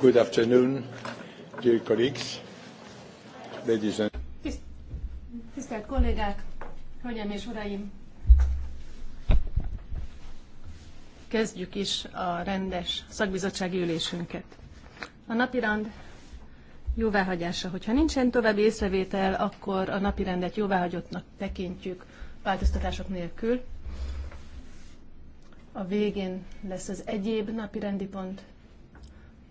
Good afternoon, dear colleagues, ladies and Tisztelt kollégák, hölgyeim és uraim! Kezdjük is a rendes szakbizottsági ülésünket. A napirend jóváhagyása, hogyha nincsen további észrevétel, akkor a napirendet jóváhagyottnak tekintjük változtatások nélkül. A végén lesz az egyéb napi rendi pont,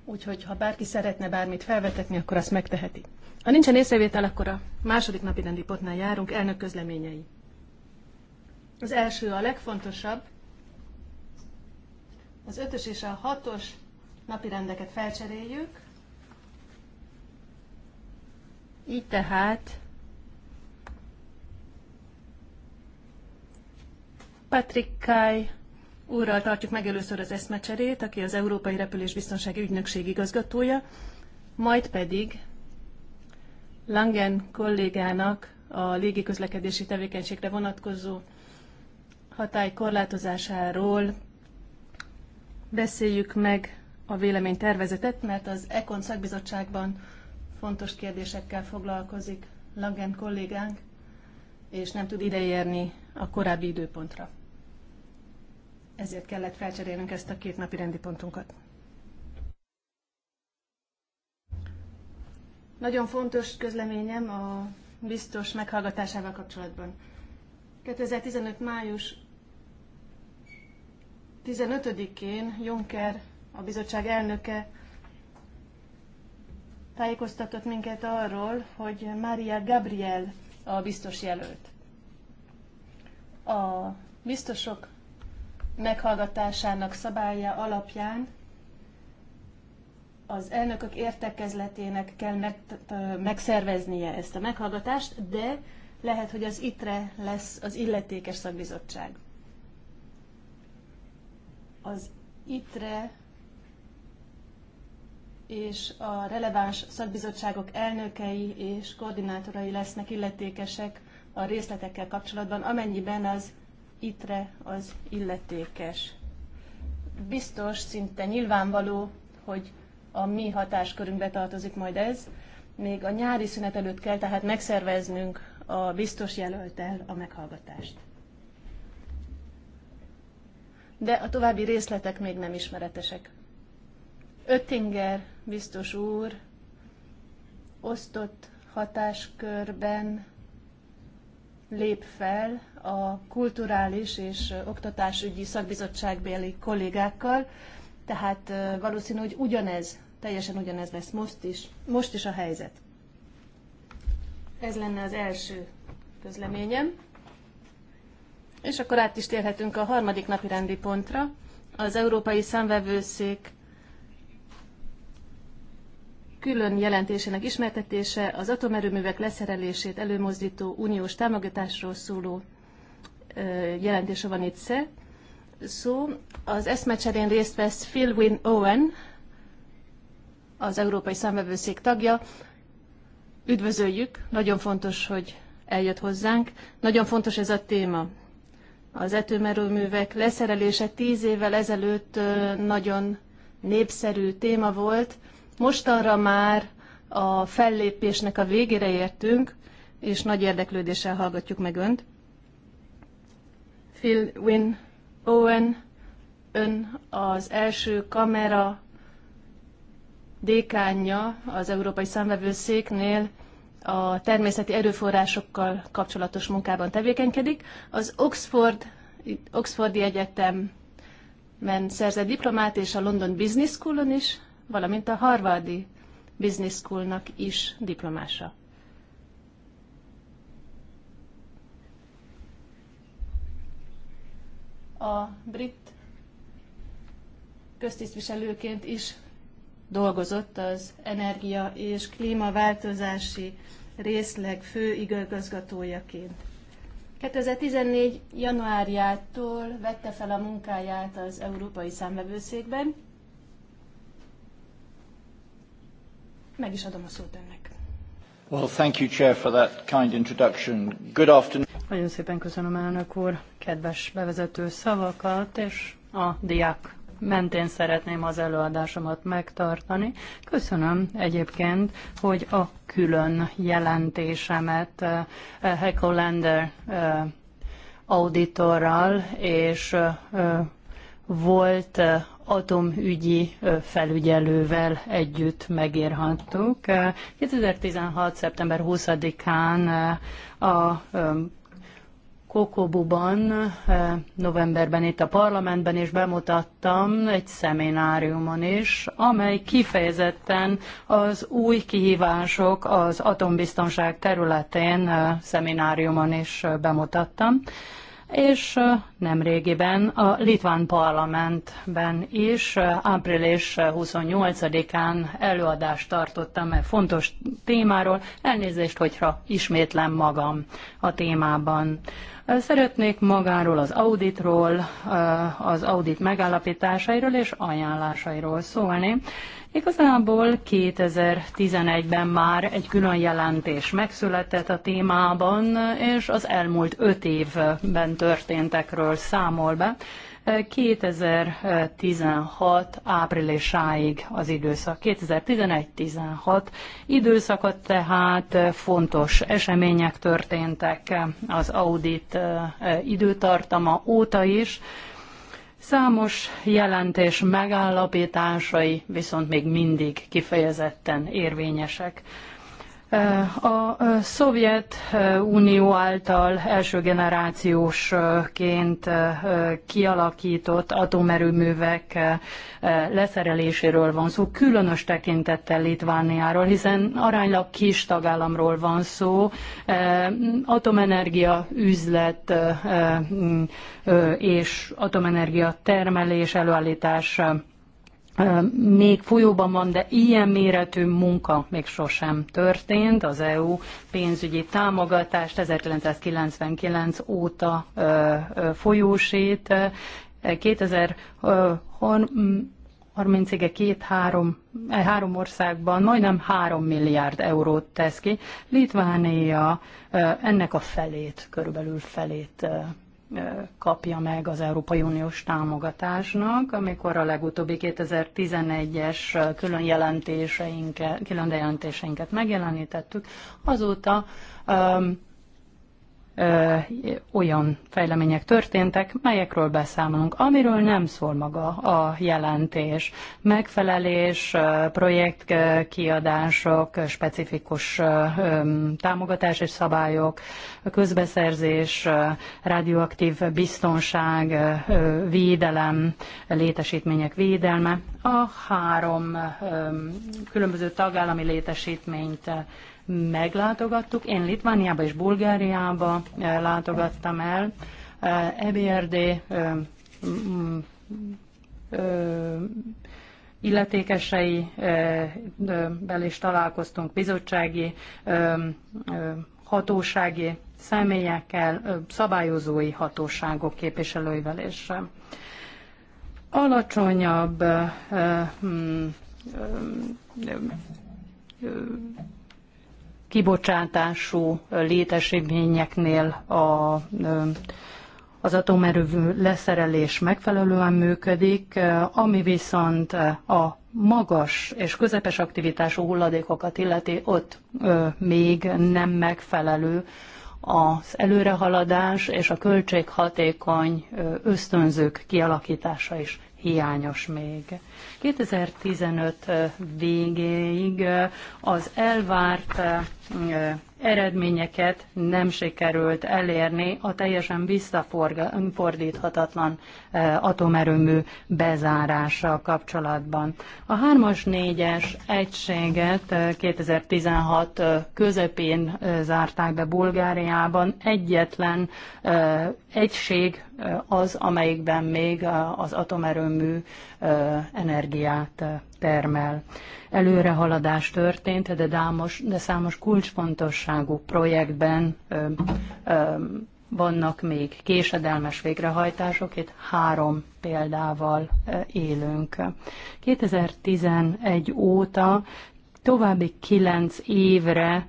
úgyhogy ha bárki szeretne bármit felvetetni, akkor azt megteheti. Ha nincsen észrevétel, akkor a második napi rendi pontnál járunk, elnök közleményei. Az első a legfontosabb, az ötös és a hatos napi rendeket felcseréljük. Így tehát Patrick Kai úrral tartjuk meg először az eszmecserét, aki az Európai Biztonsági Ügynökség igazgatója, majd pedig Langen kollégának a légiközlekedési tevékenységre vonatkozó hatály korlátozásáról beszéljük meg a vélemény tervezetet, mert az ECON szakbizottságban fontos kérdésekkel foglalkozik Langen kollégánk, és nem tud ideérni a korábbi időpontra ezért kellett felcserélnünk ezt a két napi rendi pontunkat. Nagyon fontos közleményem a biztos meghallgatásával kapcsolatban. 2015. május 15-én Juncker, a bizottság elnöke tájékoztatott minket arról, hogy Mária Gabriel a biztos jelölt. A biztosok meghallgatásának szabálya alapján az elnökök értekezletének kell meg, megszerveznie ezt a meghallgatást, de lehet, hogy az ITRE lesz az illetékes szakbizottság. Az ITRE és a releváns szakbizottságok elnökei és koordinátorai lesznek illetékesek a részletekkel kapcsolatban, amennyiben az ittre az illetékes. Biztos, szinte nyilvánvaló, hogy a mi hatáskörünkbe tartozik majd ez. Még a nyári szünet előtt kell tehát megszerveznünk a biztos jelöltel a meghallgatást. De a további részletek még nem ismeretesek. Öttinger biztos úr osztott hatáskörben lép fel a kulturális és oktatásügyi szakbizottságbéli kollégákkal, tehát valószínű, hogy ugyanez, teljesen ugyanez lesz most is, most is a helyzet. Ez lenne az első közleményem. És akkor át is térhetünk a harmadik napi rendi pontra, az Európai Számvevőszék külön jelentésének ismertetése az atomerőművek leszerelését előmozdító uniós támogatásról szóló jelentése van itt szó. szó. Az eszmecserén részt vesz Phil Wynne Owen, az Európai Számvevőszék tagja. Üdvözöljük, nagyon fontos, hogy eljött hozzánk. Nagyon fontos ez a téma. Az etőmerőművek leszerelése tíz évvel ezelőtt nagyon népszerű téma volt, Mostanra már a fellépésnek a végére értünk, és nagy érdeklődéssel hallgatjuk meg Önt. Phil Win Owen, Ön az első kamera dékánja az Európai Számvevőszéknél a természeti erőforrásokkal kapcsolatos munkában tevékenykedik. Az Oxford, Oxfordi Egyetemen szerzett diplomát, és a London Business School-on is valamint a Harvardi Business Schoolnak is diplomása. A brit köztisztviselőként is dolgozott az energia és klímaváltozási részleg fő igazgatójaként. 2014. januárjától vette fel a munkáját az Európai Számvevőszékben, Meg is adom a szót önnek. Well, thank you, Chair, for that kind introduction. Good afternoon. Nagyon szépen köszönöm, elnök úr, kedves bevezető szavakat, és a diák mentén szeretném az előadásomat megtartani. Köszönöm egyébként, hogy a külön jelentésemet uh, eh, Hecolander uh, eh, auditorral és uh, volt atomügyi felügyelővel együtt megírhattuk. 2016. szeptember 20-án a Kokobuban, novemberben itt a parlamentben is bemutattam egy szemináriumon is, amely kifejezetten az új kihívások az atombiztonság területén szemináriumon is bemutattam és nemrégiben a Litván parlamentben is április 28-án előadást tartottam egy fontos témáról. Elnézést, hogyha ismétlem magam a témában. Szeretnék magáról az auditról, az audit megállapításairól és ajánlásairól szólni. Igazából 2011-ben már egy külön jelentés megszületett a témában, és az elmúlt öt évben történtekről számol be. 2016 áprilisáig az időszak. 2011-16 időszakot tehát fontos események történtek az audit eh, időtartama óta is. Számos jelentés megállapításai viszont még mindig kifejezetten érvényesek. A Szovjet Unió által első generációsként kialakított atomerőművek leszereléséről van szó, különös tekintettel Litvániáról, hiszen aránylag kis tagállamról van szó, atomenergia üzlet és atomenergia termelés előállítása még folyóban van, de ilyen méretű munka még sosem történt. Az EU pénzügyi támogatást 1999 óta folyósít. 2030-ig két-három három országban majdnem 3 milliárd eurót tesz ki. Litvánia ennek a felét, körülbelül felét kapja meg az Európai Uniós támogatásnak, amikor a legutóbbi 2011-es külön jelentéseinket, külön jelentéseinket megjelenítettük, azóta um, olyan fejlemények történtek, melyekről beszámolunk, amiről nem szól maga a jelentés. Megfelelés, projektkiadások, specifikus támogatás és szabályok, közbeszerzés, radioaktív biztonság, védelem, létesítmények védelme. A három különböző tagállami létesítményt meglátogattuk. Én Litvániába és Bulgáriába eh, látogattam el. EBRD eh, e eh, mm, illetékesei bel is találkoztunk bizottsági, hatósági személyekkel, szabályozói hatóságok képviselőivel és alacsonyabb mm, kibocsátású létesítményeknél a, az atomerővű leszerelés megfelelően működik, ami viszont a magas és közepes aktivitású hulladékokat illeti, ott még nem megfelelő az előrehaladás és a költséghatékony ösztönzők kialakítása is hiányos még. 2015 végéig az elvárt eredményeket nem sikerült elérni a teljesen visszafordíthatatlan eh, atomerőmű bezárással kapcsolatban. A 3-as, 4-es egységet 2016 eh, eh, közepén zárták be Bulgáriában. Egyetlen egység az, amelyikben még az atomerőmű energiát termel. Előrehaladás történt, de, dámos, de számos kulcsfontosságú projektben ö, ö, vannak még késedelmes végrehajtások, itt három példával élünk. 2011 óta további kilenc évre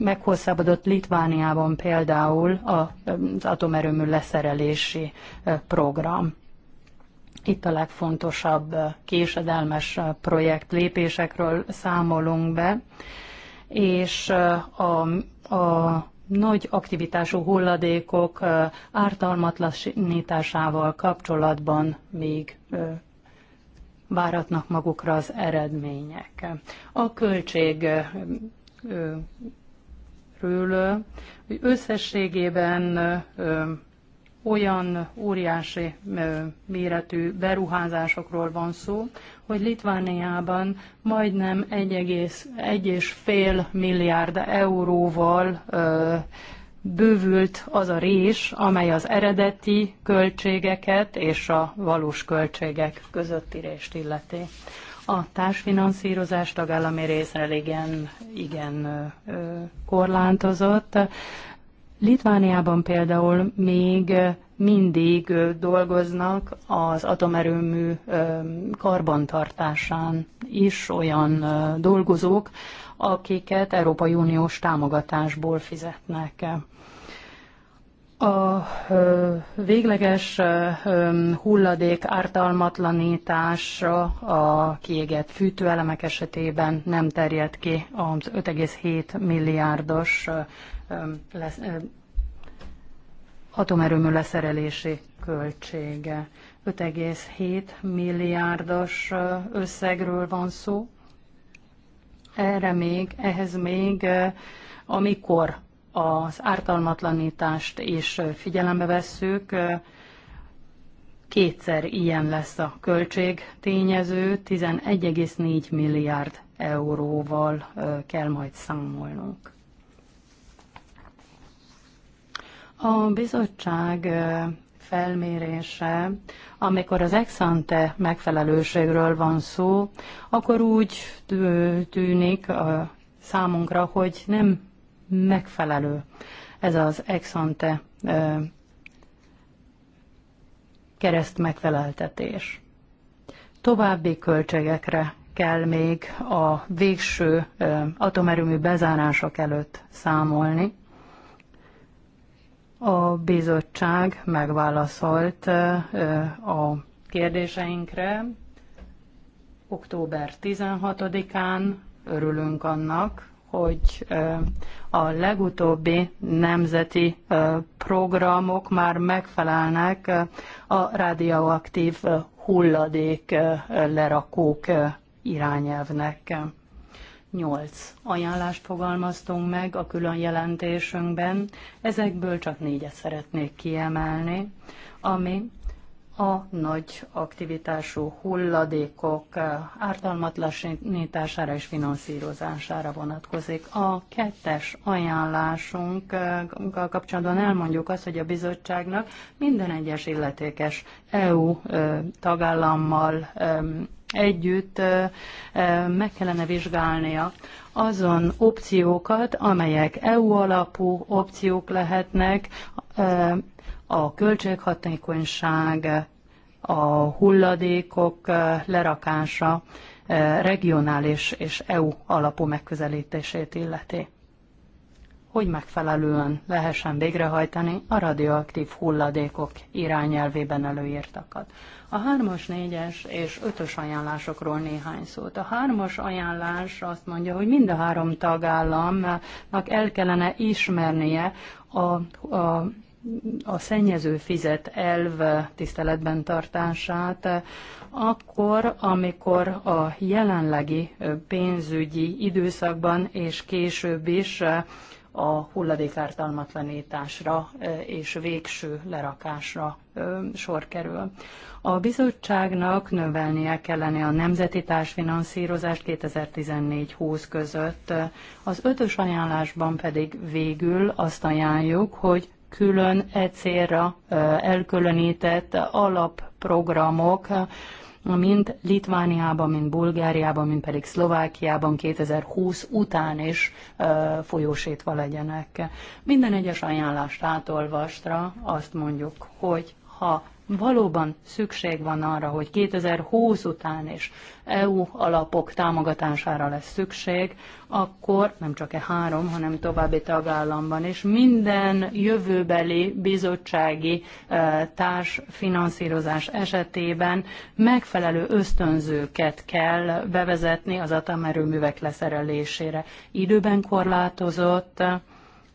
meghosszabbodott Litvániában például az atomerőmű leszerelési program. Itt a legfontosabb eh, késedelmes eh, projekt lépésekről számolunk be, és eh, a, a nagy aktivitású hulladékok ártalmatlanításával kapcsolatban még váratnak magukra az eredmények. A költség ről, hogy összességében olyan óriási méretű beruházásokról van szó, hogy Litvániában majdnem 1,5 milliárd euróval bővült az a rés, amely az eredeti költségeket és a valós költségek közötti rést illeti. A társfinanszírozás tagállami részre igen, igen korlátozott. Litvániában például még mindig dolgoznak az atomerőmű karbantartásán is olyan dolgozók, akiket Európai Uniós támogatásból fizetnek. A végleges hulladék ártalmatlanítása a kiégett fűtőelemek esetében nem terjed ki az 5,7 milliárdos lesz, atomerőmű leszerelési költsége. 5,7 milliárdos összegről van szó. Erre még, ehhez még, amikor az ártalmatlanítást is figyelembe vesszük, kétszer ilyen lesz a költség tényező, 11,4 milliárd euróval kell majd számolnunk. A bizottság felmérése, amikor az exante megfelelőségről van szó, akkor úgy tűnik a számunkra, hogy nem megfelelő ez az exante kereszt megfeleltetés. További költségekre kell még a végső atomerőmű bezárások előtt számolni a bizottság megválaszolt a kérdéseinkre október 16-án. Örülünk annak, hogy a legutóbbi nemzeti programok már megfelelnek a radioaktív hulladék lerakók irányelvnek. Nyolc ajánlást fogalmaztunk meg a külön jelentésünkben, ezekből csak négyet szeretnék kiemelni, ami a nagy aktivitású hulladékok eh, ártalmatlanítására és finanszírozására vonatkozik. A kettes ajánlásunkkal eh, kapcsolatban elmondjuk azt, hogy a bizottságnak minden egyes illetékes EU eh, tagállammal együtt meg kellene vizsgálnia azon opciókat, amelyek EU alapú opciók lehetnek, a költséghatékonyság, a hulladékok lerakása regionális és EU alapú megközelítését illeti hogy megfelelően lehessen végrehajtani a radioaktív hulladékok irányelvében előírtakat. A hármas, négyes és ötös ajánlásokról néhány szót. A hármas ajánlás azt mondja, hogy mind a három tagállamnak el kellene ismernie a, a a szennyező fizet elv tiszteletben tartását, akkor, amikor a jelenlegi pénzügyi időszakban és később is a hulladékártalmatlanításra és végső lerakásra sor kerül. A bizottságnak növelnie kellene a nemzeti társfinanszírozást 2014-20 között. Az ötös ajánlásban pedig végül azt ajánljuk, hogy külön e célra elkülönített alapprogramok, mint Litvániában, mint Bulgáriában, mint pedig Szlovákiában 2020 után is folyósítva legyenek. Minden egyes ajánlást átolvastra azt mondjuk, hogy ha valóban szükség van arra, hogy 2020 után is EU alapok támogatására lesz szükség, akkor nem csak e három, hanem további tagállamban is minden jövőbeli bizottsági e, társfinanszírozás esetében megfelelő ösztönzőket kell bevezetni az atomerőművek leszerelésére. Időben korlátozott,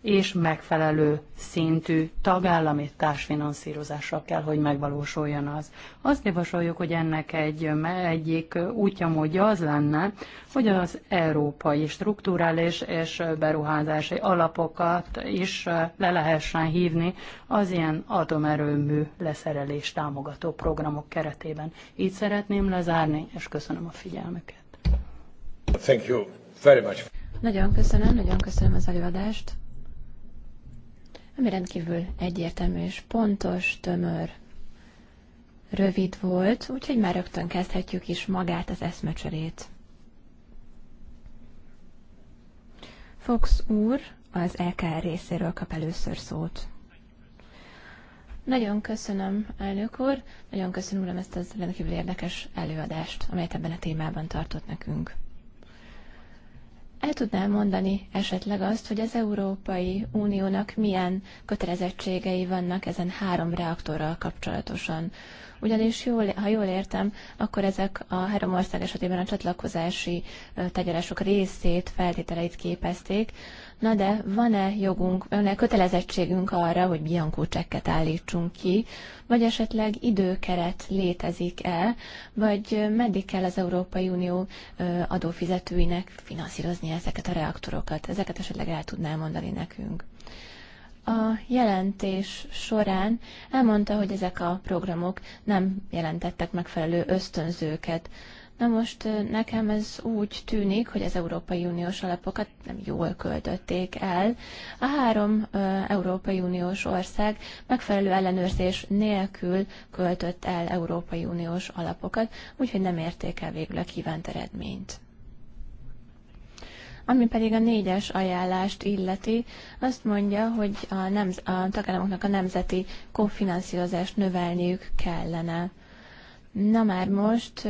és megfelelő szintű tagállami társfinanszírozással kell, hogy megvalósuljon az. Azt javasoljuk, hogy ennek egy, egyik útja módja az lenne, hogy az európai strukturális és beruházási alapokat is le lehessen hívni az ilyen atomerőmű leszerelés támogató programok keretében. Így szeretném lezárni, és köszönöm a figyelmüket. Thank you very much. Nagyon köszönöm, nagyon köszönöm az előadást ami rendkívül egyértelmű és pontos, tömör, rövid volt, úgyhogy már rögtön kezdhetjük is magát az eszmecserét. Fox úr az LKR e részéről kap először szót. Nagyon köszönöm, elnök úr, nagyon köszönöm uram ezt az rendkívül érdekes előadást, amelyet ebben a témában tartott nekünk. El tudnál mondani esetleg azt, hogy az Európai Uniónak milyen kötelezettségei vannak ezen három reaktorral kapcsolatosan? Ugyanis, jól, ha jól értem, akkor ezek a három ország esetében a csatlakozási tárgyalások részét, feltételeit képezték, Na de van-e jogunk, van-e kötelezettségünk arra, hogy Biancó csekket állítsunk ki, vagy esetleg időkeret létezik-e, vagy meddig kell az Európai Unió adófizetőinek finanszírozni ezeket a reaktorokat? Ezeket esetleg el tudná mondani nekünk. A jelentés során elmondta, hogy ezek a programok nem jelentettek megfelelő ösztönzőket Na most nekem ez úgy tűnik, hogy az Európai Uniós alapokat nem jól költötték el. A három Európai Uniós ország megfelelő ellenőrzés nélkül költött el Európai Uniós alapokat, úgyhogy nem érték el végül a kívánt eredményt. Ami pedig a négyes ajánlást illeti, azt mondja, hogy a, nemz- a tagállamoknak a nemzeti kofinanszírozást növelniük kellene. Na már most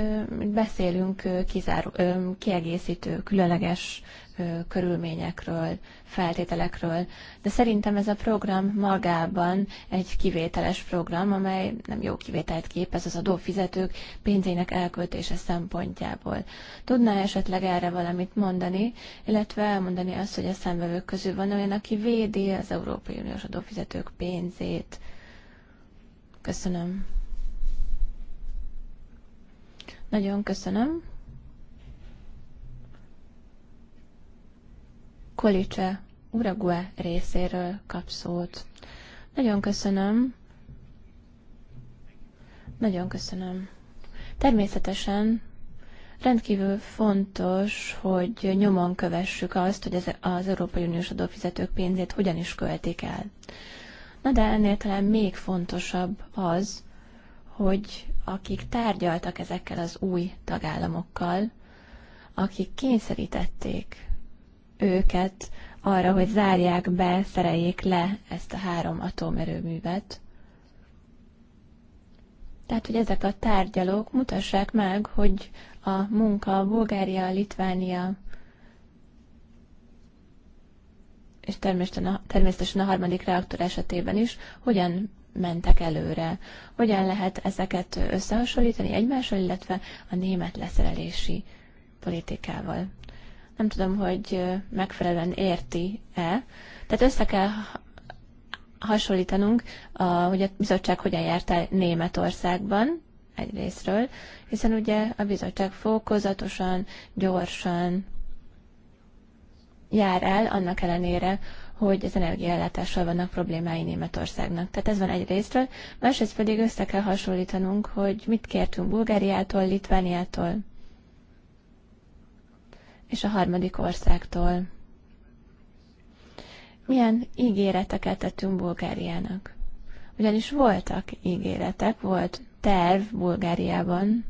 beszélünk kizáró, kiegészítő, különleges körülményekről, feltételekről, de szerintem ez a program magában egy kivételes program, amely nem jó kivételt képez az adófizetők pénzének elköltése szempontjából. Tudna esetleg erre valamit mondani, illetve elmondani azt, hogy a szemvevők közül van olyan, aki védi az Európai Uniós adófizetők pénzét? Köszönöm. Nagyon köszönöm. Kolice Uruguay részéről kap szót. Nagyon köszönöm. Nagyon köszönöm. Természetesen rendkívül fontos, hogy nyomon kövessük azt, hogy az Európai Uniós adófizetők pénzét hogyan is költik el. Na de ennél talán még fontosabb az, hogy akik tárgyaltak ezekkel az új tagállamokkal, akik kényszerítették őket arra, hogy zárják be, szereljék le ezt a három atomerőművet. Tehát, hogy ezek a tárgyalók mutassák meg, hogy a munka Bulgária, Litvánia, és természetesen a, természetesen a harmadik reaktor esetében is, hogyan mentek előre. Hogyan lehet ezeket összehasonlítani egymással, illetve a német leszerelési politikával? Nem tudom, hogy megfelelően érti-e. Tehát össze kell hasonlítanunk, a, hogy a bizottság hogyan járt el Németországban egyrésztről, hiszen ugye a bizottság fokozatosan, gyorsan jár el, annak ellenére, hogy az energiállátással vannak problémái Németországnak. Tehát ez van egy részről, másrészt pedig össze kell hasonlítanunk, hogy mit kértünk Bulgáriától, Litvániától és a harmadik országtól. Milyen ígéreteket tettünk Bulgáriának? Ugyanis voltak ígéretek, volt terv Bulgáriában,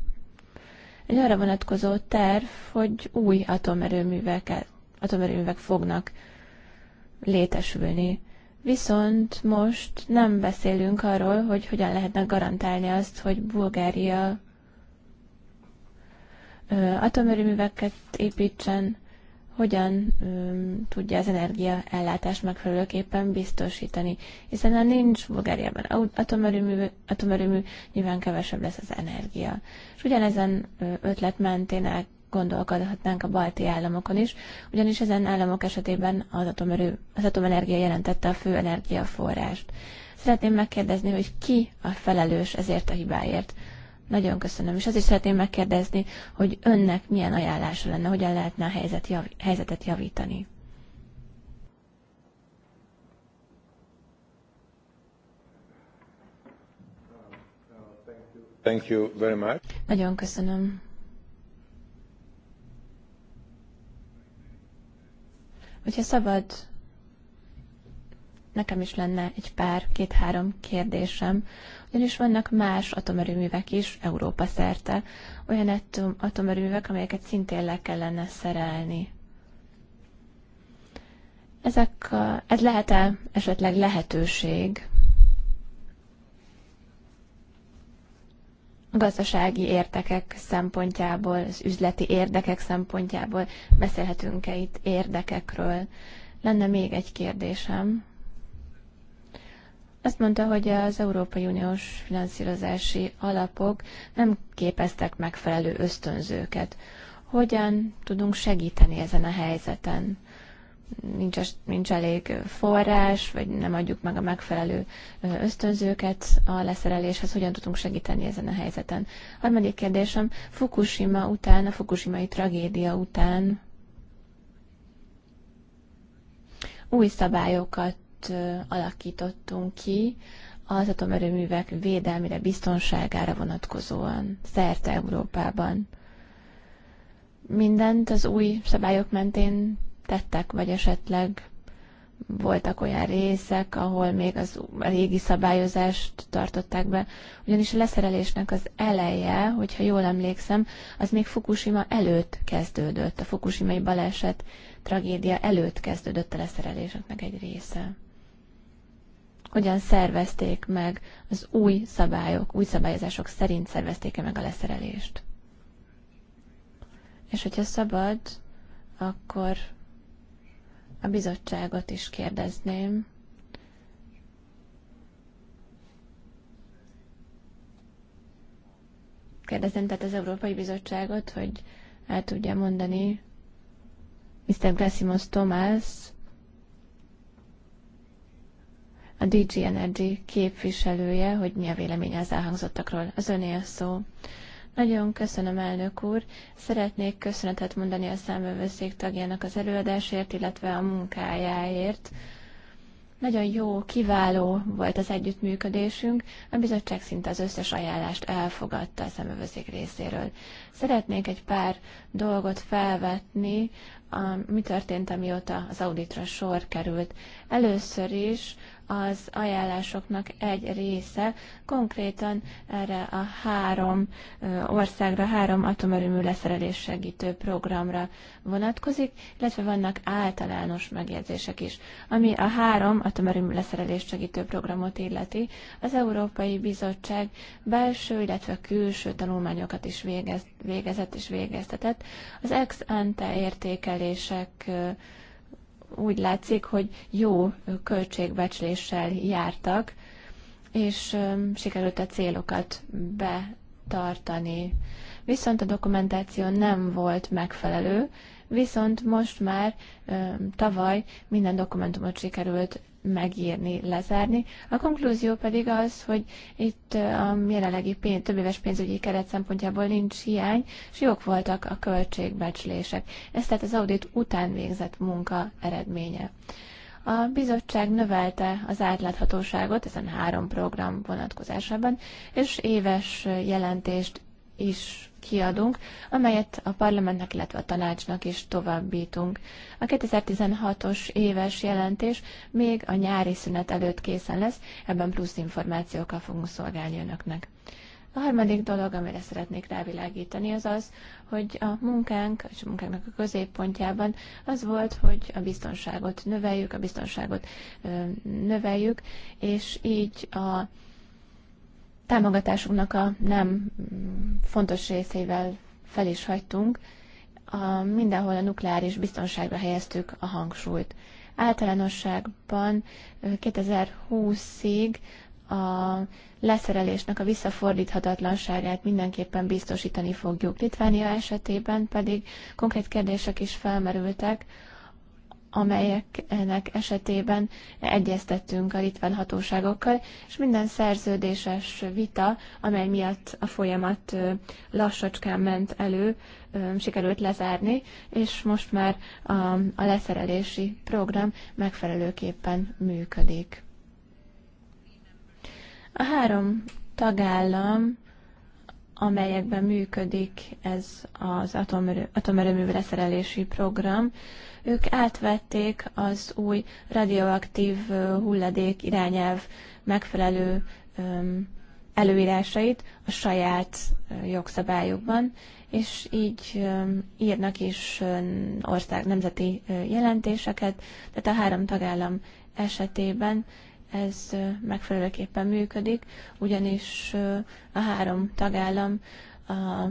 egy arra vonatkozó terv, hogy új atomerőművek atomerőművek fognak létesülni. Viszont most nem beszélünk arról, hogy hogyan lehetne garantálni azt, hogy Bulgária atomerőműveket építsen, hogyan um, tudja az energiaellátást megfelelőképpen biztosítani. Hiszen ha nincs Bulgáriában atomerőmű, atomerőmű, nyilván kevesebb lesz az energia. És ugyanezen ötlet mentén el gondolkodhatnánk a balti államokon is, ugyanis ezen államok esetében az, atomerő, az atomenergia jelentette a fő energiaforrást. Szeretném megkérdezni, hogy ki a felelős ezért a hibáért. Nagyon köszönöm, és is szeretném megkérdezni, hogy önnek milyen ajánlása lenne, hogyan lehetne a helyzet jav, helyzetet javítani. Thank you very much. Nagyon köszönöm. Hogyha szabad, nekem is lenne egy pár, két-három kérdésem, ugyanis vannak más atomerőművek is Európa szerte, olyan atomerőművek, amelyeket szintén le kellene szerelni. Ezek a, ez lehet-e esetleg lehetőség gazdasági értekek szempontjából, az üzleti érdekek szempontjából beszélhetünk-e itt érdekekről. Lenne még egy kérdésem. Azt mondta, hogy az Európai Uniós finanszírozási alapok nem képeztek megfelelő ösztönzőket. Hogyan tudunk segíteni ezen a helyzeten? nincs, nincs elég forrás, vagy nem adjuk meg a megfelelő ösztönzőket a leszereléshez, hogyan tudunk segíteni ezen a helyzeten. Harmadik kérdésem, Fukushima után, a Fukushimai tragédia után új szabályokat alakítottunk ki az atomerőművek védelmére, biztonságára vonatkozóan, szerte Európában. Mindent az új szabályok mentén tettek, vagy esetleg voltak olyan részek, ahol még az régi szabályozást tartották be, ugyanis a leszerelésnek az eleje, hogyha jól emlékszem, az még Fukushima előtt kezdődött, a Fukushimai baleset tragédia előtt kezdődött a leszereléseknek egy része. Hogyan szervezték meg az új szabályok, új szabályozások szerint szervezték-e meg a leszerelést? És hogyha szabad, akkor a bizottságot is kérdezném. Kérdezem tehát az Európai Bizottságot, hogy el tudja mondani Mr. Grasimos Tomás, a DG Energy képviselője, hogy mi a véleménye az elhangzottakról. Az öné a szó. Nagyon köszönöm, elnök úr. Szeretnék köszönetet mondani a számövőszék tagjának az előadásért, illetve a munkájáért. Nagyon jó, kiváló volt az együttműködésünk, a bizottság szinte az összes ajánlást elfogadta a szemövőszék részéről. Szeretnék egy pár dolgot felvetni, a, mi történt, amióta az auditra sor került. Először is az ajánlásoknak egy része konkrétan erre a három országra, három atomerőmű leszerelés segítő programra vonatkozik, illetve vannak általános megjegyzések is. Ami a három atomerőmű leszerelés segítő programot illeti, az Európai Bizottság belső, illetve külső tanulmányokat is végez, végezett és végeztetett. Az ex-ante értékelések úgy látszik, hogy jó költségbecsléssel jártak, és sikerült a célokat betartani. Viszont a dokumentáció nem volt megfelelő, viszont most már tavaly minden dokumentumot sikerült megírni, lezárni. A konklúzió pedig az, hogy itt a um, jelenlegi pénz, több éves pénzügyi keret szempontjából nincs hiány, és jók voltak a költségbecslések. Ez tehát az audit után végzett munka eredménye. A bizottság növelte az átláthatóságot ezen három program vonatkozásában, és éves jelentést is kiadunk, amelyet a parlamentnek, illetve a tanácsnak is továbbítunk. A 2016-os éves jelentés még a nyári szünet előtt készen lesz, ebben plusz információkkal fogunk szolgálni önöknek. A harmadik dolog, amire szeretnék rávilágítani, az az, hogy a munkánk és a munkánknak a középpontjában az volt, hogy a biztonságot növeljük, a biztonságot növeljük, és így a támogatásunknak a nem fontos részével fel is hagytunk. A, mindenhol a nukleáris biztonságra helyeztük a hangsúlyt. Általánosságban 2020-ig a leszerelésnek a visszafordíthatatlanságát mindenképpen biztosítani fogjuk. Litvánia esetében pedig konkrét kérdések is felmerültek amelyeknek esetében egyeztettünk a litván hatóságokkal, és minden szerződéses vita, amely miatt a folyamat lassacskán ment elő, sikerült lezárni, és most már a, a leszerelési program megfelelőképpen működik. A három tagállam amelyekben működik ez az atomerőmű leszerelési program, ők átvették az új radioaktív hulladék irányelv megfelelő előírásait a saját jogszabályukban, és így írnak is ország nemzeti jelentéseket, tehát a három tagállam esetében ez megfelelőképpen működik, ugyanis a három tagállam a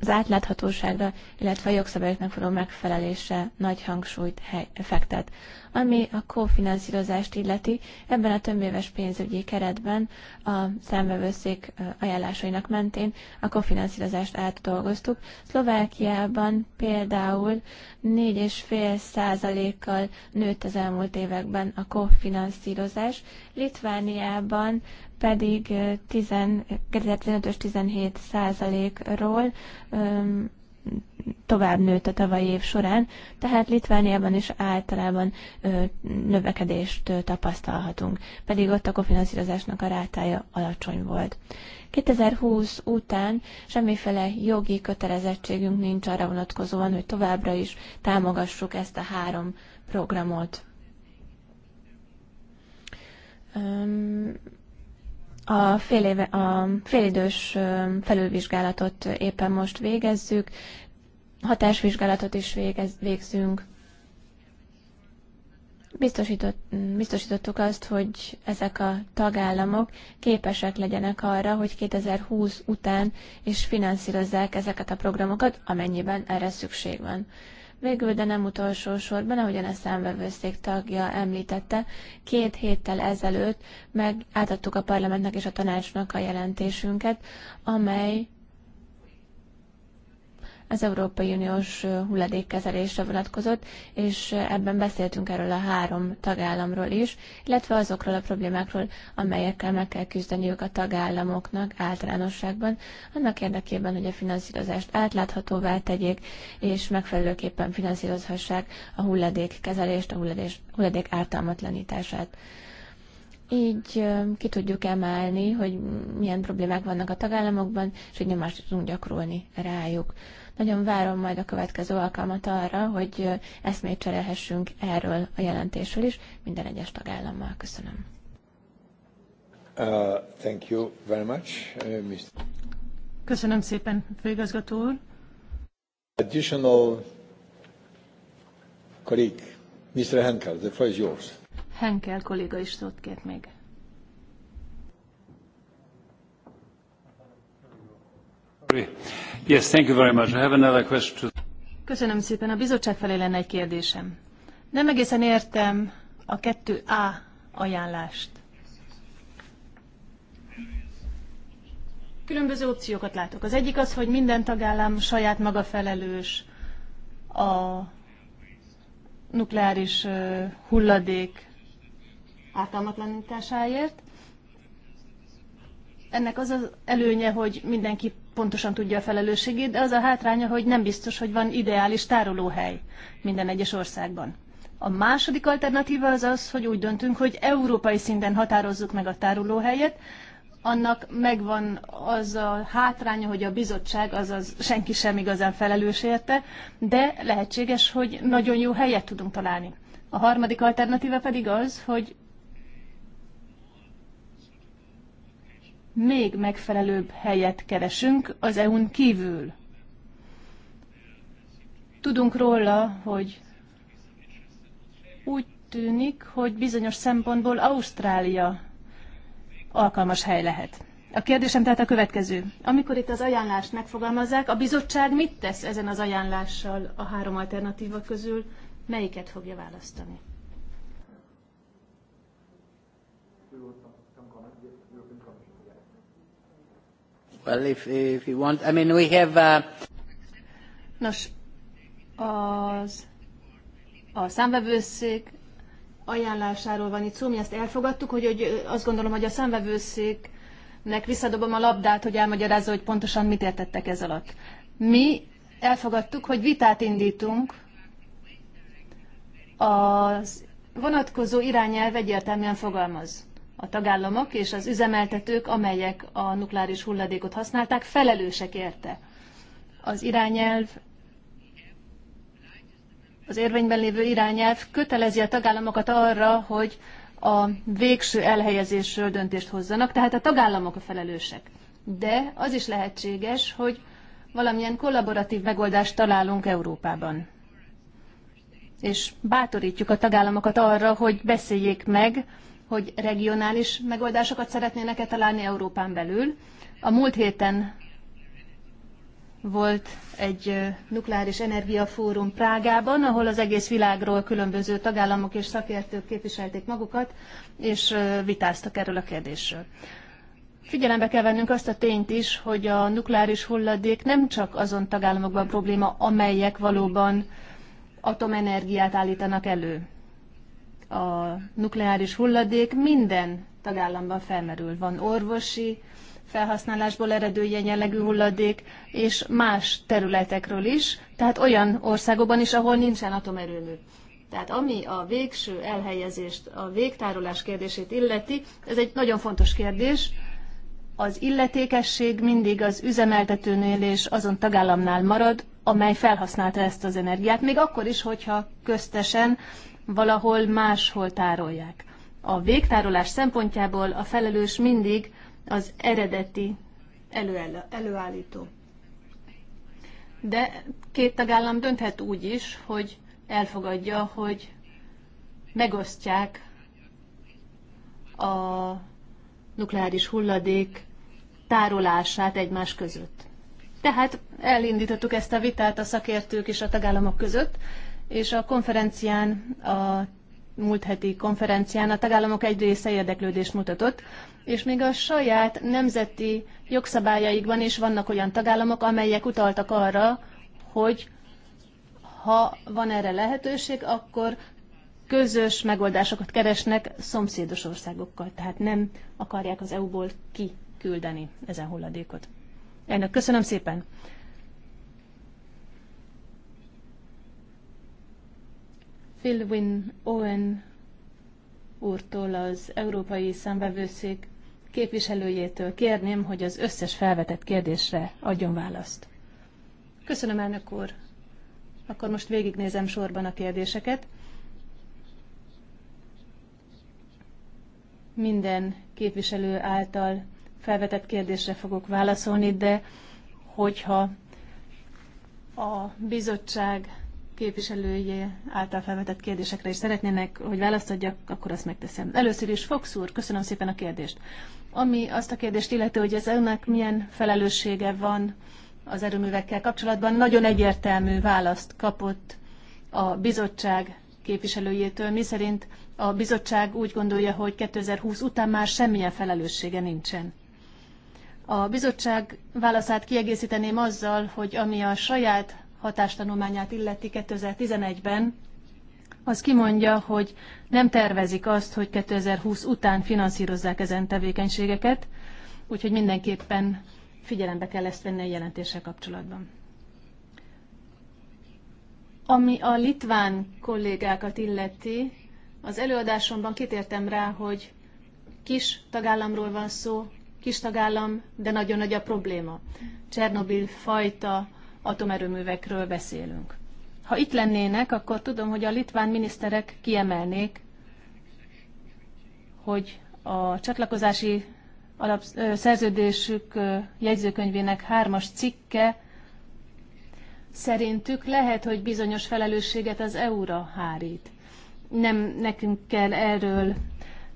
az átláthatóságra, illetve a jogszabályoknak való megfelelésre nagy hangsúlyt hely, fektet. Ami a kófinanszírozást illeti, ebben a többéves pénzügyi keretben a számbevőszék ajánlásainak mentén a kófinanszírozást átdolgoztuk. Szlovákiában például 4,5 százalékkal nőtt az elmúlt években a kófinanszírozás, Litvániában pedig 2015-ös 17 százalékról tovább nőtt a tavalyi év során, tehát Litvániában is általában ö, növekedést ö, tapasztalhatunk, pedig ott a kofinanszírozásnak a rátája alacsony volt. 2020 után semmiféle jogi kötelezettségünk nincs arra vonatkozóan, hogy továbbra is támogassuk ezt a három programot. A, fél éve, a félidős felülvizsgálatot éppen most végezzük, hatásvizsgálatot is végez, végzünk. Biztosított, biztosítottuk azt, hogy ezek a tagállamok képesek legyenek arra, hogy 2020 után is finanszírozzák ezeket a programokat, amennyiben erre szükség van. Végül, de nem utolsó sorban, ahogyan a számvevőszék tagja említette, két héttel ezelőtt meg átadtuk a parlamentnek és a tanácsnak a jelentésünket, amely az Európai Uniós hulladékkezelésre vonatkozott, és ebben beszéltünk erről a három tagállamról is, illetve azokról a problémákról, amelyekkel meg kell küzdeniük a tagállamoknak általánosságban, annak érdekében, hogy a finanszírozást átláthatóvá tegyék, és megfelelőképpen finanszírozhassák a hulladékkezelést, a hulladék ártalmatlanítását. Így ki tudjuk emelni, hogy milyen problémák vannak a tagállamokban, és hogy nyomást tudunk gyakorolni rájuk. Nagyon várom majd a következő alkalmat arra, hogy eszmét cserélhessünk erről a jelentésről is minden egyes tagállammal. Köszönöm. Uh, thank you very much, uh, Mr. Köszönöm szépen, főigazgató úr. Additional colleague, Mr. Henkel, the floor is yours. Henkel kolléga is szót kért még. Köszönöm szépen. A bizottság felé lenne egy kérdésem. Nem egészen értem a 2A ajánlást. Különböző opciókat látok. Az egyik az, hogy minden tagállam saját maga felelős a nukleáris hulladék ártalmatlanításáért. Ennek az az előnye, hogy mindenki pontosan tudja a felelősségét, de az a hátránya, hogy nem biztos, hogy van ideális tárolóhely minden egyes országban. A második alternatíva az az, hogy úgy döntünk, hogy európai szinten határozzuk meg a tárolóhelyet, annak megvan az a hátránya, hogy a bizottság, azaz senki sem igazán felelős érte, de lehetséges, hogy nagyon jó helyet tudunk találni. A harmadik alternatíva pedig az, hogy még megfelelőbb helyet keresünk az EU-n kívül. Tudunk róla, hogy úgy tűnik, hogy bizonyos szempontból Ausztrália alkalmas hely lehet. A kérdésem tehát a következő. Amikor itt az ajánlást megfogalmazzák, a bizottság mit tesz ezen az ajánlással a három alternatíva közül? Melyiket fogja választani? Well, if, if you want, I mean, we have... Uh... Nos, az, a számvevőszék ajánlásáról van itt szó, mi ezt elfogadtuk, hogy, hogy azt gondolom, hogy a számvevőszéknek visszadobom a labdát, hogy elmagyarázza, hogy pontosan mit értettek ez alatt. Mi elfogadtuk, hogy vitát indítunk az vonatkozó irányelv egyértelműen fogalmaz a tagállamok és az üzemeltetők, amelyek a nukleáris hulladékot használták, felelősek érte. Az irányelv, az érvényben lévő irányelv kötelezi a tagállamokat arra, hogy a végső elhelyezésről döntést hozzanak, tehát a tagállamok a felelősek. De az is lehetséges, hogy valamilyen kollaboratív megoldást találunk Európában. És bátorítjuk a tagállamokat arra, hogy beszéljék meg, hogy regionális megoldásokat szeretnének-e találni Európán belül. A múlt héten volt egy nukleáris energiafórum Prágában, ahol az egész világról különböző tagállamok és szakértők képviselték magukat, és vitáztak erről a kérdésről. Figyelembe kell vennünk azt a tényt is, hogy a nukleáris hulladék nem csak azon tagállamokban probléma, amelyek valóban atomenergiát állítanak elő a nukleáris hulladék minden tagállamban felmerül. Van orvosi, felhasználásból eredő ilyen jellegű hulladék, és más területekről is, tehát olyan országokban is, ahol nincsen atomerőmű. Tehát ami a végső elhelyezést, a végtárolás kérdését illeti, ez egy nagyon fontos kérdés. Az illetékesség mindig az üzemeltetőnél és azon tagállamnál marad, amely felhasználta ezt az energiát, még akkor is, hogyha köztesen valahol máshol tárolják. A végtárolás szempontjából a felelős mindig az eredeti elő, előállító. De két tagállam dönthet úgy is, hogy elfogadja, hogy megosztják a nukleáris hulladék tárolását egymás között. Tehát elindítottuk ezt a vitát a szakértők és a tagállamok között, és a konferencián, a múlt heti konferencián a tagállamok egy része érdeklődést mutatott, és még a saját nemzeti jogszabályaikban is vannak olyan tagállamok, amelyek utaltak arra, hogy ha van erre lehetőség, akkor közös megoldásokat keresnek szomszédos országokkal, tehát nem akarják az EU-ból kiküldeni ezen hulladékot. Elnök, köszönöm szépen! Philwyn Owen úrtól, az Európai Szembevőszék képviselőjétől kérném, hogy az összes felvetett kérdésre adjon választ. Köszönöm, elnök úr. Akkor most végignézem sorban a kérdéseket. Minden képviselő által felvetett kérdésre fogok válaszolni, de hogyha a bizottság képviselője által felvetett kérdésekre is szeretnének, hogy választ adjak, akkor azt megteszem. Először is, Fox úr, köszönöm szépen a kérdést. Ami azt a kérdést illeti, hogy az önnek milyen felelőssége van az erőművekkel kapcsolatban, nagyon egyértelmű választ kapott a bizottság képviselőjétől, miszerint a bizottság úgy gondolja, hogy 2020 után már semmilyen felelőssége nincsen. A bizottság válaszát kiegészíteném azzal, hogy ami a saját hatástanulmányát illeti 2011-ben, az kimondja, hogy nem tervezik azt, hogy 2020 után finanszírozzák ezen tevékenységeket, úgyhogy mindenképpen figyelembe kell ezt venni a jelentéssel kapcsolatban. Ami a litván kollégákat illeti, az előadásomban kitértem rá, hogy kis tagállamról van szó, kis tagállam, de nagyon nagy a probléma. Csernobil fajta atomerőművekről beszélünk. Ha itt lennének, akkor tudom, hogy a litván miniszterek kiemelnék, hogy a csatlakozási alap, szerződésük jegyzőkönyvének hármas cikke szerintük lehet, hogy bizonyos felelősséget az EU-ra hárít. Nem nekünk kell erről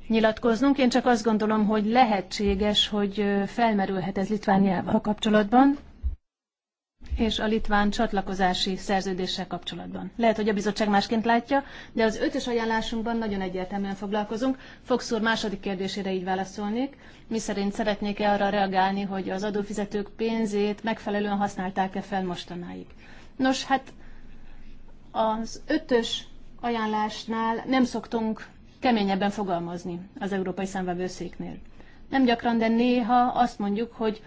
nyilatkoznunk. Én csak azt gondolom, hogy lehetséges, hogy felmerülhet ez Litvániával kapcsolatban és a litván csatlakozási szerződéssel kapcsolatban. Lehet, hogy a bizottság másként látja, de az ötös ajánlásunkban nagyon egyértelműen foglalkozunk. Fox úr második kérdésére így válaszolnék, miszerint szeretnék-e arra reagálni, hogy az adófizetők pénzét megfelelően használták-e fel mostanáig. Nos, hát az ötös ajánlásnál nem szoktunk keményebben fogalmazni az Európai Számvevőszéknél. Nem gyakran, de néha azt mondjuk, hogy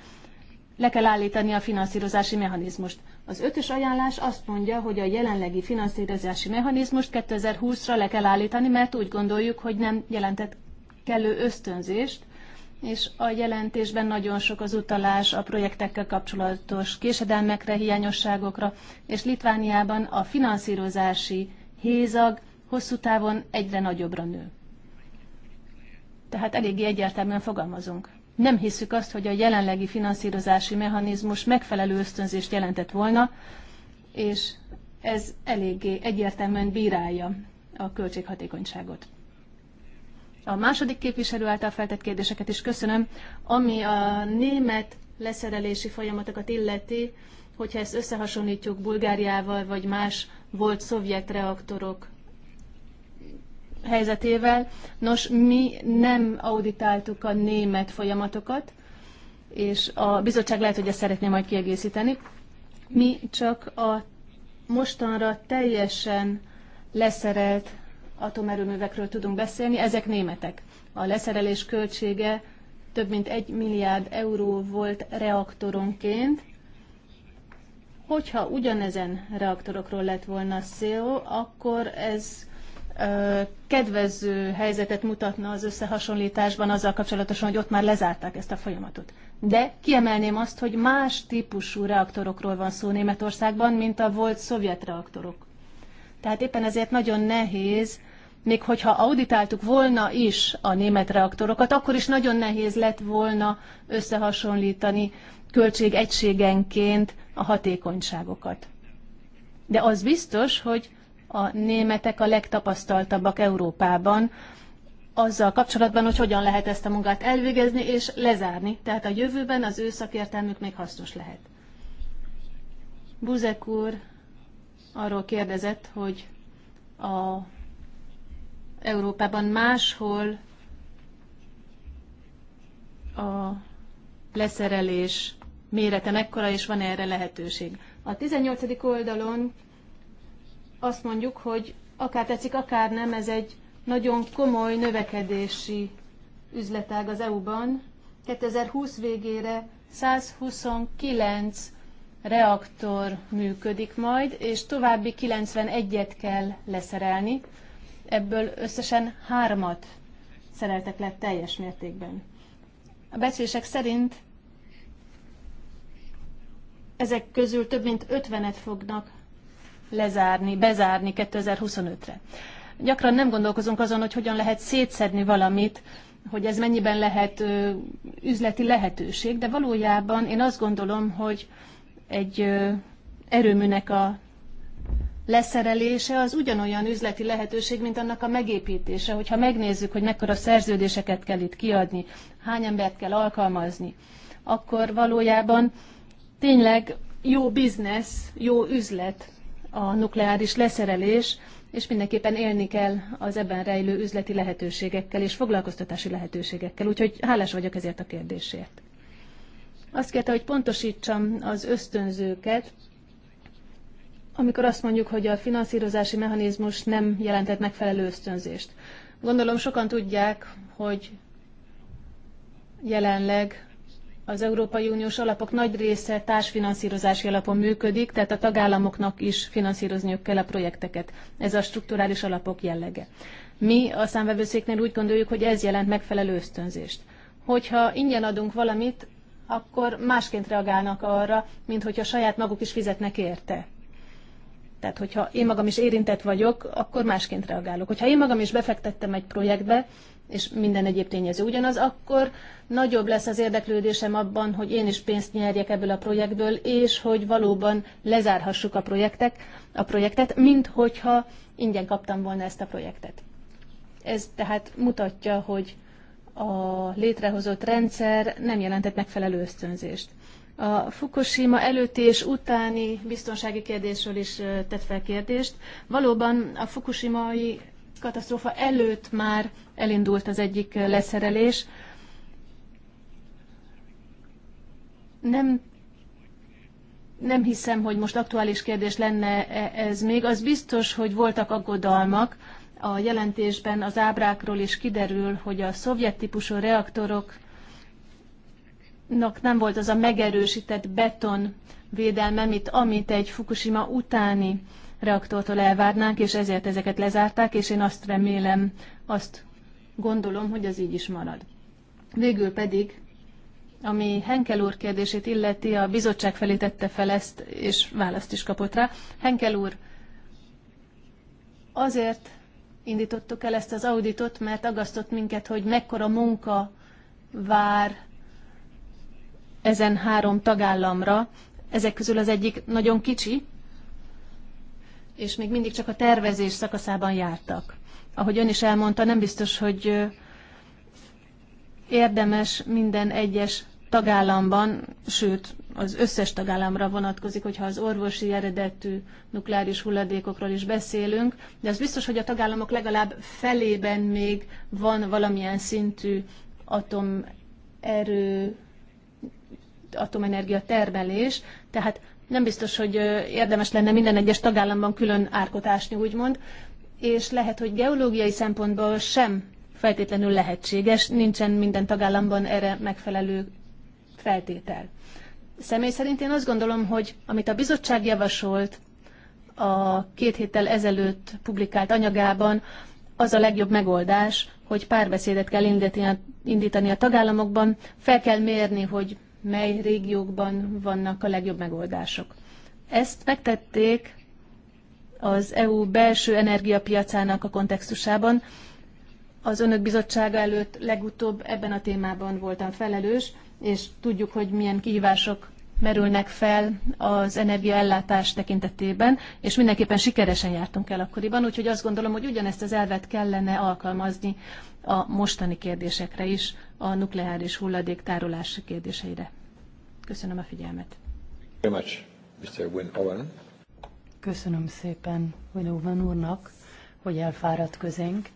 le kell állítani a finanszírozási mechanizmust. Az ötös ajánlás azt mondja, hogy a jelenlegi finanszírozási mechanizmust 2020-ra le kell állítani, mert úgy gondoljuk, hogy nem jelentett kellő ösztönzést, és a jelentésben nagyon sok az utalás a projektekkel kapcsolatos késedelmekre, hiányosságokra, és Litvániában a finanszírozási hézag hosszú távon egyre nagyobbra nő. Tehát eléggé egyértelműen fogalmazunk nem hisszük azt, hogy a jelenlegi finanszírozási mechanizmus megfelelő ösztönzést jelentett volna, és ez eléggé egyértelműen bírálja a költséghatékonyságot. A második képviselő által feltett kérdéseket is köszönöm. Ami a német leszerelési folyamatokat illeti, hogyha ezt összehasonlítjuk Bulgáriával vagy más volt szovjet reaktorok helyzetével. Nos, mi nem auditáltuk a német folyamatokat, és a bizottság lehet, hogy ezt szeretné majd kiegészíteni. Mi csak a mostanra teljesen leszerelt atomerőművekről tudunk beszélni, ezek németek. A leszerelés költsége több mint egy milliárd euró volt reaktoronként. Hogyha ugyanezen reaktorokról lett volna szó, akkor ez kedvező helyzetet mutatna az összehasonlításban azzal kapcsolatosan, hogy ott már lezárták ezt a folyamatot. De kiemelném azt, hogy más típusú reaktorokról van szó Németországban, mint a volt szovjet reaktorok. Tehát éppen ezért nagyon nehéz, még hogyha auditáltuk volna is a német reaktorokat, akkor is nagyon nehéz lett volna összehasonlítani költség egységenként a hatékonyságokat. De az biztos, hogy a németek a legtapasztaltabbak Európában azzal kapcsolatban, hogy hogyan lehet ezt a munkát elvégezni és lezárni. Tehát a jövőben az ő szakértelmük még hasznos lehet. Buzek úr arról kérdezett, hogy a Európában máshol a leszerelés mérete mekkora, és van -e erre lehetőség. A 18. oldalon azt mondjuk, hogy akár tetszik, akár nem, ez egy nagyon komoly növekedési üzletág az EU-ban. 2020 végére 129 reaktor működik majd, és további 91-et kell leszerelni. Ebből összesen hármat szereltek le teljes mértékben. A becslések szerint ezek közül több mint 50-et fognak lezárni, bezárni 2025-re. Gyakran nem gondolkozunk azon, hogy hogyan lehet szétszedni valamit, hogy ez mennyiben lehet ö, üzleti lehetőség, de valójában én azt gondolom, hogy egy ö, erőműnek a leszerelése az ugyanolyan üzleti lehetőség, mint annak a megépítése. Hogyha megnézzük, hogy mekkora szerződéseket kell itt kiadni, hány embert kell alkalmazni, akkor valójában tényleg jó biznesz, jó üzlet a nukleáris leszerelés, és mindenképpen élni kell az ebben rejlő üzleti lehetőségekkel és foglalkoztatási lehetőségekkel. Úgyhogy hálás vagyok ezért a kérdésért. Azt kérte, hogy pontosítsam az ösztönzőket, amikor azt mondjuk, hogy a finanszírozási mechanizmus nem jelentett megfelelő ösztönzést. Gondolom sokan tudják, hogy jelenleg az Európai Uniós alapok nagy része társfinanszírozási alapon működik, tehát a tagállamoknak is finanszírozniuk kell a projekteket. Ez a strukturális alapok jellege. Mi a számvevőszéknél úgy gondoljuk, hogy ez jelent megfelelő ösztönzést. Hogyha ingyen adunk valamit, akkor másként reagálnak arra, mint hogyha saját maguk is fizetnek érte. Tehát, hogyha én magam is érintett vagyok, akkor másként reagálok. Hogyha én magam is befektettem egy projektbe, és minden egyéb tényező ugyanaz, akkor nagyobb lesz az érdeklődésem abban, hogy én is pénzt nyerjek ebből a projektből, és hogy valóban lezárhassuk a, projektek, a projektet, mint hogyha ingyen kaptam volna ezt a projektet. Ez tehát mutatja, hogy a létrehozott rendszer nem jelentett megfelelő ösztönzést. A Fukushima előtti és utáni biztonsági kérdésről is tett fel kérdést. Valóban a fukushimai katasztrófa előtt már elindult az egyik leszerelés. Nem, nem hiszem, hogy most aktuális kérdés lenne e, ez még. Az biztos, hogy voltak aggodalmak. A jelentésben az ábrákról is kiderül, hogy a szovjet típusú reaktorok nem volt az a megerősített beton védelme, mint amit egy Fukushima utáni reaktortól elvárnánk, és ezért ezeket lezárták, és én azt remélem, azt gondolom, hogy az így is marad. Végül pedig, ami Henkel úr kérdését illeti, a bizottság felé tette fel ezt, és választ is kapott rá. Henkel úr, azért indítottuk el ezt az auditot, mert agasztott minket, hogy mekkora munka vár ezen három tagállamra. Ezek közül az egyik nagyon kicsi, és még mindig csak a tervezés szakaszában jártak. Ahogy ön is elmondta, nem biztos, hogy érdemes minden egyes tagállamban, sőt, az összes tagállamra vonatkozik, hogyha az orvosi eredetű nukleáris hulladékokról is beszélünk, de az biztos, hogy a tagállamok legalább felében még van valamilyen szintű atomerő, atomenergia termelés, tehát nem biztos, hogy érdemes lenne minden egyes tagállamban külön árkot ásni, úgymond, és lehet, hogy geológiai szempontból sem feltétlenül lehetséges, nincsen minden tagállamban erre megfelelő feltétel. Személy szerint én azt gondolom, hogy amit a bizottság javasolt a két héttel ezelőtt publikált anyagában, az a legjobb megoldás, hogy párbeszédet kell indítani a tagállamokban, fel kell mérni, hogy mely régiókban vannak a legjobb megoldások. Ezt megtették az EU belső energiapiacának a kontextusában. Az önök bizottsága előtt legutóbb ebben a témában voltam felelős, és tudjuk, hogy milyen kihívások merülnek fel az energiaellátás tekintetében, és mindenképpen sikeresen jártunk el akkoriban, úgyhogy azt gondolom, hogy ugyanezt az elvet kellene alkalmazni a mostani kérdésekre is, a nukleáris hulladék tárolás kérdéseire. Köszönöm a figyelmet. Köszönöm szépen Owen úrnak, hogy elfáradt közénk,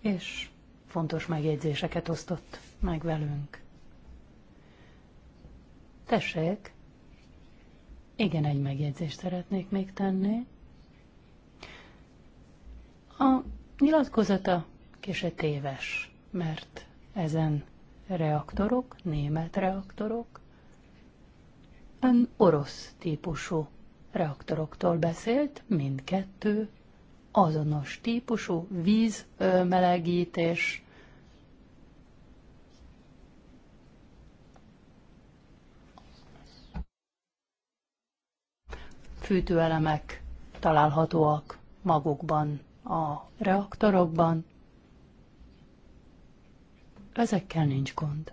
és fontos megjegyzéseket osztott meg velünk. Tessék, igen, egy megjegyzést szeretnék még tenni. A nyilatkozata elképzelése téves, mert ezen reaktorok, német reaktorok, ön orosz típusú reaktoroktól beszélt, mindkettő azonos típusú vízmelegítés, fűtőelemek találhatóak magukban a reaktorokban, Ezekkel nincs gond.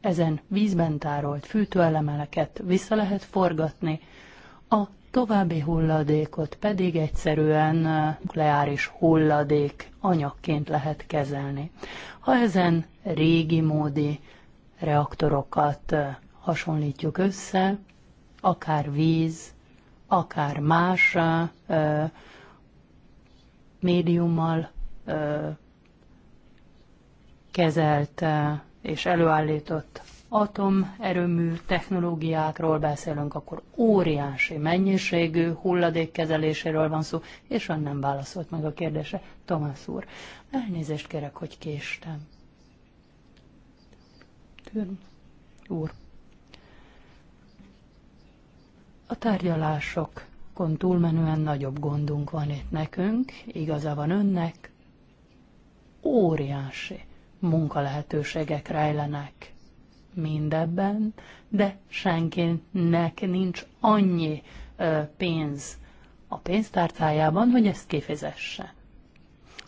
Ezen vízben tárolt fűtőelemeleket vissza lehet forgatni, a további hulladékot pedig egyszerűen nukleáris hulladék anyagként lehet kezelni. Ha ezen régi módi reaktorokat hasonlítjuk össze, akár víz, akár más médiummal kezelt eh, és előállított atomerőmű technológiákról beszélünk, akkor óriási mennyiségű hulladék kezeléséről van szó, és ön nem válaszolt meg a kérdése, Tomás úr. Elnézést kérek, hogy késtem. Tűn. Úr. A tárgyalásokon túlmenően nagyobb gondunk van itt nekünk, igaza van önnek, óriási munkalehetőségek rejlenek mindebben, de senkinek nincs annyi pénz a pénztárcájában, hogy ezt kifizesse.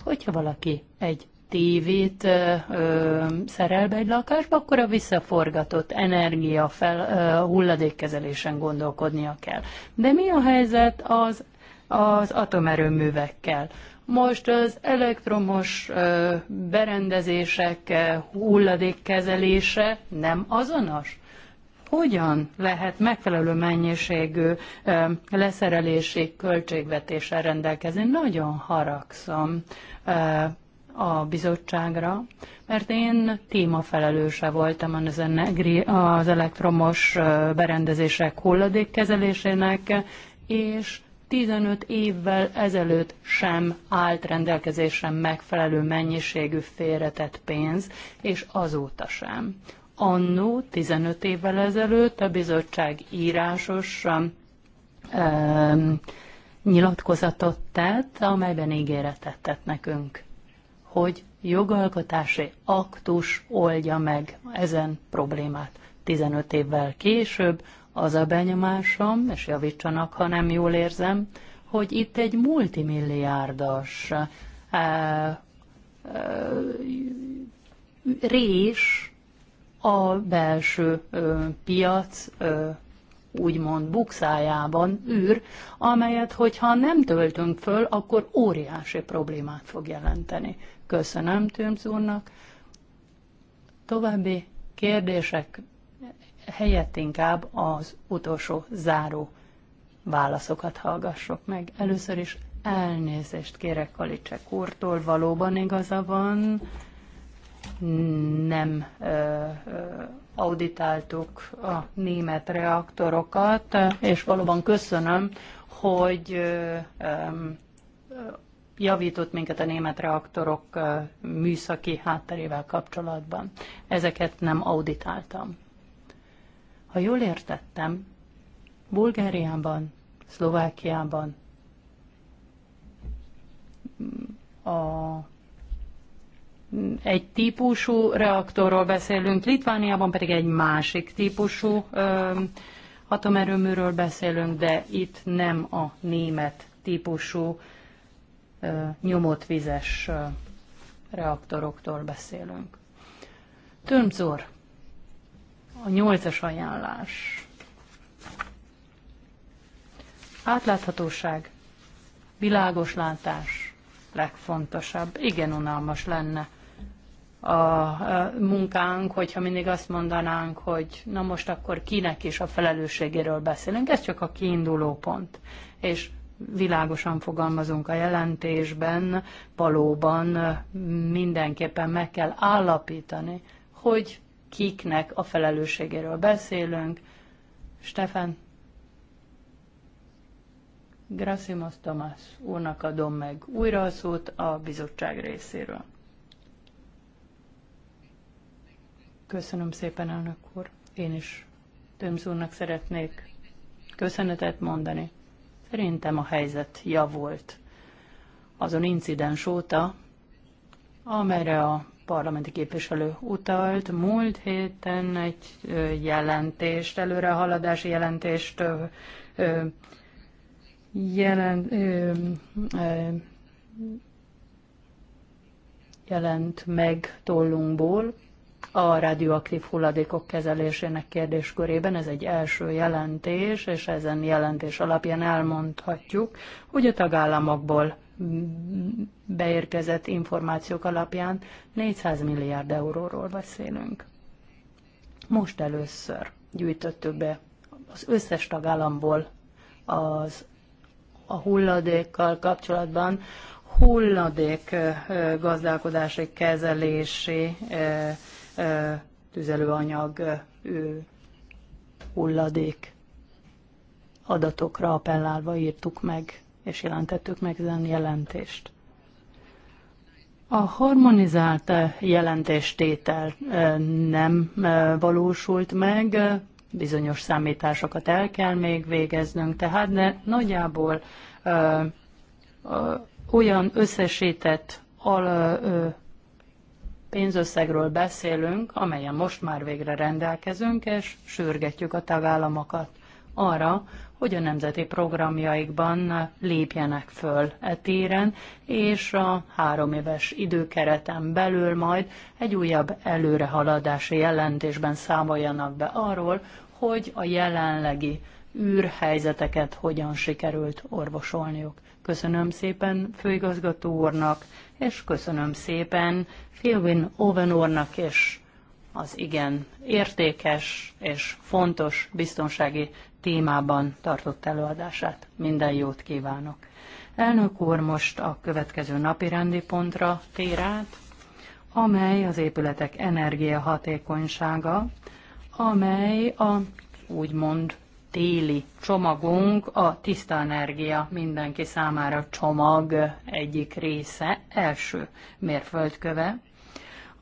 Hogyha valaki egy tévét ö, ö, szerel be egy lakásba, akkor a visszaforgatott energia fel, ö, hulladékkezelésen gondolkodnia kell. De mi a helyzet az, az atomerőművekkel? Most az elektromos berendezések hulladékkezelése nem azonos? Hogyan lehet megfelelő mennyiségű leszerelési költségvetéssel rendelkezni? Nagyon haragszom a bizottságra, mert én témafelelőse voltam az, az elektromos berendezések hulladékkezelésének, és 15 évvel ezelőtt sem állt rendelkezésre megfelelő mennyiségű félretett pénz, és azóta sem. Annó 15 évvel ezelőtt a bizottság írásos e, nyilatkozatot tett, amelyben ígéretet tett nekünk, hogy jogalkotási aktus oldja meg ezen problémát. 15 évvel később az a benyomásom, és javítsanak, ha nem jól érzem, hogy itt egy multimilliárdos eh, eh, rés a belső ö, eh, piac ö, úgymond bukszájában űr, amelyet, hogyha nem töltünk föl, akkor óriási problémát fog jelenteni. Köszönöm Tűnc úrnak. További kérdések helyett inkább az utolsó záró válaszokat hallgassok meg. Először is elnézést kérek Kalicsek úrtól, valóban igaza van, nem ö, ö, auditáltuk a német reaktorokat, és valóban köszönöm, hogy ö, ö, javított minket a német reaktorok műszaki hátterével kapcsolatban. Ezeket nem auditáltam. Ha jól értettem, Bulgáriában, Szlovákiában a egy típusú reaktorról beszélünk, Litvániában pedig egy másik típusú ö, atomerőműről beszélünk, de itt nem a német típusú ö, nyomotvizes ö, reaktoroktól beszélünk. Törmzor a nyolcas ajánlás. Átláthatóság, világos látás legfontosabb. Igen unalmas lenne a munkánk, hogyha mindig azt mondanánk, hogy na most akkor kinek is a felelősségéről beszélünk. Ez csak a kiinduló pont. És világosan fogalmazunk a jelentésben, valóban mindenképpen meg kell állapítani, hogy kiknek a felelősségéről beszélünk. Stefan Grasimos Tomás úrnak adom meg újra a szót a bizottság részéről. Köszönöm szépen, elnök úr. Én is Tömz úrnak szeretnék köszönetet mondani. Szerintem a helyzet javult azon incidens óta, amelyre a parlamenti képviselő utalt. Múlt héten egy jelentést, előrehaladási jelentést jelent, jelent meg tollunkból a radioaktív hulladékok kezelésének kérdéskörében. Ez egy első jelentés, és ezen jelentés alapján elmondhatjuk, hogy a tagállamokból beérkezett információk alapján 400 milliárd euróról beszélünk. Most először gyűjtöttük be az összes tagállamból az a hulladékkal kapcsolatban hulladék gazdálkodási kezelési tüzelőanyag hulladék adatokra appellálva írtuk meg és jelentettük meg ezen jelentést. A harmonizált jelentéstétel nem valósult meg, bizonyos számításokat el kell még végeznünk, tehát de nagyjából ö, ö, olyan összesített al, ö, pénzösszegről beszélünk, amelyen most már végre rendelkezünk, és sürgetjük a tagállamokat arra, hogy a nemzeti programjaikban lépjenek föl e téren, és a három éves időkereten belül majd egy újabb előrehaladási jelentésben számoljanak be arról, hogy a jelenlegi űrhelyzeteket hogyan sikerült orvosolniuk. Köszönöm szépen főigazgató úrnak, és köszönöm szépen Philwin Owen úrnak és az igen értékes és fontos biztonsági témában tartott előadását. Minden jót kívánok! Elnök úr most a következő napi rendi pontra tér át, amely az épületek energiahatékonysága, amely a úgymond téli csomagunk, a tiszta energia mindenki számára csomag egyik része, első mérföldköve,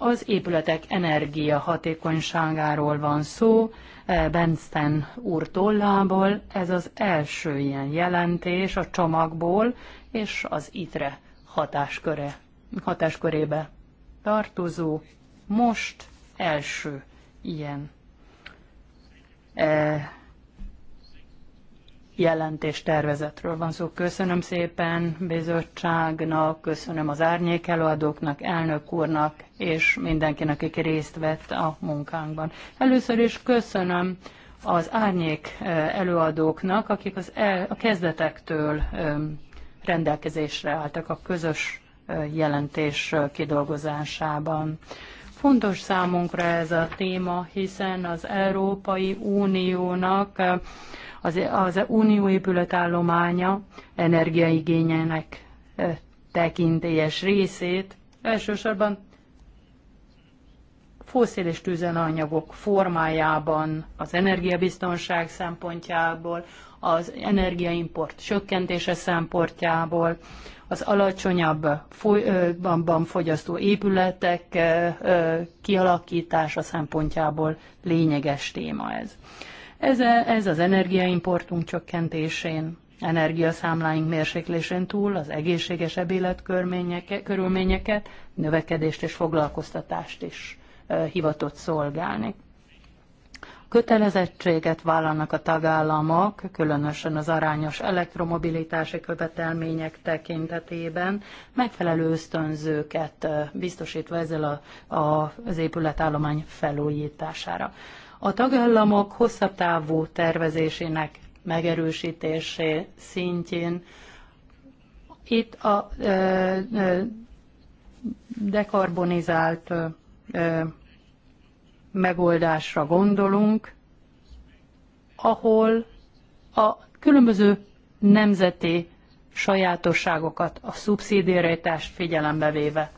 az épületek energia hatékonyságáról van szó, eh, Benzten úr tollából. Ez az első ilyen jelentés a csomagból, és az ITRE hatásköre, hatáskörébe tartozó, most első ilyen eh, jelentéstervezetről van szó. Köszönöm szépen bizottságnak, köszönöm az árnyék előadóknak, elnök úrnak és mindenkinek, aki részt vett a munkánkban. Először is köszönöm az árnyék előadóknak, akik az el, a kezdetektől rendelkezésre álltak a közös jelentés kidolgozásában. Fontos számunkra ez a téma, hiszen az Európai Uniónak az, az unió épületállománya energiaigényének tekintélyes részét elsősorban foszilis tüzelőanyagok formájában, az energiabiztonság szempontjából, az energiaimport csökkentése szempontjából, az alacsonyabban fogyasztó épületek kialakítása szempontjából lényeges téma ez. Ez, ez az energiaimportunk csökkentésén, energiaszámláink mérséklésén túl az egészségesebb életkörülményeket, növekedést és foglalkoztatást is hivatott szolgálni. Kötelezettséget vállalnak a tagállamok, különösen az arányos elektromobilitási követelmények tekintetében, megfelelő ösztönzőket biztosítva ezzel a, a, az épületállomány felújítására a tagállamok hosszabb távú tervezésének megerősítésé szintjén. Itt a ö, ö, dekarbonizált ö, megoldásra gondolunk, ahol a különböző nemzeti sajátosságokat, a szubszidiaritást figyelembe véve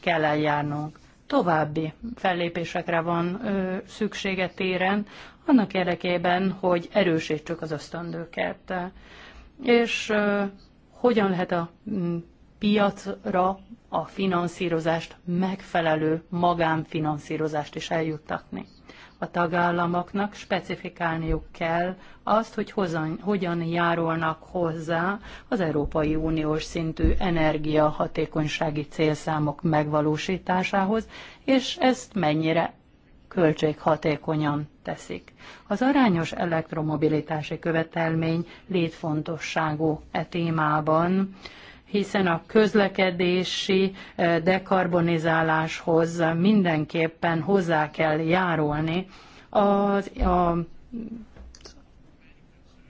kell eljárnunk további fellépésekre van ö, szüksége téren, annak érdekében, hogy erősítsük az ösztöndőket. És ö, hogyan lehet a piacra a finanszírozást, megfelelő magánfinanszírozást is eljuttatni a tagállamoknak specifikálniuk kell azt, hogy hozan, hogyan járulnak hozzá az Európai Uniós szintű energiahatékonysági célszámok megvalósításához, és ezt mennyire költséghatékonyan teszik. Az arányos elektromobilitási követelmény létfontosságú e témában hiszen a közlekedési eh, dekarbonizáláshoz mindenképpen hozzá kell járulni a, a,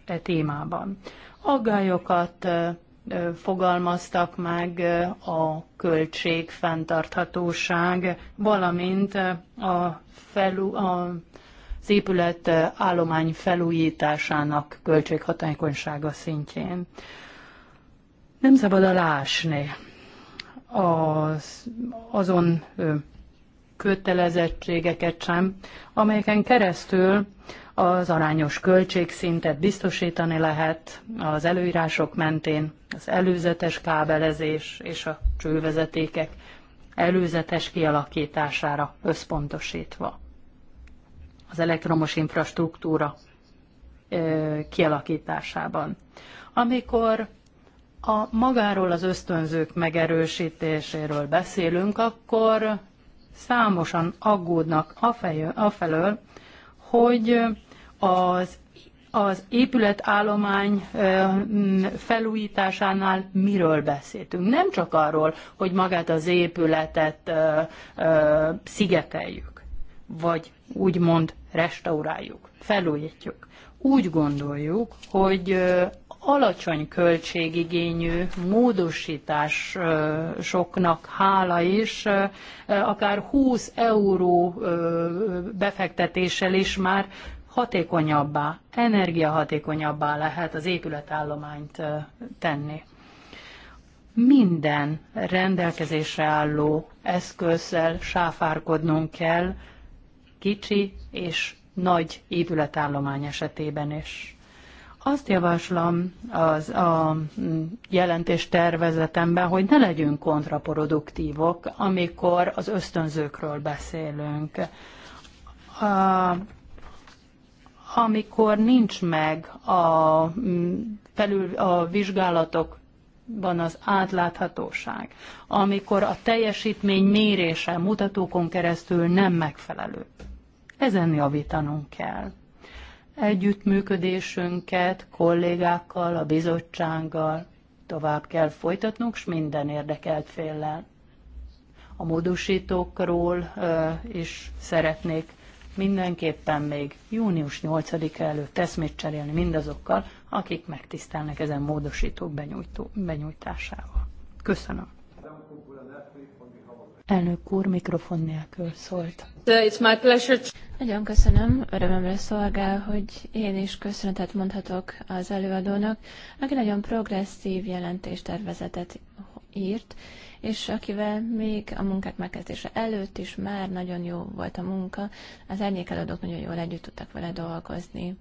e a témában. Aggályokat eh, eh, fogalmaztak meg a költség, fenntarthatóság, valamint a, felú, a az épület állomány felújításának költséghatékonysága szintjén. Nem szabad alásni az, azon kötelezettségeket sem, amelyeken keresztül az arányos költségszintet biztosítani lehet az előírások mentén, az előzetes kábelezés és a csővezetékek előzetes kialakítására összpontosítva. Az elektromos infrastruktúra kialakításában. Amikor a magáról az ösztönzők megerősítéséről beszélünk, akkor számosan aggódnak afelől, hogy az, az épületállomány felújításánál miről beszéltünk. Nem csak arról, hogy magát az épületet ö, ö, szigeteljük, vagy úgymond restauráljuk, felújítjuk. Úgy gondoljuk, hogy alacsony költségigényű módosításoknak hála is, akár 20 euró befektetéssel is már hatékonyabbá, energiahatékonyabbá lehet az épületállományt tenni. Minden rendelkezésre álló eszközzel sáfárkodnunk kell, kicsi és nagy épületállomány esetében is. Azt javaslom az a jelentés tervezetemben, hogy ne legyünk kontraproduktívok, amikor az ösztönzőkről beszélünk. A, amikor nincs meg a, felül, a vizsgálatokban az átláthatóság, amikor a teljesítmény mérése mutatókon keresztül nem megfelelő. Ezen javítanunk kell együttműködésünket kollégákkal, a bizottsággal tovább kell folytatnunk, és minden érdekelt féllel. A módosítókról is szeretnék mindenképpen még június 8-a előtt eszmét cserélni mindazokkal, akik megtisztelnek ezen módosítók benyújtó, benyújtásával. Köszönöm. Elnök úr mikrofon nélkül szólt. It's my pleasure. Nagyon köszönöm, örömömre szolgál, hogy én is köszönetet mondhatok az előadónak, aki nagyon progresszív jelentéstervezetet írt, és akivel még a munkák megkezdése előtt is már nagyon jó volt a munka, az árnyék nagyon jól együtt tudtak vele dolgozni.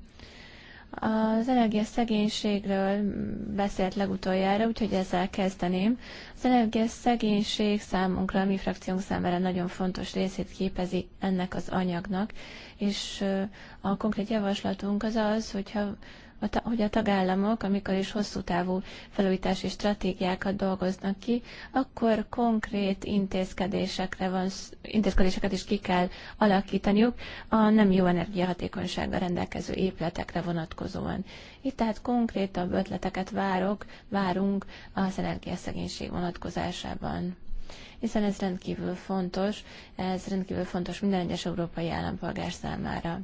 Az energiaszegénységről beszélt legutoljára, úgyhogy ezzel kezdeném. Az energiaszegénység számunkra, a mi frakciónk számára nagyon fontos részét képezi ennek az anyagnak, és a konkrét javaslatunk az az, hogyha hogy a tagállamok, amikor is hosszú távú felújítási stratégiákat dolgoznak ki, akkor konkrét intézkedésekre van, intézkedéseket is ki kell alakítaniuk a nem jó energiahatékonysággal rendelkező épületekre vonatkozóan. Itt tehát konkrétabb ötleteket várok, várunk az energiaszegénység vonatkozásában hiszen ez rendkívül fontos, ez rendkívül fontos minden egyes európai állampolgár számára.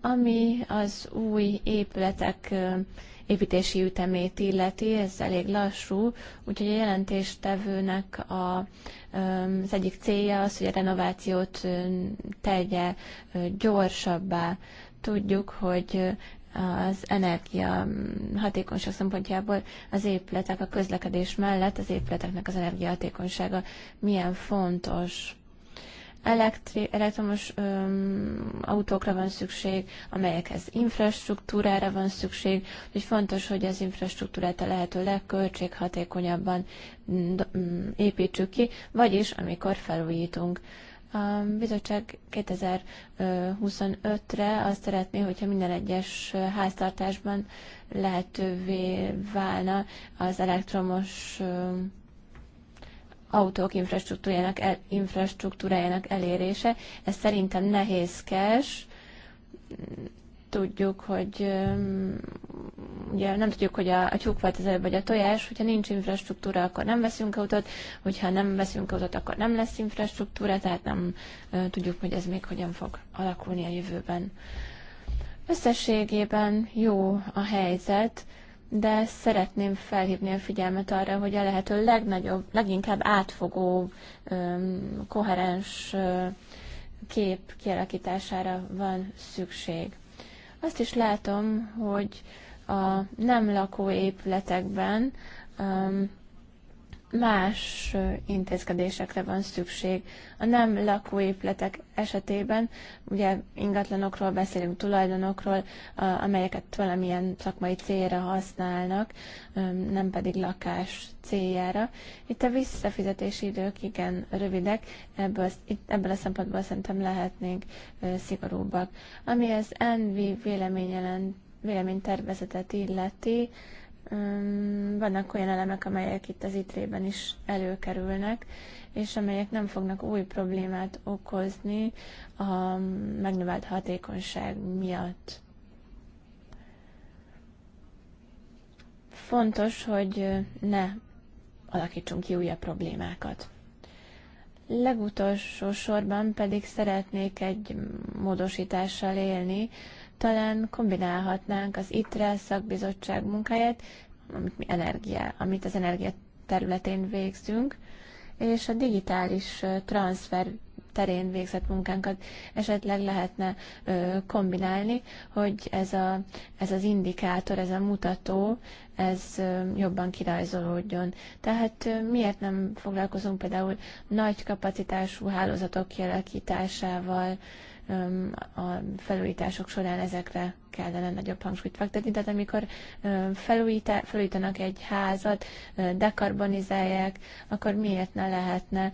Ami az új épületek építési ütemét illeti, ez elég lassú, úgyhogy a jelentéstevőnek a, az egyik célja az, hogy a renovációt tegye gyorsabbá. Tudjuk, hogy az energia hatékonyság szempontjából az épületek a közlekedés mellett az épületeknek az energiahatékonysága milyen fontos elektri- elektromos öm, autókra van szükség, amelyekhez infrastruktúrára van szükség, hogy fontos, hogy az infrastruktúrát a lehető legköltséghatékonyabban mm, mm, építsük ki, vagyis amikor felújítunk. A bizottság 2025-re azt szeretné, hogyha minden egyes háztartásban lehetővé válna az elektromos autók infrastruktúrájának, el, infrastruktúrájának elérése. Ez szerintem nehézkes. Tudjuk, hogy ugye nem tudjuk, hogy a, a tyúk volt az előbb, vagy a tojás, hogyha nincs infrastruktúra, akkor nem veszünk autót, hogyha nem veszünk autót, akkor nem lesz infrastruktúra, tehát nem ö, tudjuk, hogy ez még hogyan fog alakulni a jövőben. Összességében jó a helyzet, de szeretném felhívni a figyelmet arra, hogy a lehető legnagyobb, leginkább átfogó, koherens kép kialakítására van szükség. Azt is látom, hogy a nem lakó épületekben más intézkedésekre van szükség. A nem lakóépületek esetében ugye ingatlanokról beszélünk, tulajdonokról, amelyeket valamilyen szakmai célra használnak, nem pedig lakás céljára. Itt a visszafizetési idők igen rövidek, ebből, itt, ebből a szempontból szerintem lehetnénk szigorúbbak. Ami az NV véleménytervezetet illeti, vannak olyan elemek, amelyek itt az ITRE-ben is előkerülnek, és amelyek nem fognak új problémát okozni a megnövelt hatékonyság miatt. Fontos, hogy ne alakítsunk ki újabb problémákat. Legutolsó sorban pedig szeretnék egy módosítással élni, talán kombinálhatnánk az ITRE szakbizottság munkáját, amit mi energia, amit az energia területén végzünk, és a digitális transfer terén végzett munkánkat esetleg lehetne kombinálni, hogy ez, a, ez az indikátor, ez a mutató, ez jobban kirajzolódjon. Tehát miért nem foglalkozunk például nagy kapacitású hálózatok kialakításával, a felújítások során ezekre kellene nagyobb hangsúlyt fektetni. Tehát amikor felújítanak egy házat, dekarbonizálják, akkor miért ne lehetne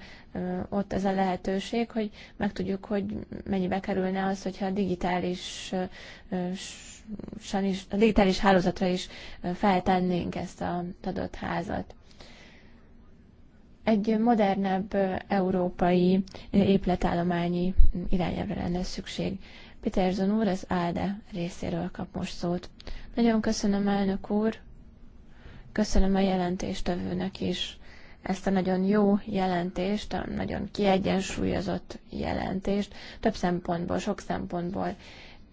ott az a lehetőség, hogy megtudjuk, hogy mennyibe kerülne az, hogyha a digitális a digitális hálózatra is feltennénk ezt a adott házat egy modernebb európai épületállományi irányelvre lenne szükség. Peterson úr az ALDE részéről kap most szót. Nagyon köszönöm, elnök úr, köszönöm a jelentéstevőnek is ezt a nagyon jó jelentést, a nagyon kiegyensúlyozott jelentést. Több szempontból, sok szempontból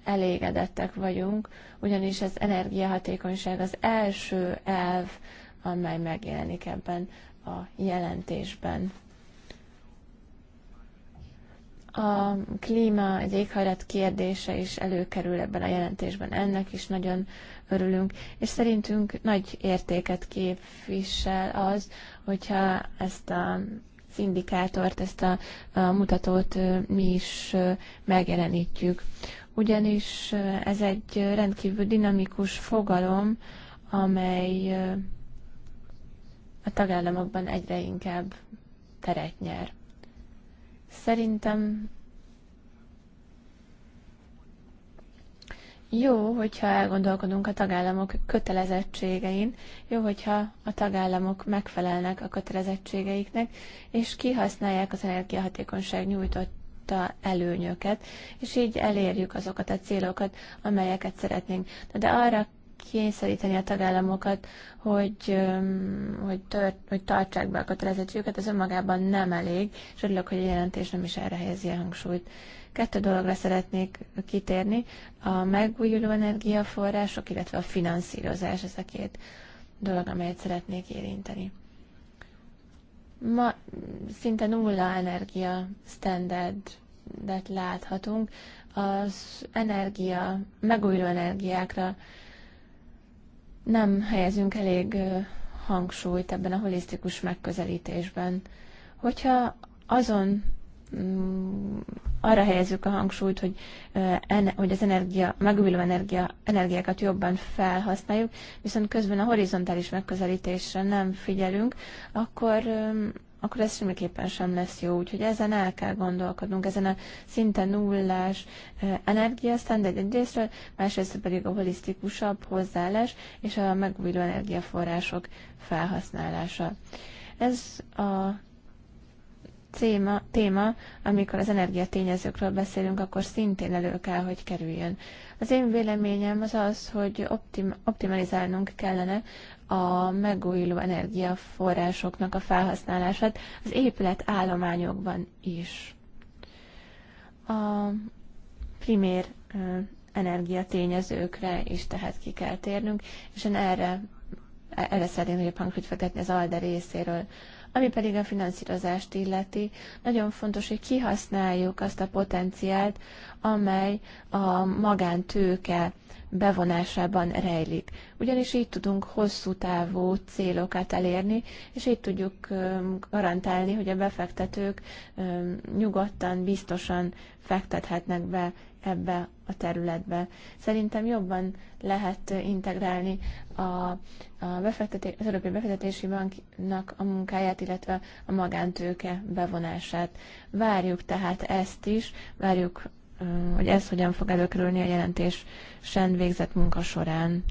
elégedettek vagyunk, ugyanis az energiahatékonyság az első elv, amely megjelenik ebben a jelentésben. A klíma, egy éghajlat kérdése is előkerül ebben a jelentésben, ennek is nagyon örülünk, és szerintünk nagy értéket képvisel az, hogyha ezt a az indikátort, ezt a, a mutatót mi is megjelenítjük. Ugyanis ez egy rendkívül dinamikus fogalom, amely a tagállamokban egyre inkább teret nyer. Szerintem jó, hogyha elgondolkodunk a tagállamok kötelezettségein, jó, hogyha a tagállamok megfelelnek a kötelezettségeiknek, és kihasználják az energiahatékonyság nyújtotta előnyöket, és így elérjük azokat a célokat, amelyeket szeretnénk. De arra kényszeríteni a tagállamokat, hogy, hogy, tört, hogy tartsák be a kötelezettségüket, ez önmagában nem elég, és örülök, hogy a jelentés nem is erre helyezi a hangsúlyt. Kettő dologra szeretnék kitérni, a megújuló energiaforrások, illetve a finanszírozás, ez a két dolog, amelyet szeretnék érinteni. Ma szinte nulla energia standardet láthatunk, az energia, megújuló energiákra nem helyezünk elég hangsúlyt ebben a holisztikus megközelítésben. Hogyha azon mm, arra helyezzük a hangsúlyt, hogy, hogy az energia, megújuló energia, energiákat jobban felhasználjuk, viszont közben a horizontális megközelítésre nem figyelünk, akkor akkor ez semmiképpen sem lesz jó. Úgyhogy ezen el kell gondolkodnunk, ezen a szinte nullás energia standard egyrésztről, másrészt pedig a holisztikusabb hozzáállás és a megújuló energiaforrások felhasználása. Ez a téma, téma, amikor az energiatényezőkről beszélünk, akkor szintén elő kell, hogy kerüljön. Az én véleményem az az, hogy optim, optimalizálnunk kellene a megújuló energiaforrásoknak a felhasználását az épület állományokban is. A primér energiatényezőkre is tehát ki kell térnünk, és én erre, erre szeretném, hogy a hangsúlyt fektetni az ALDE részéről. Ami pedig a finanszírozást illeti, nagyon fontos, hogy kihasználjuk azt a potenciált, amely a magántőke bevonásában rejlik. Ugyanis így tudunk hosszú távú célokat elérni, és így tudjuk garantálni, hogy a befektetők nyugodtan, biztosan fektethetnek be ebbe a területbe. Szerintem jobban lehet integrálni a, a befekteté, az Európai Befektetési Banknak a munkáját, illetve a magántőke bevonását. Várjuk tehát ezt is, várjuk, hogy ez hogyan fog előkerülni a jelentés sen végzett munka során.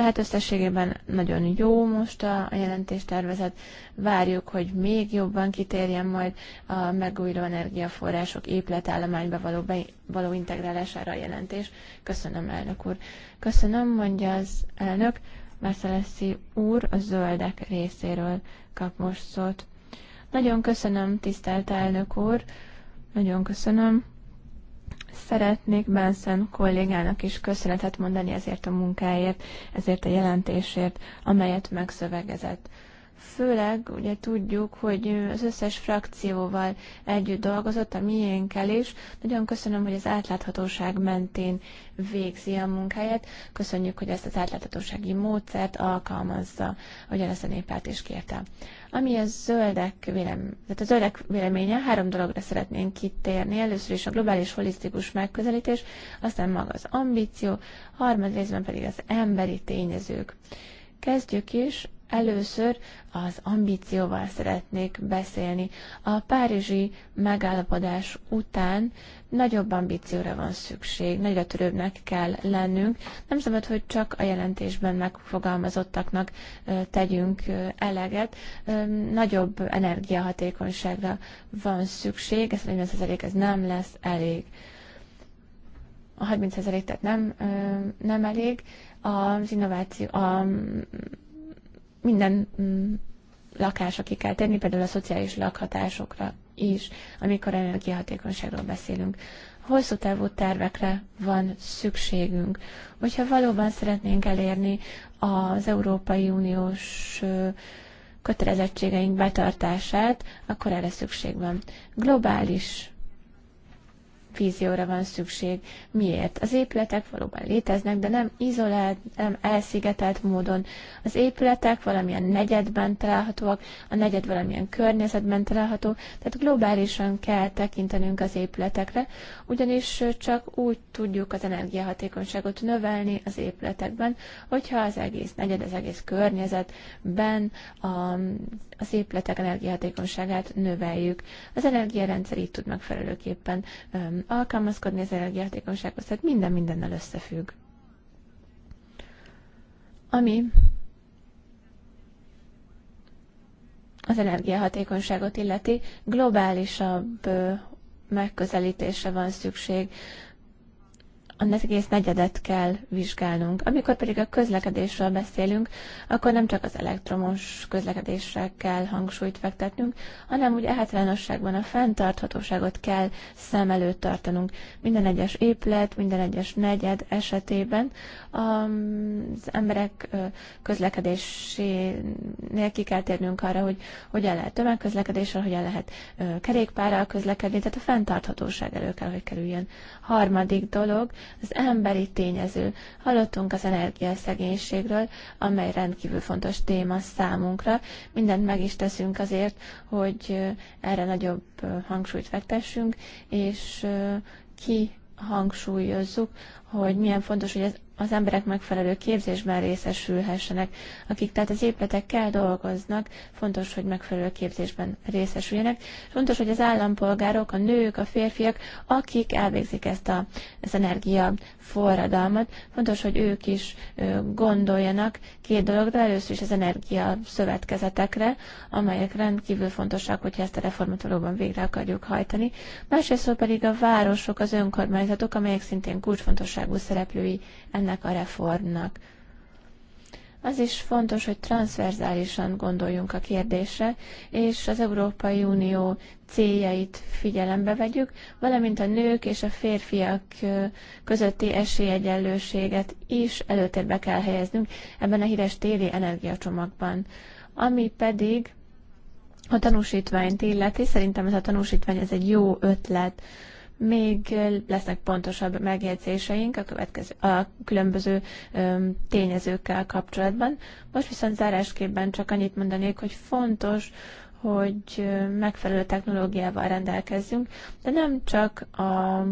Tehát összességében nagyon jó most a jelentéstervezet. Várjuk, hogy még jobban kitérjen majd a megújuló energiaforrások épületállományba való, be, való integrálására a jelentés. Köszönöm, elnök úr. Köszönöm, mondja az elnök. Marceleszi úr a zöldek részéről kap most szót. Nagyon köszönöm, tisztelt elnök úr. Nagyon köszönöm. Szeretnék Benson kollégának is köszönetet mondani ezért a munkáért, ezért a jelentésért, amelyet megszövegezett. Főleg ugye tudjuk, hogy az összes frakcióval együtt dolgozott, a miénkkel is. Nagyon köszönöm, hogy az átláthatóság mentén végzi a munkáját. Köszönjük, hogy ezt az átláthatósági módszert alkalmazza, hogy a néppárt is kérte. Ami a zöldek, vélem, tehát a zöldek véleménye, három dologra szeretnénk kitérni. Először is a globális holisztikus megközelítés, aztán maga az ambíció, harmad részben pedig az emberi tényezők. Kezdjük is, először az ambícióval szeretnék beszélni. A párizsi megállapodás után nagyobb ambícióra van szükség, nagyra törőbbnek kell lennünk. Nem szabad, hogy csak a jelentésben megfogalmazottaknak tegyünk eleget. Nagyobb energiahatékonyságra van szükség, ez 40% ez nem lesz elég. A 30% tehát nem, nem elég. Az innováció, a minden mm, lakásra ki kell tenni, például a szociális lakhatásokra is, amikor energiahatékonyságról beszélünk. Hosszú távú tervekre van szükségünk. Hogyha valóban szeretnénk elérni az Európai Uniós kötelezettségeink betartását, akkor erre szükség van. Globális vízióra van szükség. Miért? Az épületek valóban léteznek, de nem izolált, nem elszigetelt módon. Az épületek valamilyen negyedben találhatóak, a negyed valamilyen környezetben található, tehát globálisan kell tekintenünk az épületekre, ugyanis csak úgy tudjuk az energiahatékonyságot növelni az épületekben, hogyha az egész negyed, az egész környezetben a, az épületek energiahatékonyságát növeljük. Az energiarendszer így tud megfelelőképpen alkalmazkodni az energiahatékonysághoz, tehát minden mindennel összefügg. Ami az energiahatékonyságot illeti, globálisabb megközelítése van szükség az egész negyedet kell vizsgálnunk. Amikor pedig a közlekedésről beszélünk, akkor nem csak az elektromos közlekedésre kell hangsúlyt fektetnünk, hanem úgy általánosságban a fenntarthatóságot kell szem előtt tartanunk. Minden egyes épület, minden egyes negyed esetében az emberek közlekedésénél ki kell térnünk arra, hogy hogyan lehet tömegközlekedéssel, hogyan lehet kerékpárral közlekedni, tehát a fenntarthatóság elő kell, hogy kerüljön. Harmadik dolog, az emberi tényező. Hallottunk az energiaszegénységről, amely rendkívül fontos téma számunkra. Mindent meg is teszünk azért, hogy erre nagyobb hangsúlyt fektessünk, és ki hangsúlyozzuk hogy milyen fontos, hogy az emberek megfelelő képzésben részesülhessenek, akik tehát az épületekkel dolgoznak, fontos, hogy megfelelő képzésben részesüljenek. Fontos, hogy az állampolgárok, a nők, a férfiak, akik elvégzik ezt a, az energia forradalmat, fontos, hogy ők is gondoljanak két dologra, először is az energia szövetkezetekre, amelyek rendkívül fontosak, hogyha ezt a reformot valóban végre akarjuk hajtani. Másrészt pedig a városok, az önkormányzatok, amelyek szintén kulcsfontosságú kulcsfontosságú szereplői ennek a reformnak. Az is fontos, hogy transzverzálisan gondoljunk a kérdésre, és az Európai Unió céljait figyelembe vegyük, valamint a nők és a férfiak közötti esélyegyenlőséget is előtérbe kell helyeznünk ebben a híres téli energiacsomagban. Ami pedig a tanúsítványt illeti, szerintem ez a tanúsítvány ez egy jó ötlet. Még lesznek pontosabb megjegyzéseink a, következő, a különböző öm, tényezőkkel kapcsolatban. Most viszont zárásképpen csak annyit mondanék, hogy fontos, hogy megfelelő technológiával rendelkezzünk, de nem csak a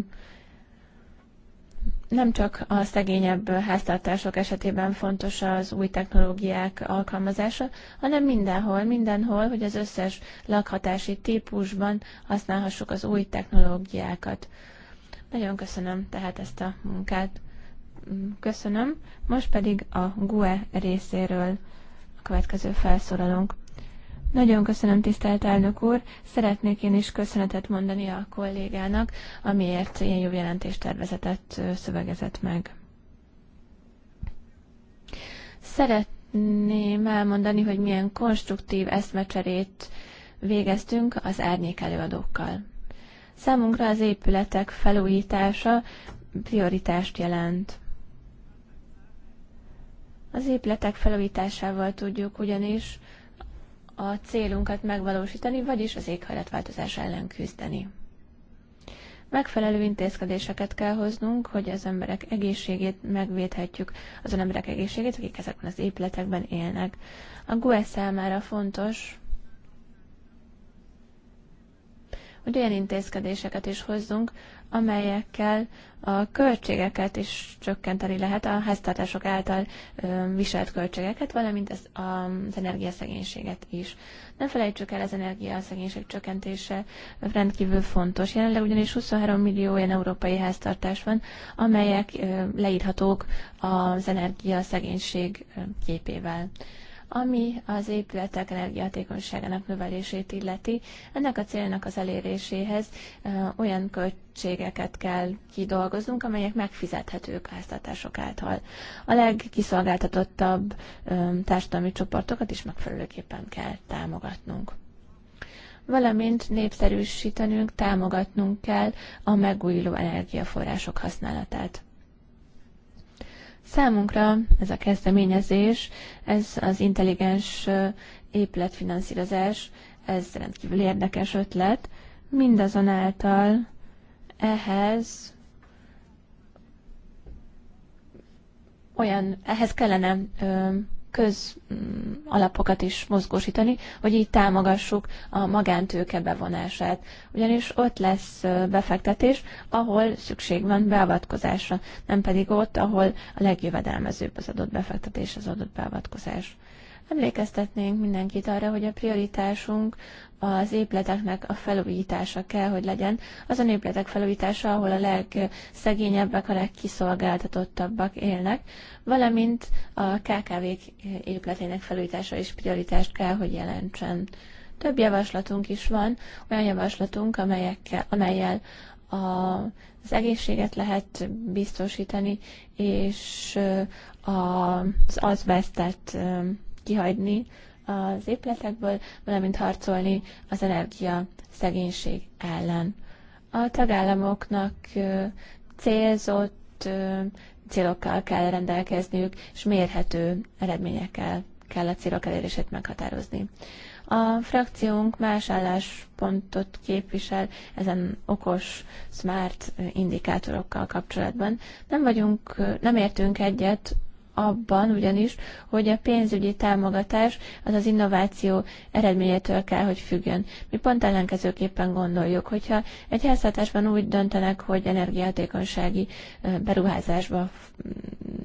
nem csak a szegényebb háztartások esetében fontos az új technológiák alkalmazása, hanem mindenhol, mindenhol, hogy az összes lakhatási típusban használhassuk az új technológiákat. Nagyon köszönöm tehát ezt a munkát. Köszönöm. Most pedig a GUE részéről a következő felszólalónk. Nagyon köszönöm, tisztelt elnök úr. Szeretnék én is köszönetet mondani a kollégának, amiért ilyen jó jelentéstervezetet szövegezett meg. Szeretném elmondani, hogy milyen konstruktív eszmecserét végeztünk az árnyék előadókkal. Számunkra az épületek felújítása prioritást jelent. Az épületek felújításával tudjuk ugyanis, a célunkat megvalósítani, vagyis az éghajlatváltozás ellen küzdeni. Megfelelő intézkedéseket kell hoznunk, hogy az emberek egészségét megvédhetjük, azon emberek egészségét, akik ezekben az épületekben élnek. A GUE számára fontos, hogy olyan intézkedéseket is hozzunk, amelyekkel a költségeket is csökkenteni lehet, a háztartások által viselt költségeket, valamint az, az energiaszegénységet is. Ne felejtsük el, az energiaszegénység csökkentése rendkívül fontos. Jelenleg ugyanis 23 millió olyan európai háztartás van, amelyek leírhatók az energiaszegénység képével ami az épületek energiatékonyságának növelését illeti. Ennek a célnak az eléréséhez olyan költségeket kell kidolgoznunk, amelyek megfizethetők háztartások által. A legkiszolgáltatottabb társadalmi csoportokat is megfelelőképpen kell támogatnunk valamint népszerűsítenünk, támogatnunk kell a megújuló energiaforrások használatát. Számunkra ez a kezdeményezés, ez az intelligens épületfinanszírozás, ez rendkívül érdekes ötlet, mindazonáltal ehhez olyan, ehhez kellene ö, közalapokat mm, is mozgósítani, hogy így támogassuk a magántőke bevonását. Ugyanis ott lesz befektetés, ahol szükség van beavatkozásra, nem pedig ott, ahol a legjövedelmezőbb az adott befektetés, az adott beavatkozás. Emlékeztetnénk mindenkit arra, hogy a prioritásunk az épületeknek a felújítása kell, hogy legyen. Az a épületek felújítása, ahol a legszegényebbek, a legkiszolgáltatottabbak élnek, valamint a kkv épületének felújítása is prioritást kell, hogy jelentsen. Több javaslatunk is van, olyan javaslatunk, amelyekkel, amelyel a, az egészséget lehet biztosítani, és a, az azbesztet kihagyni az épületekből, valamint harcolni az energia szegénység ellen. A tagállamoknak célzott célokkal kell rendelkezniük, és mérhető eredményekkel kell a célok elérését meghatározni. A frakciónk más álláspontot képvisel ezen okos, smart indikátorokkal kapcsolatban. Nem vagyunk, nem értünk egyet abban ugyanis, hogy a pénzügyi támogatás az az innováció eredményétől kell, hogy függjön. Mi pont ellenkezőképpen gondoljuk, hogyha egy háztartásban úgy döntenek, hogy energiahatékonysági beruházásba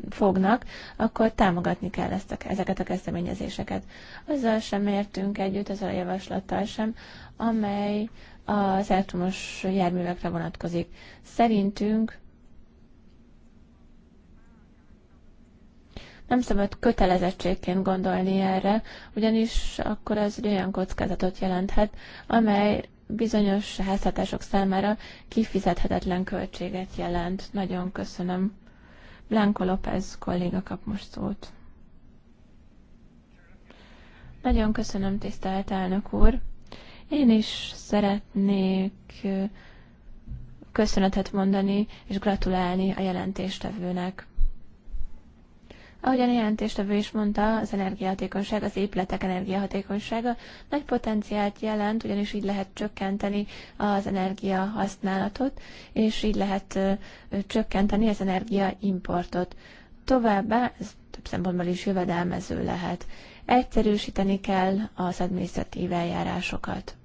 fognak, akkor támogatni kell ezt a, ezeket a kezdeményezéseket. Azzal sem értünk együtt, ezzel a javaslattal sem, amely az elektromos járművekre vonatkozik. Szerintünk Nem szabad kötelezettségként gondolni erre, ugyanis akkor az olyan kockázatot jelenthet, amely bizonyos háztartások számára kifizethetetlen költséget jelent. Nagyon köszönöm. Blanco López kolléga kap most szót. Nagyon köszönöm, tisztelt elnök úr. Én is szeretnék köszönetet mondani és gratulálni a jelentéstevőnek. Ahogyan a jelentéstevő is mondta, az energiahatékonyság, az épületek energiahatékonysága nagy potenciált jelent, ugyanis így lehet csökkenteni az energiahasználatot, és így lehet csökkenteni az energiaimportot. Továbbá ez több szempontból is jövedelmező lehet. Egyszerűsíteni kell az adminisztratív eljárásokat.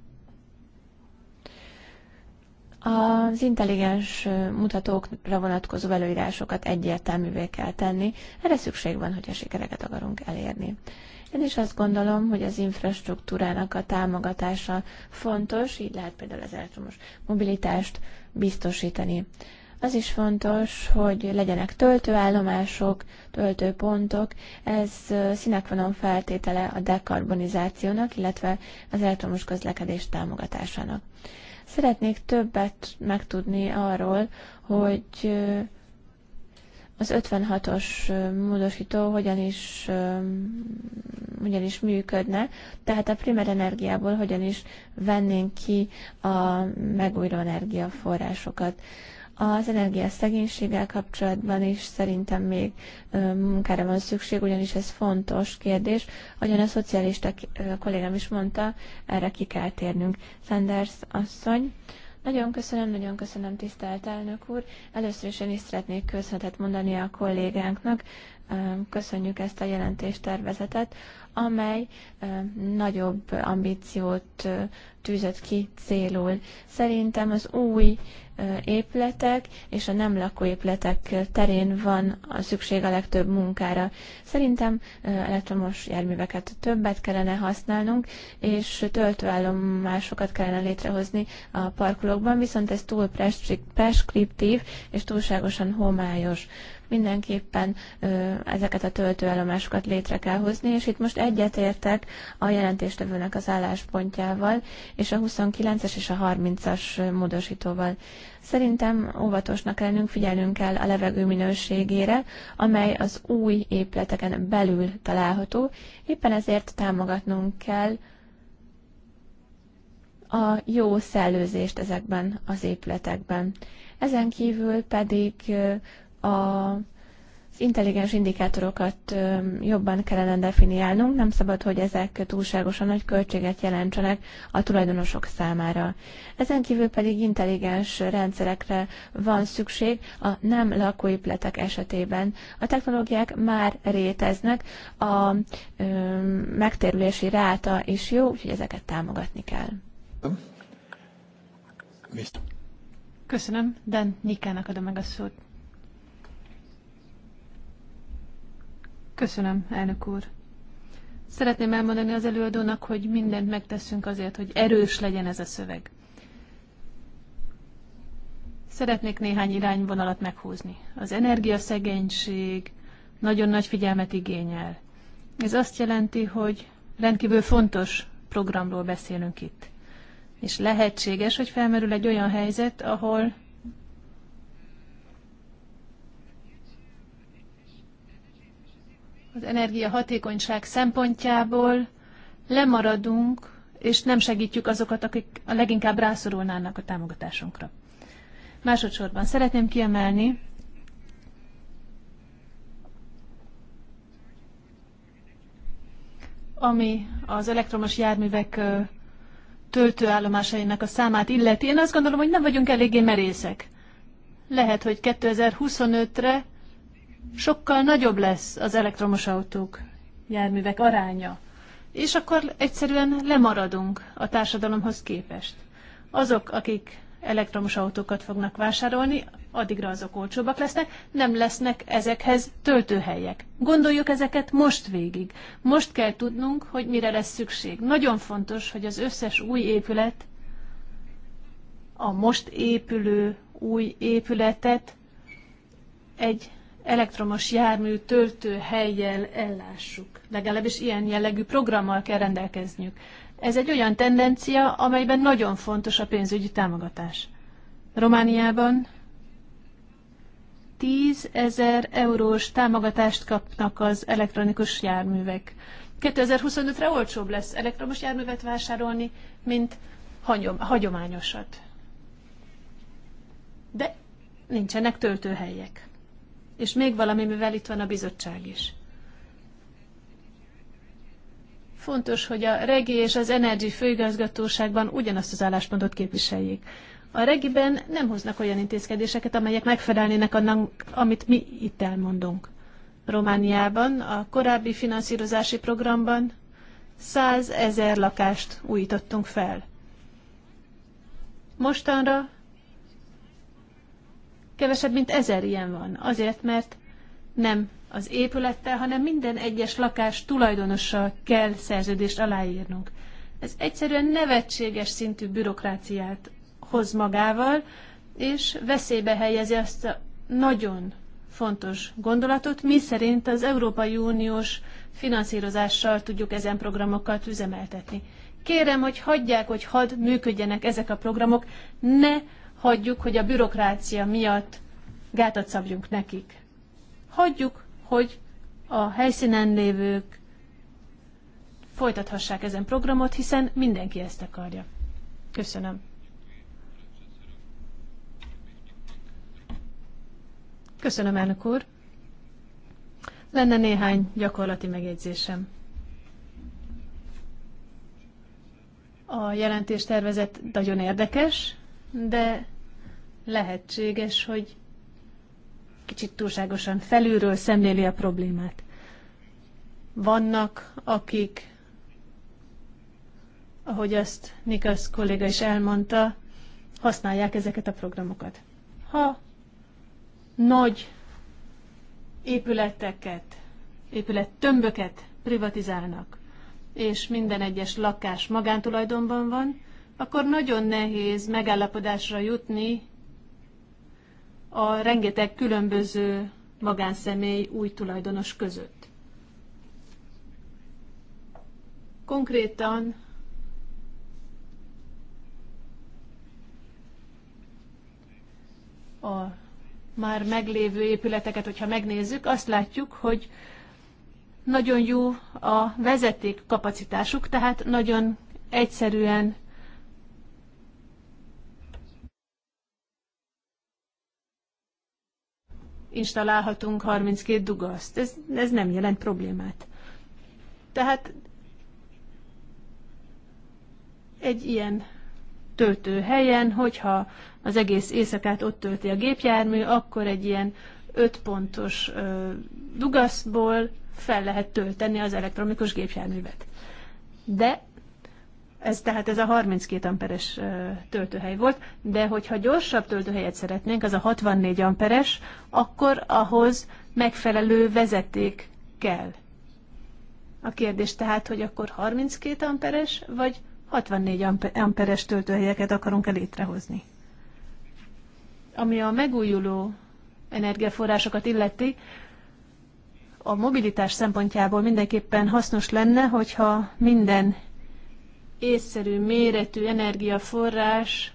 Az intelligens mutatókra vonatkozó előírásokat egyértelművé kell tenni, erre szükség van, a sikereket akarunk elérni. Én is azt gondolom, hogy az infrastruktúrának a támogatása fontos, így lehet például az elektromos mobilitást biztosítani. Az is fontos, hogy legyenek töltőállomások, töltőpontok. Ez színekvonon feltétele a dekarbonizációnak, illetve az elektromos közlekedés támogatásának. Szeretnék többet megtudni arról, hogy az 56-os módosító hogyan is, hogyan is működne, tehát a primer energiából hogyan is vennénk ki a megújuló energiaforrásokat. Az energiaszegénységgel kapcsolatban is szerintem még munkára van szükség, ugyanis ez fontos kérdés. Ahogyan a szocialista kollégám is mondta, erre ki kell térnünk. Sanders asszony. Nagyon köszönöm, nagyon köszönöm, tisztelt elnök úr. Először is én is szeretnék köszönetet mondani a kollégánknak. Köszönjük ezt a jelentéstervezetet amely nagyobb ambíciót tűzött ki célul. Szerintem az új épületek és a nem lakóépületek terén van a szükség a legtöbb munkára. Szerintem elektromos járműveket többet kellene használnunk, és töltőállomásokat kellene létrehozni a parkolókban, viszont ez túl preskriptív és túlságosan homályos mindenképpen ezeket a töltőállomásokat létre kell hozni, és itt most egyetértek a jelentéstevőnek az álláspontjával, és a 29-es és a 30-as módosítóval. Szerintem óvatosnak lennünk, figyelnünk kell a levegő minőségére, amely az új épületeken belül található, éppen ezért támogatnunk kell a jó szellőzést ezekben az épületekben. Ezen kívül pedig a az intelligens indikátorokat jobban kellene definiálnunk, nem szabad, hogy ezek túlságosan nagy költséget jelentsenek a tulajdonosok számára. Ezen kívül pedig intelligens rendszerekre van szükség a nem lakóépületek esetében. A technológiák már réteznek, a ö, megtérülési ráta is jó, úgyhogy ezeket támogatni kell. Köszönöm, Dan Nikának adom meg a szót. Köszönöm, elnök úr. Szeretném elmondani az előadónak, hogy mindent megteszünk azért, hogy erős legyen ez a szöveg. Szeretnék néhány irányvonalat meghúzni. Az energiaszegénység nagyon nagy figyelmet igényel. Ez azt jelenti, hogy rendkívül fontos programról beszélünk itt. És lehetséges, hogy felmerül egy olyan helyzet, ahol az energiahatékonyság szempontjából lemaradunk, és nem segítjük azokat, akik a leginkább rászorulnának a támogatásunkra. Másodszorban szeretném kiemelni, ami az elektromos járművek töltőállomásainak a számát illeti. Én azt gondolom, hogy nem vagyunk eléggé merészek. Lehet, hogy 2025-re sokkal nagyobb lesz az elektromos autók, járművek aránya. És akkor egyszerűen lemaradunk a társadalomhoz képest. Azok, akik elektromos autókat fognak vásárolni, addigra azok olcsóbbak lesznek, nem lesznek ezekhez töltőhelyek. Gondoljuk ezeket most végig. Most kell tudnunk, hogy mire lesz szükség. Nagyon fontos, hogy az összes új épület, a most épülő új épületet egy elektromos jármű töltőhelyjel ellássuk. Legalábbis ilyen jellegű programmal kell rendelkezniük. Ez egy olyan tendencia, amelyben nagyon fontos a pénzügyi támogatás. Romániában 10 ezer eurós támogatást kapnak az elektronikus járművek. 2025-re olcsóbb lesz elektromos járművet vásárolni, mint hagyományosat. De nincsenek töltőhelyek és még valami, mivel itt van a bizottság is. Fontos, hogy a regi és az Energy főigazgatóságban ugyanazt az álláspontot képviseljék. A regiben nem hoznak olyan intézkedéseket, amelyek megfelelnének annak, amit mi itt elmondunk. Romániában, a korábbi finanszírozási programban 100 ezer lakást újítottunk fel. Mostanra Kevesebb, mint ezer ilyen van. Azért, mert nem az épülettel, hanem minden egyes lakás tulajdonossal kell szerződést aláírnunk. Ez egyszerűen nevetséges szintű bürokráciát hoz magával, és veszélybe helyezi azt a nagyon fontos gondolatot, mi szerint az Európai Uniós finanszírozással tudjuk ezen programokat üzemeltetni. Kérem, hogy hagyják, hogy hadd működjenek ezek a programok, ne hagyjuk, hogy a bürokrácia miatt gátat szabjunk nekik. Hagyjuk, hogy a helyszínen lévők folytathassák ezen programot, hiszen mindenki ezt akarja. Köszönöm. Köszönöm, elnök úr. Lenne néhány gyakorlati megjegyzésem. A jelentéstervezet nagyon érdekes, de lehetséges, hogy kicsit túlságosan felülről szemléli a problémát. Vannak, akik, ahogy azt Nikasz kolléga is elmondta, használják ezeket a programokat. Ha nagy épületeket, épület tömböket privatizálnak, és minden egyes lakás magántulajdonban van, akkor nagyon nehéz megállapodásra jutni a rengeteg különböző magánszemély új tulajdonos között. Konkrétan a már meglévő épületeket, hogyha megnézzük, azt látjuk, hogy nagyon jó a vezeték kapacitásuk, tehát nagyon egyszerűen installálhatunk 32 dugaszt. Ez, ez nem jelent problémát. Tehát egy ilyen töltő helyen, hogyha az egész éjszakát ott tölti a gépjármű, akkor egy ilyen 5 pontos dugaszból fel lehet tölteni az elektronikus gépjárművet. De ez tehát ez a 32 amperes töltőhely volt, de hogyha gyorsabb töltőhelyet szeretnénk, az a 64 amperes, akkor ahhoz megfelelő vezeték kell. A kérdés tehát, hogy akkor 32 amperes, vagy 64 amperes töltőhelyeket akarunk-e létrehozni. Ami a megújuló energiaforrásokat illeti, a mobilitás szempontjából mindenképpen hasznos lenne, hogyha minden észszerű méretű energiaforrás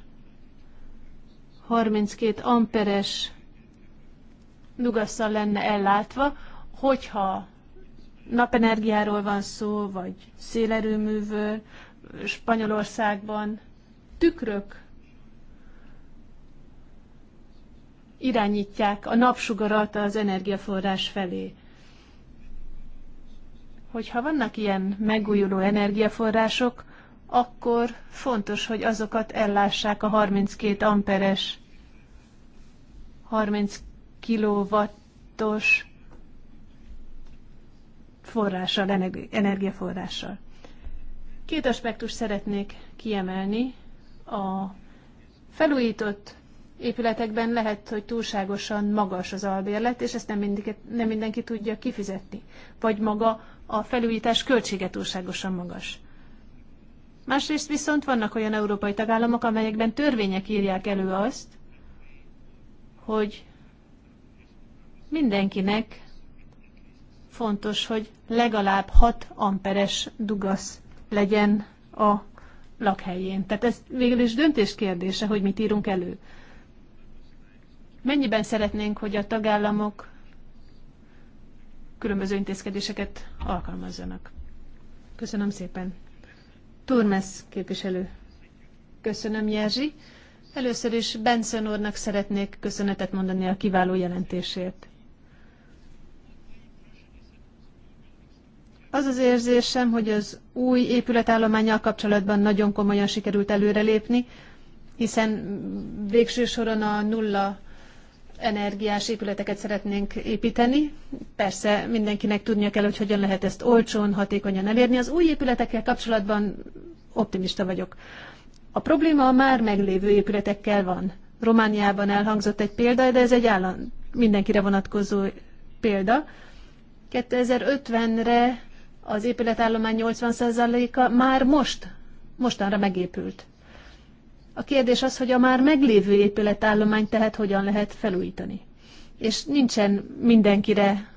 32 amperes dugasszal lenne ellátva, hogyha napenergiáról van szó, vagy szélerőművől, Spanyolországban tükrök irányítják a napsugarat az energiaforrás felé. Hogyha vannak ilyen megújuló energiaforrások, akkor fontos, hogy azokat ellássák a 32 amperes, 30 kilovattos forrással, energiaforrással. Két aspektus szeretnék kiemelni. A felújított épületekben lehet, hogy túlságosan magas az albérlet, és ezt nem, mindig, nem mindenki tudja kifizetni. Vagy maga a felújítás költsége túlságosan magas. Másrészt viszont vannak olyan európai tagállamok, amelyekben törvények írják elő azt, hogy mindenkinek fontos, hogy legalább 6 amperes dugasz legyen a lakhelyén. Tehát ez végül is döntés kérdése, hogy mit írunk elő. Mennyiben szeretnénk, hogy a tagállamok különböző intézkedéseket alkalmazzanak? Köszönöm szépen! Turmes képviselő. Köszönöm, Jerzy. Először is Benson úrnak szeretnék köszönetet mondani a kiváló jelentésért. Az az érzésem, hogy az új épületállományjal kapcsolatban nagyon komolyan sikerült előrelépni, hiszen végső soron a nulla energiás épületeket szeretnénk építeni. Persze mindenkinek tudnia kell, hogy hogyan lehet ezt olcsón, hatékonyan elérni. Az új épületekkel kapcsolatban optimista vagyok. A probléma a már meglévő épületekkel van. Romániában elhangzott egy példa, de ez egy állam mindenkire vonatkozó példa. 2050-re az épületállomány 80%-a már most, mostanra megépült. A kérdés az, hogy a már meglévő épületállomány tehát hogyan lehet felújítani. És nincsen mindenkire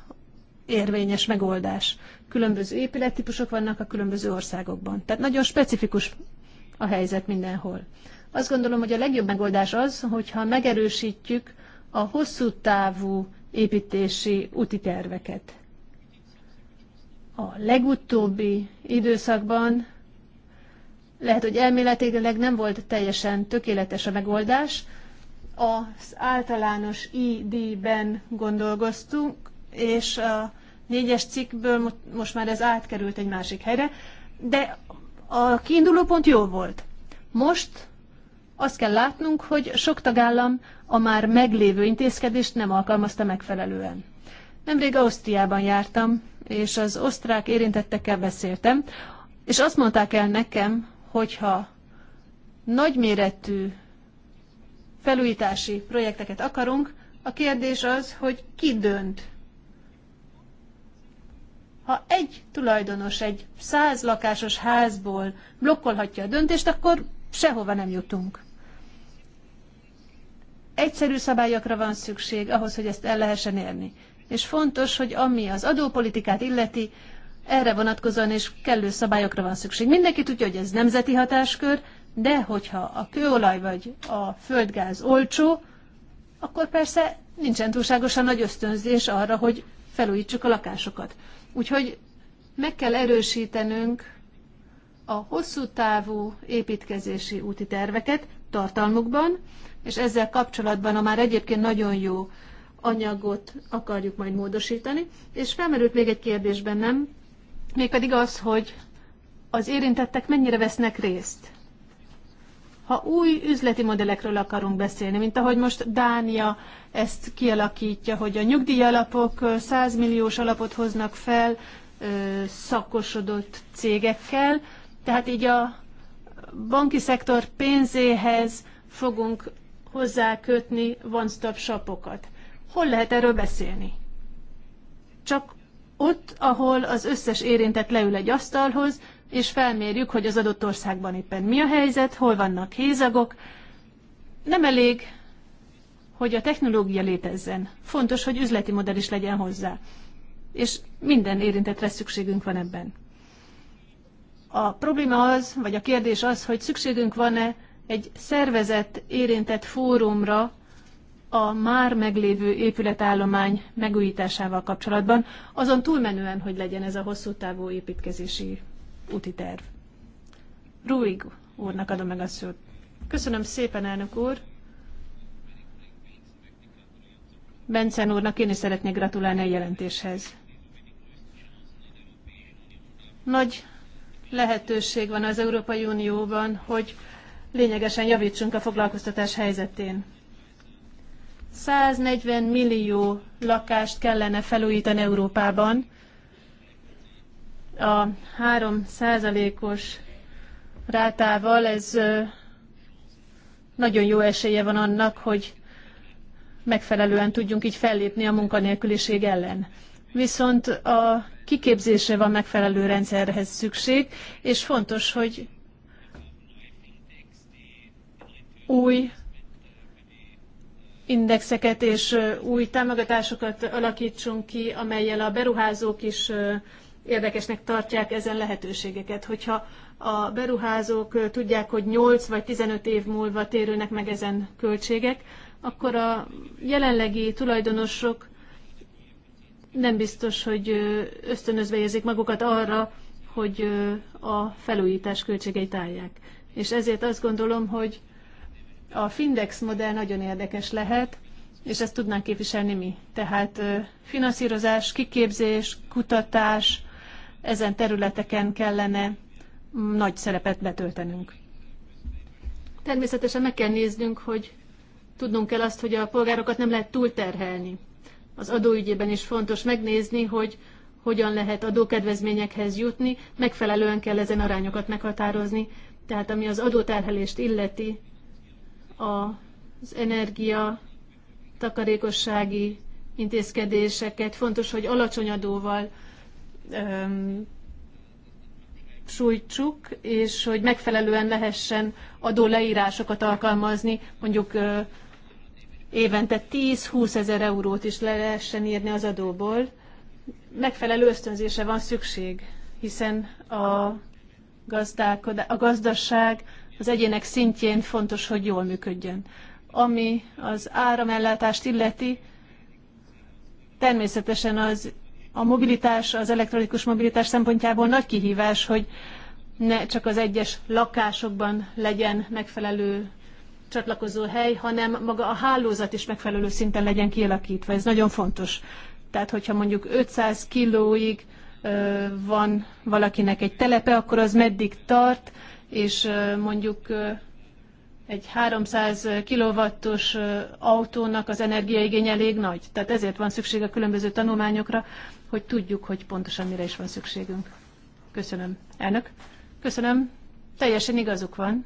érvényes megoldás. Különböző épülettípusok vannak a különböző országokban. Tehát nagyon specifikus a helyzet mindenhol. Azt gondolom, hogy a legjobb megoldás az, hogyha megerősítjük a hosszú távú építési úti terveket. A legutóbbi időszakban lehet, hogy elméletileg nem volt teljesen tökéletes a megoldás. Az általános ID-ben gondolkoztunk, és a négyes cikkből most már ez átkerült egy másik helyre, de a kiinduló pont jó volt. Most azt kell látnunk, hogy sok tagállam a már meglévő intézkedést nem alkalmazta megfelelően. Nemrég Ausztriában jártam, és az osztrák érintettekkel beszéltem, és azt mondták el nekem, hogyha nagyméretű felújítási projekteket akarunk, a kérdés az, hogy ki dönt. Ha egy tulajdonos egy száz lakásos házból blokkolhatja a döntést, akkor sehova nem jutunk. Egyszerű szabályokra van szükség ahhoz, hogy ezt el lehessen érni. És fontos, hogy ami az adópolitikát illeti, erre vonatkozóan és kellő szabályokra van szükség. Mindenki tudja, hogy ez nemzeti hatáskör, de hogyha a kőolaj vagy a földgáz olcsó, akkor persze nincsen túlságosan nagy ösztönzés arra, hogy felújítsuk a lakásokat. Úgyhogy meg kell erősítenünk a hosszú távú építkezési úti terveket tartalmukban, és ezzel kapcsolatban a már egyébként nagyon jó anyagot akarjuk majd módosítani. És felmerült még egy kérdés bennem, mégpedig az, hogy az érintettek mennyire vesznek részt. Ha új üzleti modellekről akarunk beszélni, mint ahogy most Dánia ezt kialakítja, hogy a nyugdíjalapok 100 milliós alapot hoznak fel szakosodott cégekkel, tehát így a banki szektor pénzéhez fogunk hozzákötni one-stop shopokat. Hol lehet erről beszélni? Csak ott, ahol az összes érintett leül egy asztalhoz, és felmérjük, hogy az adott országban éppen mi a helyzet, hol vannak hézagok. Nem elég, hogy a technológia létezzen. Fontos, hogy üzleti modell is legyen hozzá. És minden érintetre szükségünk van ebben. A probléma az, vagy a kérdés az, hogy szükségünk van-e egy szervezett, érintett fórumra, a már meglévő épületállomány megújításával kapcsolatban, azon túlmenően, hogy legyen ez a hosszú távú építkezési úti terv. Ruig úrnak adom meg a szót. Köszönöm szépen, elnök úr! Bencen úrnak én is szeretnék gratulálni a jelentéshez. Nagy lehetőség van az Európai Unióban, hogy lényegesen javítsunk a foglalkoztatás helyzetén. 140 millió lakást kellene felújítani Európában. A 3 százalékos rátával ez nagyon jó esélye van annak, hogy megfelelően tudjunk így fellépni a munkanélküliség ellen. Viszont a kiképzésre van megfelelő rendszerhez szükség, és fontos, hogy új indexeket és új támogatásokat alakítsunk ki, amelyel a beruházók is érdekesnek tartják ezen lehetőségeket. Hogyha a beruházók tudják, hogy 8 vagy 15 év múlva térülnek meg ezen költségek, akkor a jelenlegi tulajdonosok nem biztos, hogy ösztönözve érzik magukat arra, hogy a felújítás költségeit állják. És ezért azt gondolom, hogy a Findex modell nagyon érdekes lehet, és ezt tudnánk képviselni mi. Tehát finanszírozás, kiképzés, kutatás, ezen területeken kellene nagy szerepet betöltenünk. Természetesen meg kell néznünk, hogy tudnunk kell azt, hogy a polgárokat nem lehet túlterhelni. Az adóügyében is fontos megnézni, hogy hogyan lehet adókedvezményekhez jutni, megfelelően kell ezen arányokat meghatározni, tehát ami az adóterhelést illeti, az energia takarékossági intézkedéseket. Fontos, hogy alacsony adóval öm, sújtsuk, és hogy megfelelően lehessen adó leírásokat alkalmazni, mondjuk ö, évente 10-20 ezer eurót is le lehessen írni az adóból. Megfelelő ösztönzése van szükség, hiszen a, a gazdaság az egyének szintjén fontos, hogy jól működjön. Ami az áramellátást illeti, természetesen az a mobilitás, az elektronikus mobilitás szempontjából nagy kihívás, hogy ne csak az egyes lakásokban legyen megfelelő csatlakozó hely, hanem maga a hálózat is megfelelő szinten legyen kialakítva. Ez nagyon fontos. Tehát, hogyha mondjuk 500 kilóig van valakinek egy telepe, akkor az meddig tart, és mondjuk egy 300 kilovattos autónak az energiaigény elég nagy. Tehát ezért van szükség a különböző tanulmányokra, hogy tudjuk, hogy pontosan mire is van szükségünk. Köszönöm. Elnök? Köszönöm. Teljesen igazuk van.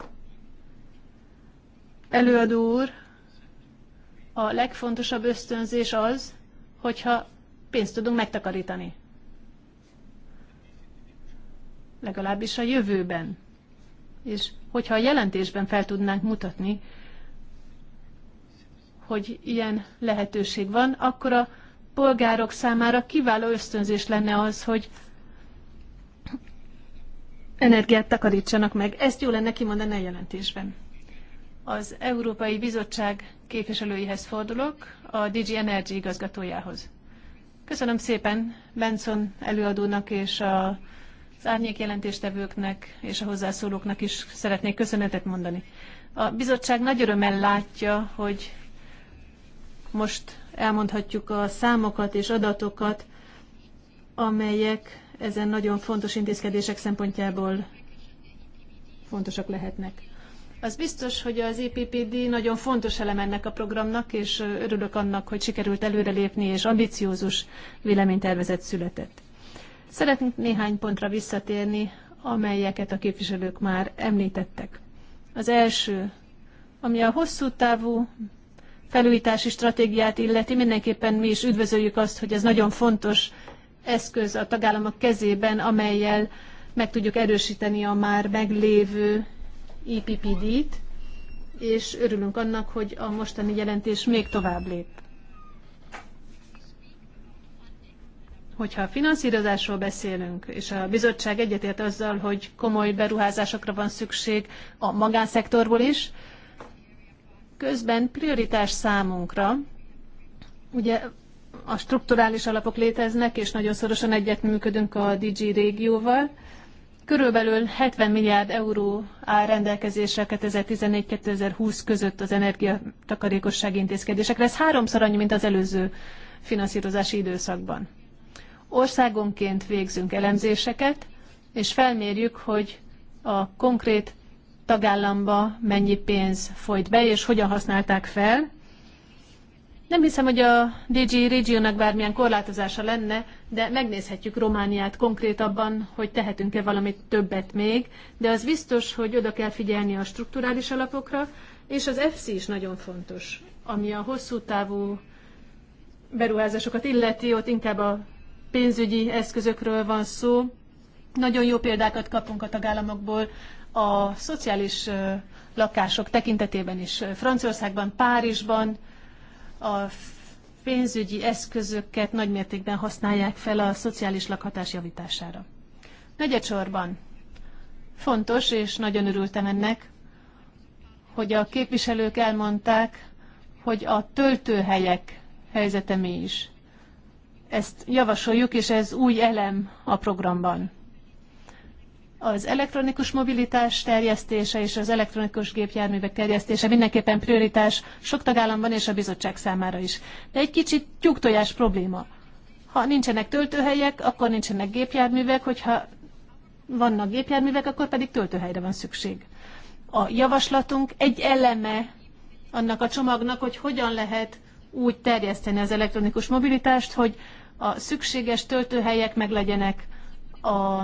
Előadó úr, a legfontosabb ösztönzés az, hogyha pénzt tudunk megtakarítani. Legalábbis a jövőben és hogyha a jelentésben fel tudnánk mutatni, hogy ilyen lehetőség van, akkor a polgárok számára kiváló ösztönzés lenne az, hogy energiát takarítsanak meg. Ezt jó lenne kimondani a jelentésben. Az Európai Bizottság képviselőihez fordulok, a DG Energy igazgatójához. Köszönöm szépen Benson előadónak és a az árnyék jelentéstevőknek és a hozzászólóknak is szeretnék köszönetet mondani. A bizottság nagy örömmel látja, hogy most elmondhatjuk a számokat és adatokat, amelyek ezen nagyon fontos intézkedések szempontjából fontosak lehetnek. Az biztos, hogy az EPPD nagyon fontos elem ennek a programnak, és örülök annak, hogy sikerült előrelépni, és ambiciózus véleménytervezet született. Szeretnénk néhány pontra visszatérni, amelyeket a képviselők már említettek. Az első, ami a hosszú távú felújítási stratégiát illeti, mindenképpen mi is üdvözöljük azt, hogy ez nagyon fontos eszköz a tagállamok kezében, amelyel meg tudjuk erősíteni a már meglévő IPPD-t, e és örülünk annak, hogy a mostani jelentés még tovább lép. Hogyha a finanszírozásról beszélünk, és a bizottság egyetért azzal, hogy komoly beruházásokra van szükség a magánszektorból is, közben prioritás számunkra, ugye a strukturális alapok léteznek, és nagyon szorosan egyetműködünk a DG régióval. Körülbelül 70 milliárd euró áll rendelkezésre 2014-2020 között az energiatakarékosság intézkedésekre. Ez háromszor annyi, mint az előző finanszírozási időszakban. Országonként végzünk elemzéseket, és felmérjük, hogy a konkrét tagállamba mennyi pénz folyt be, és hogyan használták fel. Nem hiszem, hogy a DG Regionnak bármilyen korlátozása lenne, de megnézhetjük Romániát konkrétabban, hogy tehetünk-e valamit többet még, de az biztos, hogy oda kell figyelni a strukturális alapokra, és az FC is nagyon fontos, ami a hosszú távú beruházásokat illeti, ott inkább a pénzügyi eszközökről van szó. Nagyon jó példákat kapunk a tagállamokból a szociális lakások tekintetében is. Franciaországban, Párizsban a pénzügyi eszközöket nagymértékben használják fel a szociális lakhatás javítására. Negyedsorban fontos, és nagyon örültem ennek, hogy a képviselők elmondták, hogy a töltőhelyek helyzete mi is. Ezt javasoljuk, és ez új elem a programban. Az elektronikus mobilitás terjesztése és az elektronikus gépjárművek terjesztése mindenképpen prioritás sok tagállamban és a bizottság számára is. De egy kicsit tyúktojás probléma. Ha nincsenek töltőhelyek, akkor nincsenek gépjárművek, hogyha vannak gépjárművek, akkor pedig töltőhelyre van szükség. A javaslatunk egy eleme annak a csomagnak, hogy hogyan lehet úgy terjeszteni az elektronikus mobilitást, hogy a szükséges töltőhelyek meglegyenek, a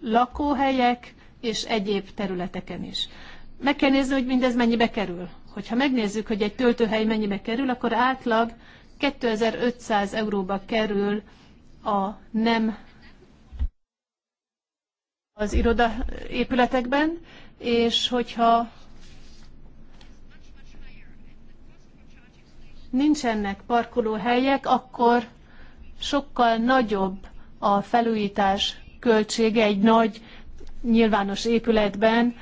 lakóhelyek és egyéb területeken is. Meg kell nézni, hogy mindez mennyibe kerül. Hogyha megnézzük, hogy egy töltőhely mennyibe kerül, akkor átlag 2500 euróba kerül a nem az irodaépületekben, és hogyha nincsenek parkolóhelyek, akkor sokkal nagyobb a felújítás költsége egy nagy nyilvános épületben.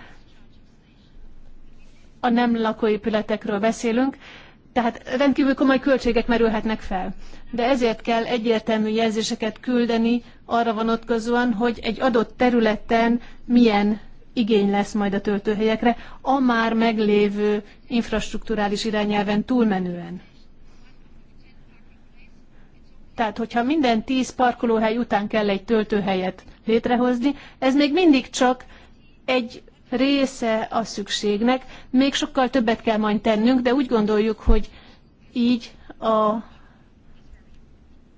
A nem lakóépületekről beszélünk, tehát rendkívül komoly költségek merülhetnek fel. De ezért kell egyértelmű jelzéseket küldeni arra vonatkozóan, hogy egy adott területen milyen igény lesz majd a töltőhelyekre, a már meglévő infrastruktúrális irányelven túlmenően. Tehát, hogyha minden tíz parkolóhely után kell egy töltőhelyet létrehozni, ez még mindig csak egy része a szükségnek. Még sokkal többet kell majd tennünk, de úgy gondoljuk, hogy így a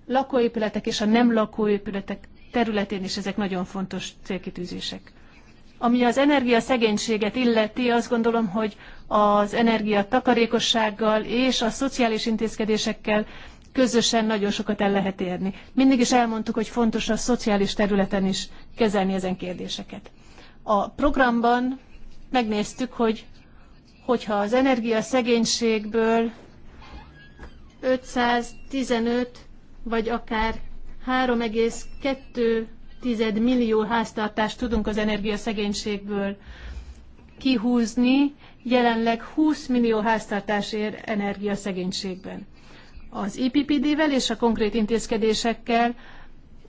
lakóépületek és a nem lakóépületek területén is ezek nagyon fontos célkitűzések. Ami az energiaszegénységet illeti, azt gondolom, hogy az energiatakarékossággal és a szociális intézkedésekkel közösen nagyon sokat el lehet érni. Mindig is elmondtuk, hogy fontos a szociális területen is kezelni ezen kérdéseket. A programban megnéztük, hogy hogyha az energia szegénységből 515 vagy akár 3,2 millió háztartást tudunk az energiaszegénységből kihúzni, jelenleg 20 millió háztartás ér energiaszegénységben az IPPD-vel e és a konkrét intézkedésekkel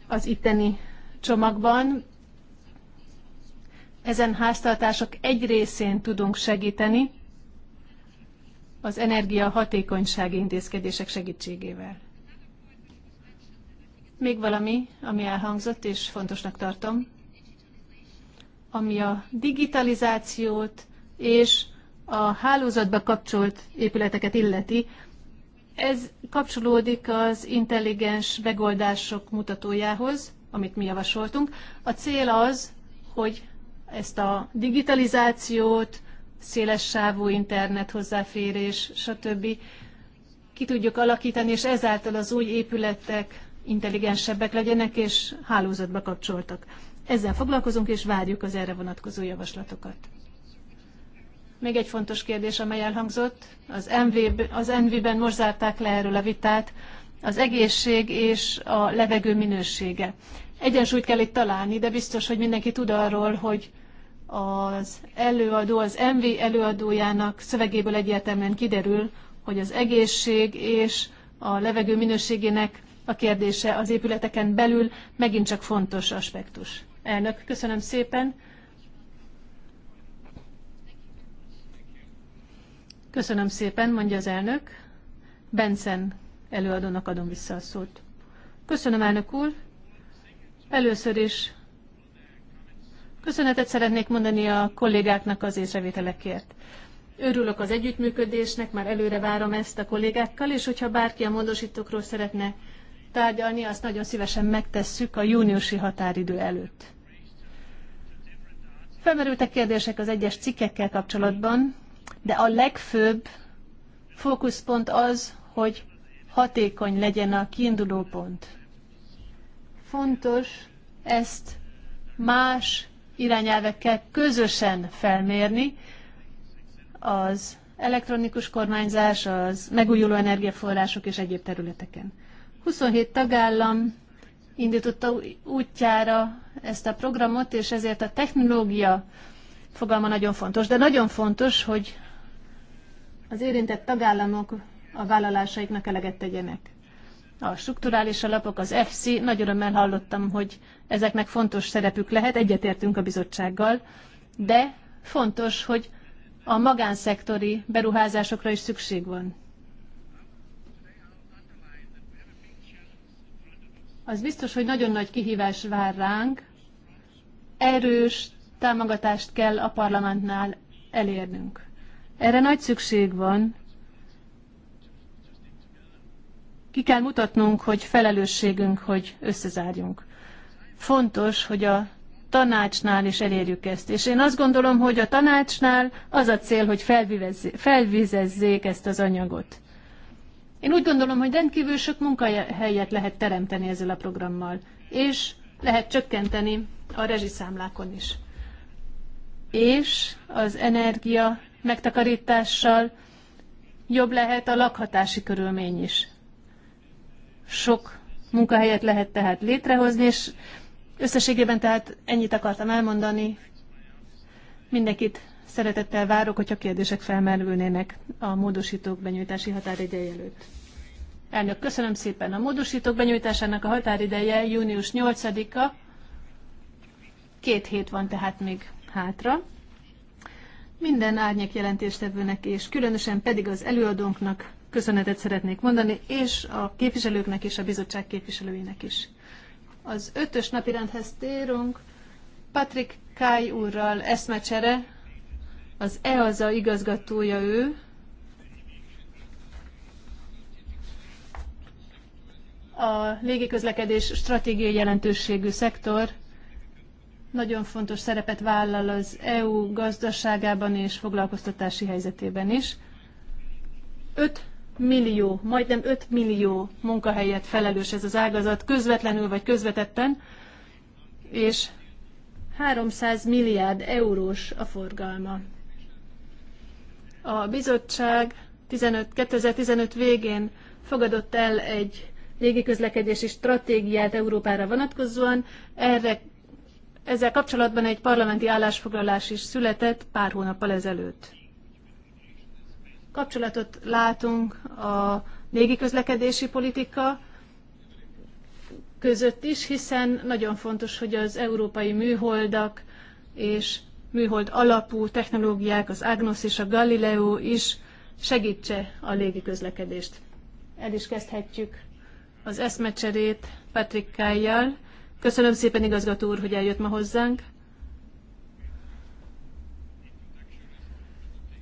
az itteni csomagban. Ezen háztartások egy részén tudunk segíteni az hatékonyság intézkedések segítségével. Még valami, ami elhangzott és fontosnak tartom, ami a digitalizációt és a hálózatba kapcsolt épületeket illeti, ez kapcsolódik az intelligens megoldások mutatójához, amit mi javasoltunk. A cél az, hogy ezt a digitalizációt, széles sávú internet hozzáférés, stb. ki tudjuk alakítani, és ezáltal az új épületek intelligensebbek legyenek és hálózatba kapcsoltak. Ezzel foglalkozunk, és várjuk az erre vonatkozó javaslatokat. Még egy fontos kérdés, amely elhangzott, az, MV, az NV-ben most zárták le erről a vitát, az egészség és a levegő minősége. Egyensúlyt kell itt találni, de biztos, hogy mindenki tud arról, hogy az előadó, az MV előadójának szövegéből egyértelműen kiderül, hogy az egészség és a levegő minőségének a kérdése az épületeken belül megint csak fontos aspektus. Elnök, köszönöm szépen. Köszönöm szépen, mondja az elnök. Benson előadónak adom vissza a szót. Köszönöm, elnök úr. Először is köszönetet szeretnék mondani a kollégáknak az észrevételekért. Örülök az együttműködésnek, már előre várom ezt a kollégákkal, és hogyha bárki a módosítókról szeretne tárgyalni, azt nagyon szívesen megtesszük a júniusi határidő előtt. Felmerültek kérdések az egyes cikkekkel kapcsolatban, de a legfőbb fókuszpont az, hogy hatékony legyen a kiinduló pont. Fontos ezt más irányelvekkel közösen felmérni, az elektronikus kormányzás, az megújuló energiaforrások és egyéb területeken. 27 tagállam indította útjára ezt a programot, és ezért a technológia fogalma nagyon fontos, de nagyon fontos, hogy az érintett tagállamok a vállalásaiknak eleget tegyenek. A strukturális alapok, az FC, nagy örömmel hallottam, hogy ezeknek fontos szerepük lehet, egyetértünk a bizottsággal, de fontos, hogy a magánszektori beruházásokra is szükség van. Az biztos, hogy nagyon nagy kihívás vár ránk, erős támogatást kell a parlamentnál elérnünk. Erre nagy szükség van. Ki kell mutatnunk, hogy felelősségünk, hogy összezárjunk. Fontos, hogy a tanácsnál is elérjük ezt. És én azt gondolom, hogy a tanácsnál az a cél, hogy felvizezzék ezt az anyagot. Én úgy gondolom, hogy rendkívül sok munkahelyet lehet teremteni ezzel a programmal, és lehet csökkenteni a rezsiszámlákon is. És az energia megtakarítással jobb lehet a lakhatási körülmény is. Sok munkahelyet lehet tehát létrehozni, és összességében tehát ennyit akartam elmondani. Mindenkit szeretettel várok, hogyha kérdések felmerülnének a módosítók benyújtási határideje előtt. Elnök, köszönöm szépen. A módosítók benyújtásának a határideje június 8-a. Két hét van tehát még hátra. Minden árnyék jelentéstevőnek, és különösen pedig az előadónknak köszönetet szeretnék mondani, és a képviselőknek és a bizottság képviselőinek is. Az ötös napirendhez térünk. Patrik Kály úrral eszmecsere, az EASA igazgatója ő. A légiközlekedés stratégiai jelentőségű szektor, nagyon fontos szerepet vállal az EU gazdaságában és foglalkoztatási helyzetében is. 5 millió, majdnem 5 millió munkahelyet felelős ez az ágazat, közvetlenül vagy közvetetten, és 300 milliárd eurós a forgalma. A bizottság 15, 2015 végén fogadott el egy légiközlekedési stratégiát Európára vonatkozóan. Erre ezzel kapcsolatban egy parlamenti állásfoglalás is született pár hónappal ezelőtt. Kapcsolatot látunk a légiközlekedési politika között is, hiszen nagyon fontos, hogy az európai műholdak és műhold alapú technológiák, az Agnos és a Galileo is segítse a légiközlekedést. El is kezdhetjük az eszmecserét Patrick Kajjal. Köszönöm szépen, igazgató úr, hogy eljött ma hozzánk.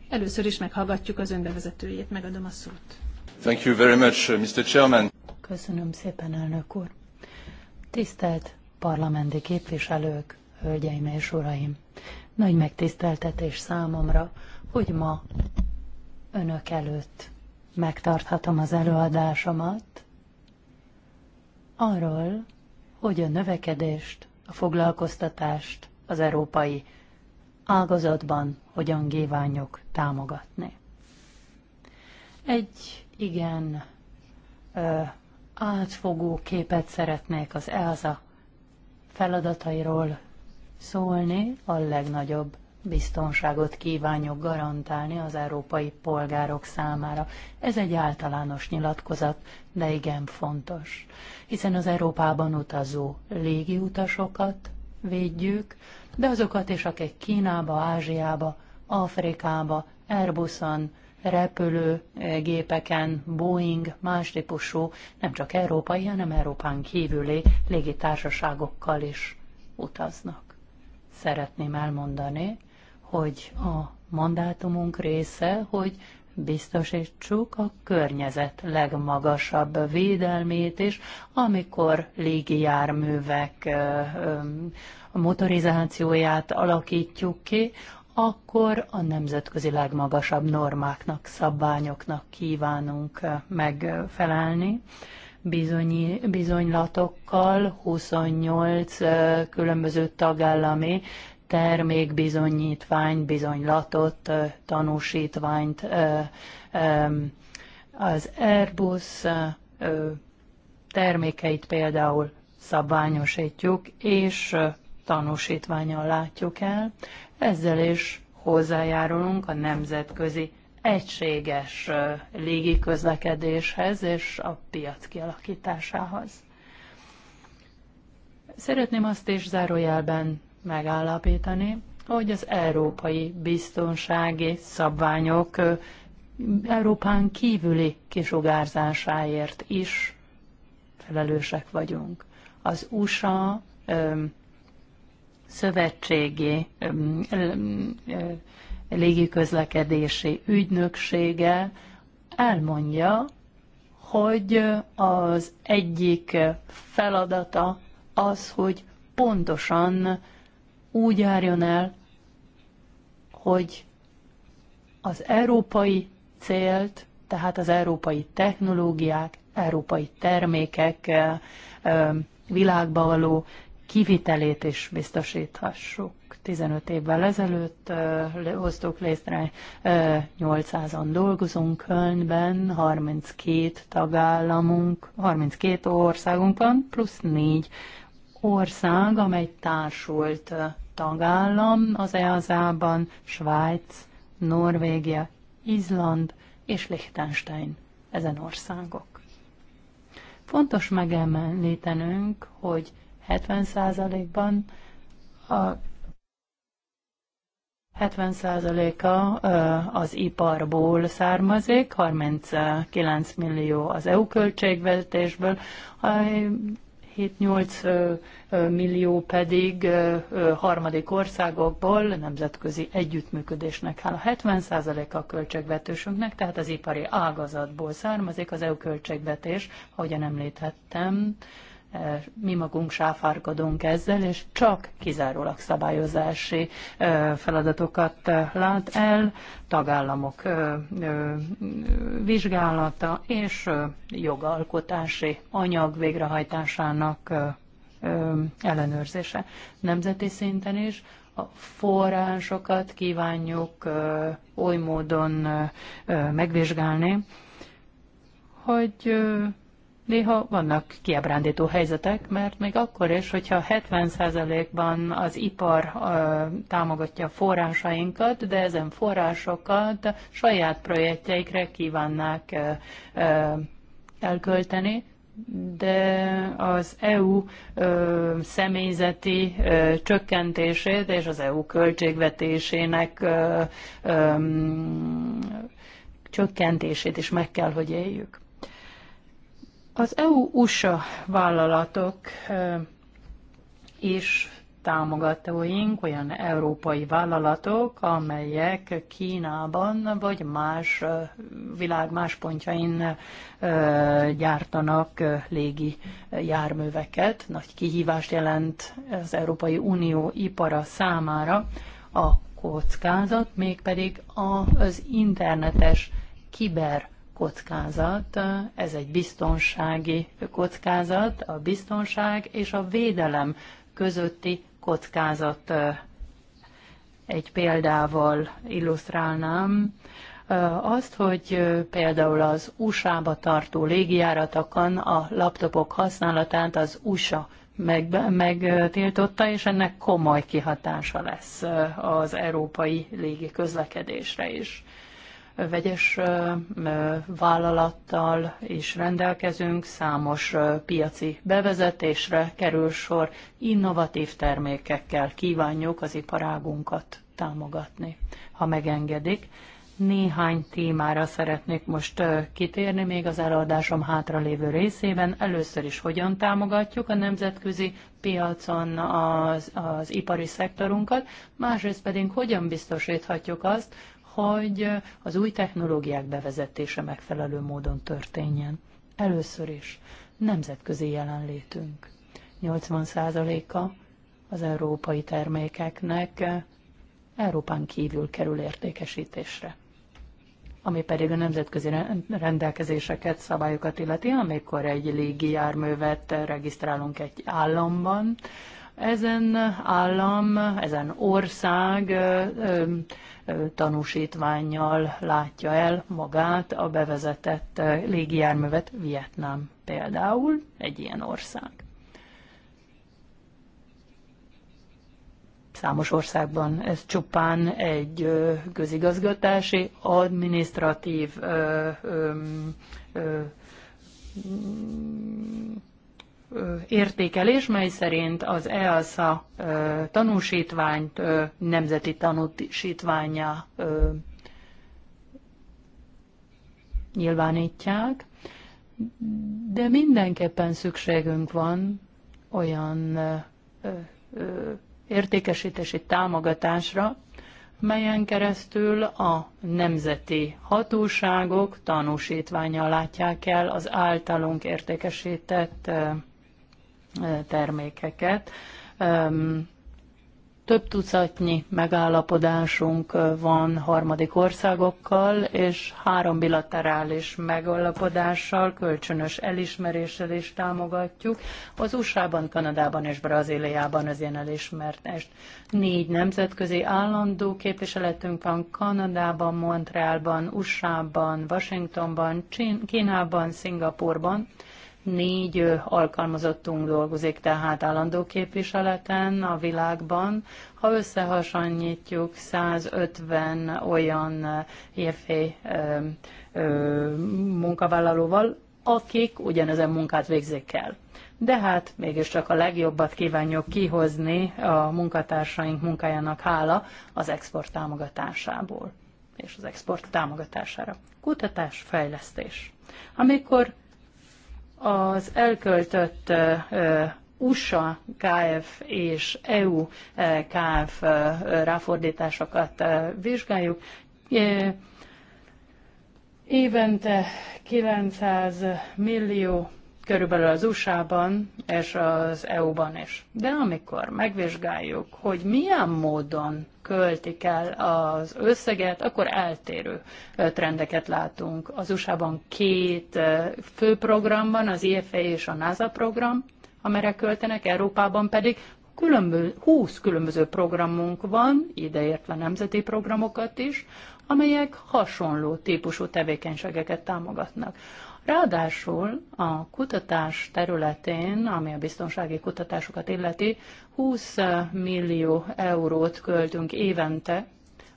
Először is meghallgatjuk az önbevezetőjét, megadom a szót. Thank you very much, uh, Mr. Chairman. Köszönöm szépen, elnök úr. Tisztelt parlamenti képviselők, hölgyeim és uraim! Nagy megtiszteltetés számomra, hogy ma önök előtt megtarthatom az előadásomat arról, hogy a növekedést, a foglalkoztatást az európai ágazatban hogyan kívánjuk támogatni. Egy igen ö, átfogó képet szeretnék az ELSA feladatairól szólni, a legnagyobb biztonságot kívánjuk garantálni az európai polgárok számára. Ez egy általános nyilatkozat, de igen fontos, hiszen az Európában utazó légiutasokat védjük, de azokat is, akik Kínába, Ázsiába, Afrikába, Airbuson, gépeken, Boeing, más típusú, nem csak európai, hanem Európán kívüli légitársaságokkal is utaznak. Szeretném elmondani, hogy a mandátumunk része, hogy biztosítsuk a környezet legmagasabb védelmét is, amikor légijárművek motorizációját alakítjuk ki, akkor a nemzetközi legmagasabb normáknak, szabványoknak kívánunk megfelelni bizonyi, bizonylatokkal 28 különböző tagállami termékbizonyítvány, bizonylatot, tanúsítványt. Az Airbus termékeit például szabványosítjuk, és tanúsítványon látjuk el. Ezzel is hozzájárulunk a nemzetközi egységes légi közlekedéshez és a piac kialakításához. Szeretném azt is zárójelben megállapítani, hogy az európai biztonsági szabványok Európán kívüli kisugárzásáért is felelősek vagyunk. Az USA szövetségi légiközlekedési ügynöksége elmondja, hogy az egyik feladata az, hogy pontosan úgy járjon el, hogy az európai célt, tehát az európai technológiák, európai termékek világba való kivitelét is biztosíthassuk. 15 évvel ezelőtt hoztuk létre, 800-an dolgozunk Kölnben, 32 tagállamunk, 32 országunk van, plusz 4 ország, amely társult tagállam az EASA-ban, Svájc, Norvégia, Izland és Liechtenstein ezen országok. Fontos megemlítenünk, hogy 70%-ban a 70%-a az iparból származik, 39 millió az EU költségvetésből, 7-8 millió pedig harmadik országokból nemzetközi együttműködésnek áll. A 70% a költségvetésünknek, tehát az ipari ágazatból származik az EU költségvetés, ahogyan említettem, Eh, mi magunk sáfárkodunk ezzel, és csak kizárólag szabályozási eh, feladatokat eh, lát el, tagállamok vizsgálata és jogalkotási anyag végrehajtásának ellenőrzése. Nemzeti szinten is a forrásokat kívánjuk oly módon megvizsgálni, hogy Néha vannak kiábrándító helyzetek, mert még akkor is, hogyha 70%-ban az ipar ö, támogatja forrásainkat, de ezen forrásokat saját projektjeikre kívánnák ö, ö, elkölteni, de az EU ö, személyzeti ö, csökkentését és az EU költségvetésének ö, ö, csökkentését is meg kell, hogy éljük. Az EU-USA vállalatok és támogatóink olyan európai vállalatok, amelyek Kínában vagy más világ más pontjain gyártanak légi járműveket. Nagy kihívást jelent az Európai Unió ipara számára a kockázat, mégpedig az internetes kiber kockázat, ez egy biztonsági kockázat, a biztonság és a védelem közötti kockázat. Egy példával illusztrálnám azt, hogy például az USA-ba tartó légijáratokon a laptopok használatát az USA meg, megtiltotta, és ennek komoly kihatása lesz az európai légi közlekedésre is vegyes vállalattal is rendelkezünk, számos piaci bevezetésre kerül sor, innovatív termékekkel kívánjuk az iparágunkat támogatni, ha megengedik. Néhány témára szeretnék most kitérni még az előadásom hátralévő részében. Először is hogyan támogatjuk a nemzetközi piacon az, az ipari szektorunkat, másrészt pedig hogyan biztosíthatjuk azt, hogy az új technológiák bevezetése megfelelő módon történjen. Először is nemzetközi jelenlétünk. 80%-a az európai termékeknek Európán kívül kerül értékesítésre ami pedig a nemzetközi rendelkezéseket, szabályokat illeti, amikor egy légijárművet regisztrálunk egy államban. Ezen állam, ezen ország tanúsítványjal látja el magát a bevezetett légijárművet, Vietnám például egy ilyen ország. Számos országban ez csupán egy közigazgatási, administratív ö, ö, ö, értékelés, mely szerint az EASA tanúsítványt nemzeti tanúsítványa nyilvánítják, de mindenképpen szükségünk van olyan értékesítési támogatásra, melyen keresztül a nemzeti hatóságok tanúsítványa látják el az általunk értékesített termékeket. Több tucatnyi megállapodásunk van harmadik országokkal, és három bilaterális megállapodással, kölcsönös elismeréssel is támogatjuk. Az USA-ban, Kanadában és Brazíliában az ilyen est. Négy nemzetközi állandó képviseletünk van Kanadában, Montrealban, USA-ban, Washingtonban, Kínában, Szingapurban négy alkalmazottunk dolgozik tehát állandó képviseleten a világban. Ha összehasonlítjuk 150 olyan érfé munkavállalóval, akik ugyanezen munkát végzik el. De hát mégiscsak a legjobbat kívánjuk kihozni a munkatársaink munkájának hála az export támogatásából és az export támogatására. Kutatás, fejlesztés. Amikor az elköltött USA KF és EU KF ráfordításokat vizsgáljuk. Évente 900 millió körülbelül az USA-ban és az EU-ban is. De amikor megvizsgáljuk, hogy milyen módon költik el az összeget, akkor eltérő trendeket látunk. Az USA-ban két fő programban, az IFE és a NASA program, amire költenek, Európában pedig különböző, 20 különböző programunk van, ideértve nemzeti programokat is, amelyek hasonló típusú tevékenységeket támogatnak. Ráadásul a kutatás területén, ami a biztonsági kutatásokat illeti, 20 millió eurót költünk évente.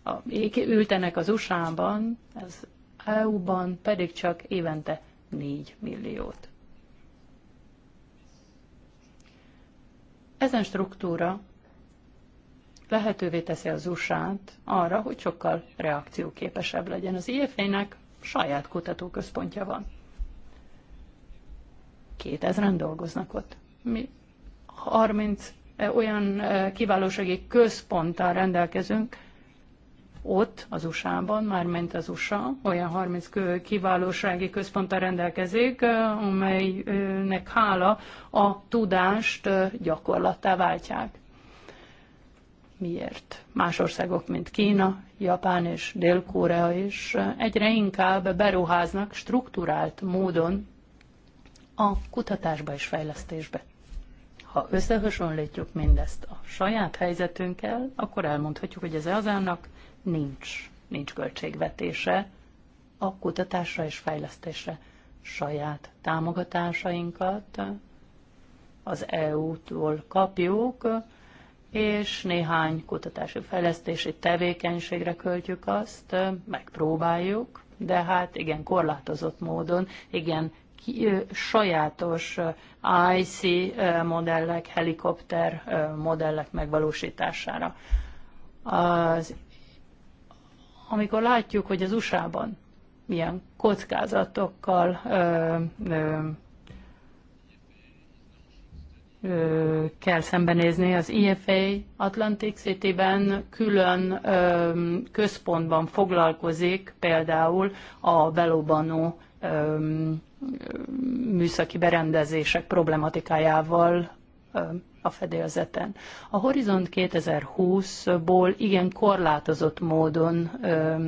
A, ültenek az USA-ban, az EU-ban pedig csak évente 4 milliót. Ezen struktúra lehetővé teszi az usa arra, hogy sokkal reakcióképesebb legyen. Az IFA-nek saját kutatóközpontja van. 2000-en dolgoznak ott. Mi 30 e, olyan e, kiválósági központtal rendelkezünk, ott, az USA-ban, ment az USA, olyan 30 kiválósági központtal rendelkezik, e, amelynek hála a tudást gyakorlattá váltják. Miért? Más országok, mint Kína, Japán és Dél-Korea is egyre inkább beruháznak strukturált módon a kutatásba és fejlesztésbe. Ha összehasonlítjuk mindezt a saját helyzetünkkel, akkor elmondhatjuk, hogy az EASA-nak nincs, nincs költségvetése a kutatásra és fejlesztésre. Saját támogatásainkat az EU-tól kapjuk, és néhány kutatási fejlesztési tevékenységre költjük azt, megpróbáljuk, de hát igen korlátozott módon, igen sajátos IC modellek, helikopter modellek megvalósítására. Az, amikor látjuk, hogy az USA-ban milyen kockázatokkal ö, ö, ö, kell szembenézni. Az IFA Atlantic City-ben külön ö, központban foglalkozik például a belobanó műszaki berendezések problematikájával a fedélzeten. A Horizont 2020-ból igen korlátozott módon ö,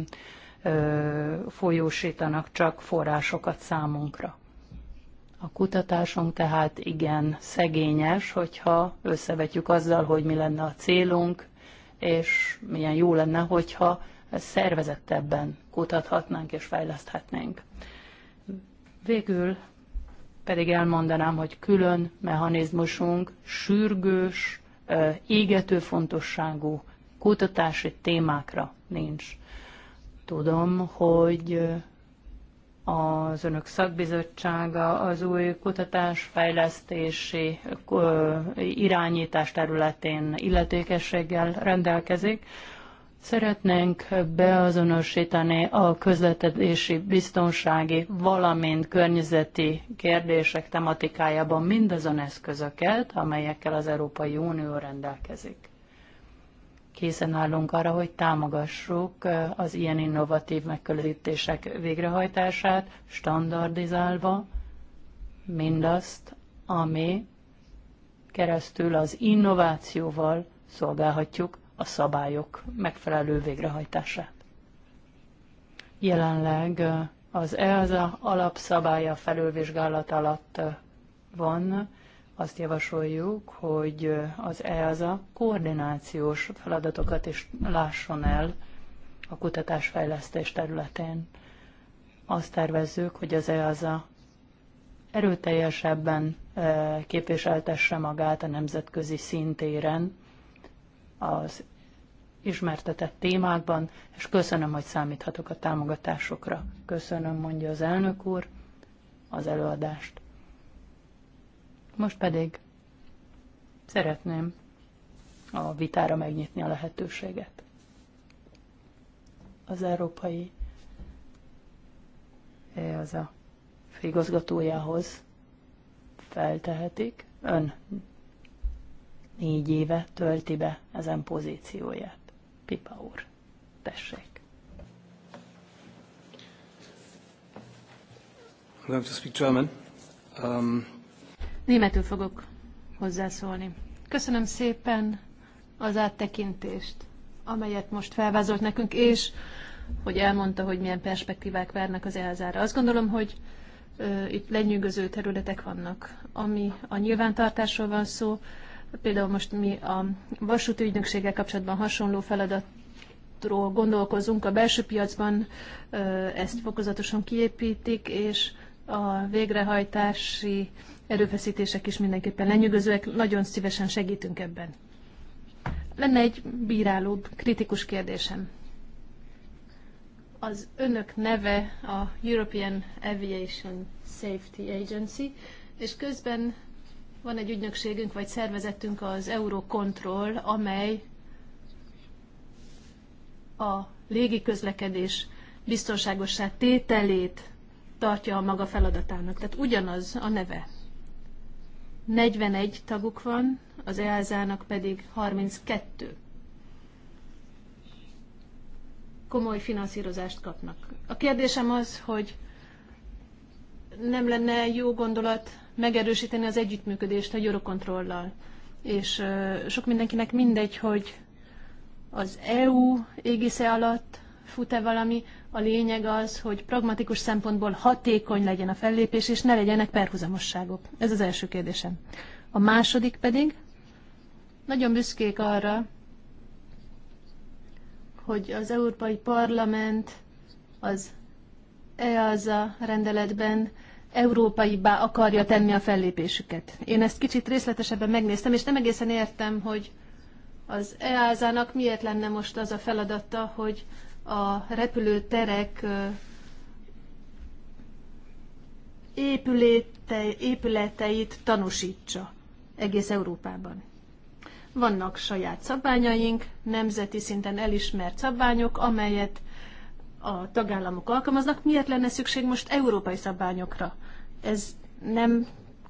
ö, folyósítanak csak forrásokat számunkra. A kutatásunk tehát igen szegényes, hogyha összevetjük azzal, hogy mi lenne a célunk, és milyen jó lenne, hogyha szervezettebben kutathatnánk és fejleszthetnénk. Végül pedig elmondanám, hogy külön mechanizmusunk sürgős, égető fontosságú kutatási témákra nincs. Tudom, hogy az önök szakbizottsága az új kutatásfejlesztési irányítás területén illetékességgel rendelkezik. Szeretnénk beazonosítani a közletedési, biztonsági, valamint környezeti kérdések tematikájában mindazon eszközöket, amelyekkel az Európai Unió rendelkezik. Készen állunk arra, hogy támogassuk az ilyen innovatív megközelítések végrehajtását, standardizálva mindazt, ami keresztül az innovációval szolgálhatjuk a szabályok megfelelő végrehajtását. Jelenleg az EASA alapszabálya felülvizsgálat alatt van, azt javasoljuk, hogy az EASA koordinációs feladatokat is lásson el a kutatásfejlesztés területén. Azt tervezzük, hogy az EASA erőteljesebben képviseltesse magát a nemzetközi szintéren, az ismertetett témákban, és köszönöm, hogy számíthatok a támogatásokra. Köszönöm, mondja az elnök úr, az előadást. Most pedig szeretném a vitára megnyitni a lehetőséget. Az európai az a főigazgatójához feltehetik. Ön négy éve tölti be ezen pozícióját. Pipa úr, tessék. I'm going to speak German. Um... Németül fogok hozzászólni. Köszönöm szépen az áttekintést, amelyet most felvázolt nekünk, és hogy elmondta, hogy milyen perspektívák várnak az elzára. Azt gondolom, hogy ö, itt lenyűgöző területek vannak. Ami a nyilvántartásról van szó, Hát például most mi a vasúti ügynökséggel kapcsolatban hasonló feladatról gondolkozunk. A belső piacban ezt fokozatosan kiépítik, és a végrehajtási erőfeszítések is mindenképpen lenyűgözőek. Nagyon szívesen segítünk ebben. Lenne egy bírálóbb, kritikus kérdésem az önök neve a European Aviation Safety Agency, és közben van egy ügynökségünk vagy szervezetünk az Eurocontrol, amely a légiközlekedés biztonságosá tételét tartja a maga feladatának. Tehát ugyanaz a neve. 41 taguk van, az EASA-nak pedig 32. Komoly finanszírozást kapnak. A kérdésem az, hogy nem lenne jó gondolat megerősíteni az együttműködést a Eurocontrollal. És sok mindenkinek mindegy, hogy az EU égisze alatt fut-e valami, a lényeg az, hogy pragmatikus szempontból hatékony legyen a fellépés, és ne legyenek perhuzamosságok. Ez az első kérdésem. A második pedig, nagyon büszkék arra, hogy az Európai Parlament az EASA rendeletben európaibbá akarja tenni a fellépésüket. Én ezt kicsit részletesebben megnéztem, és nem egészen értem, hogy az EASA-nak miért lenne most az a feladata, hogy a repülőterek épülete, épületeit tanúsítsa egész Európában. Vannak saját szabványaink, nemzeti szinten elismert szabványok, amelyet a tagállamok alkalmaznak, miért lenne szükség most európai szabványokra? Ez nem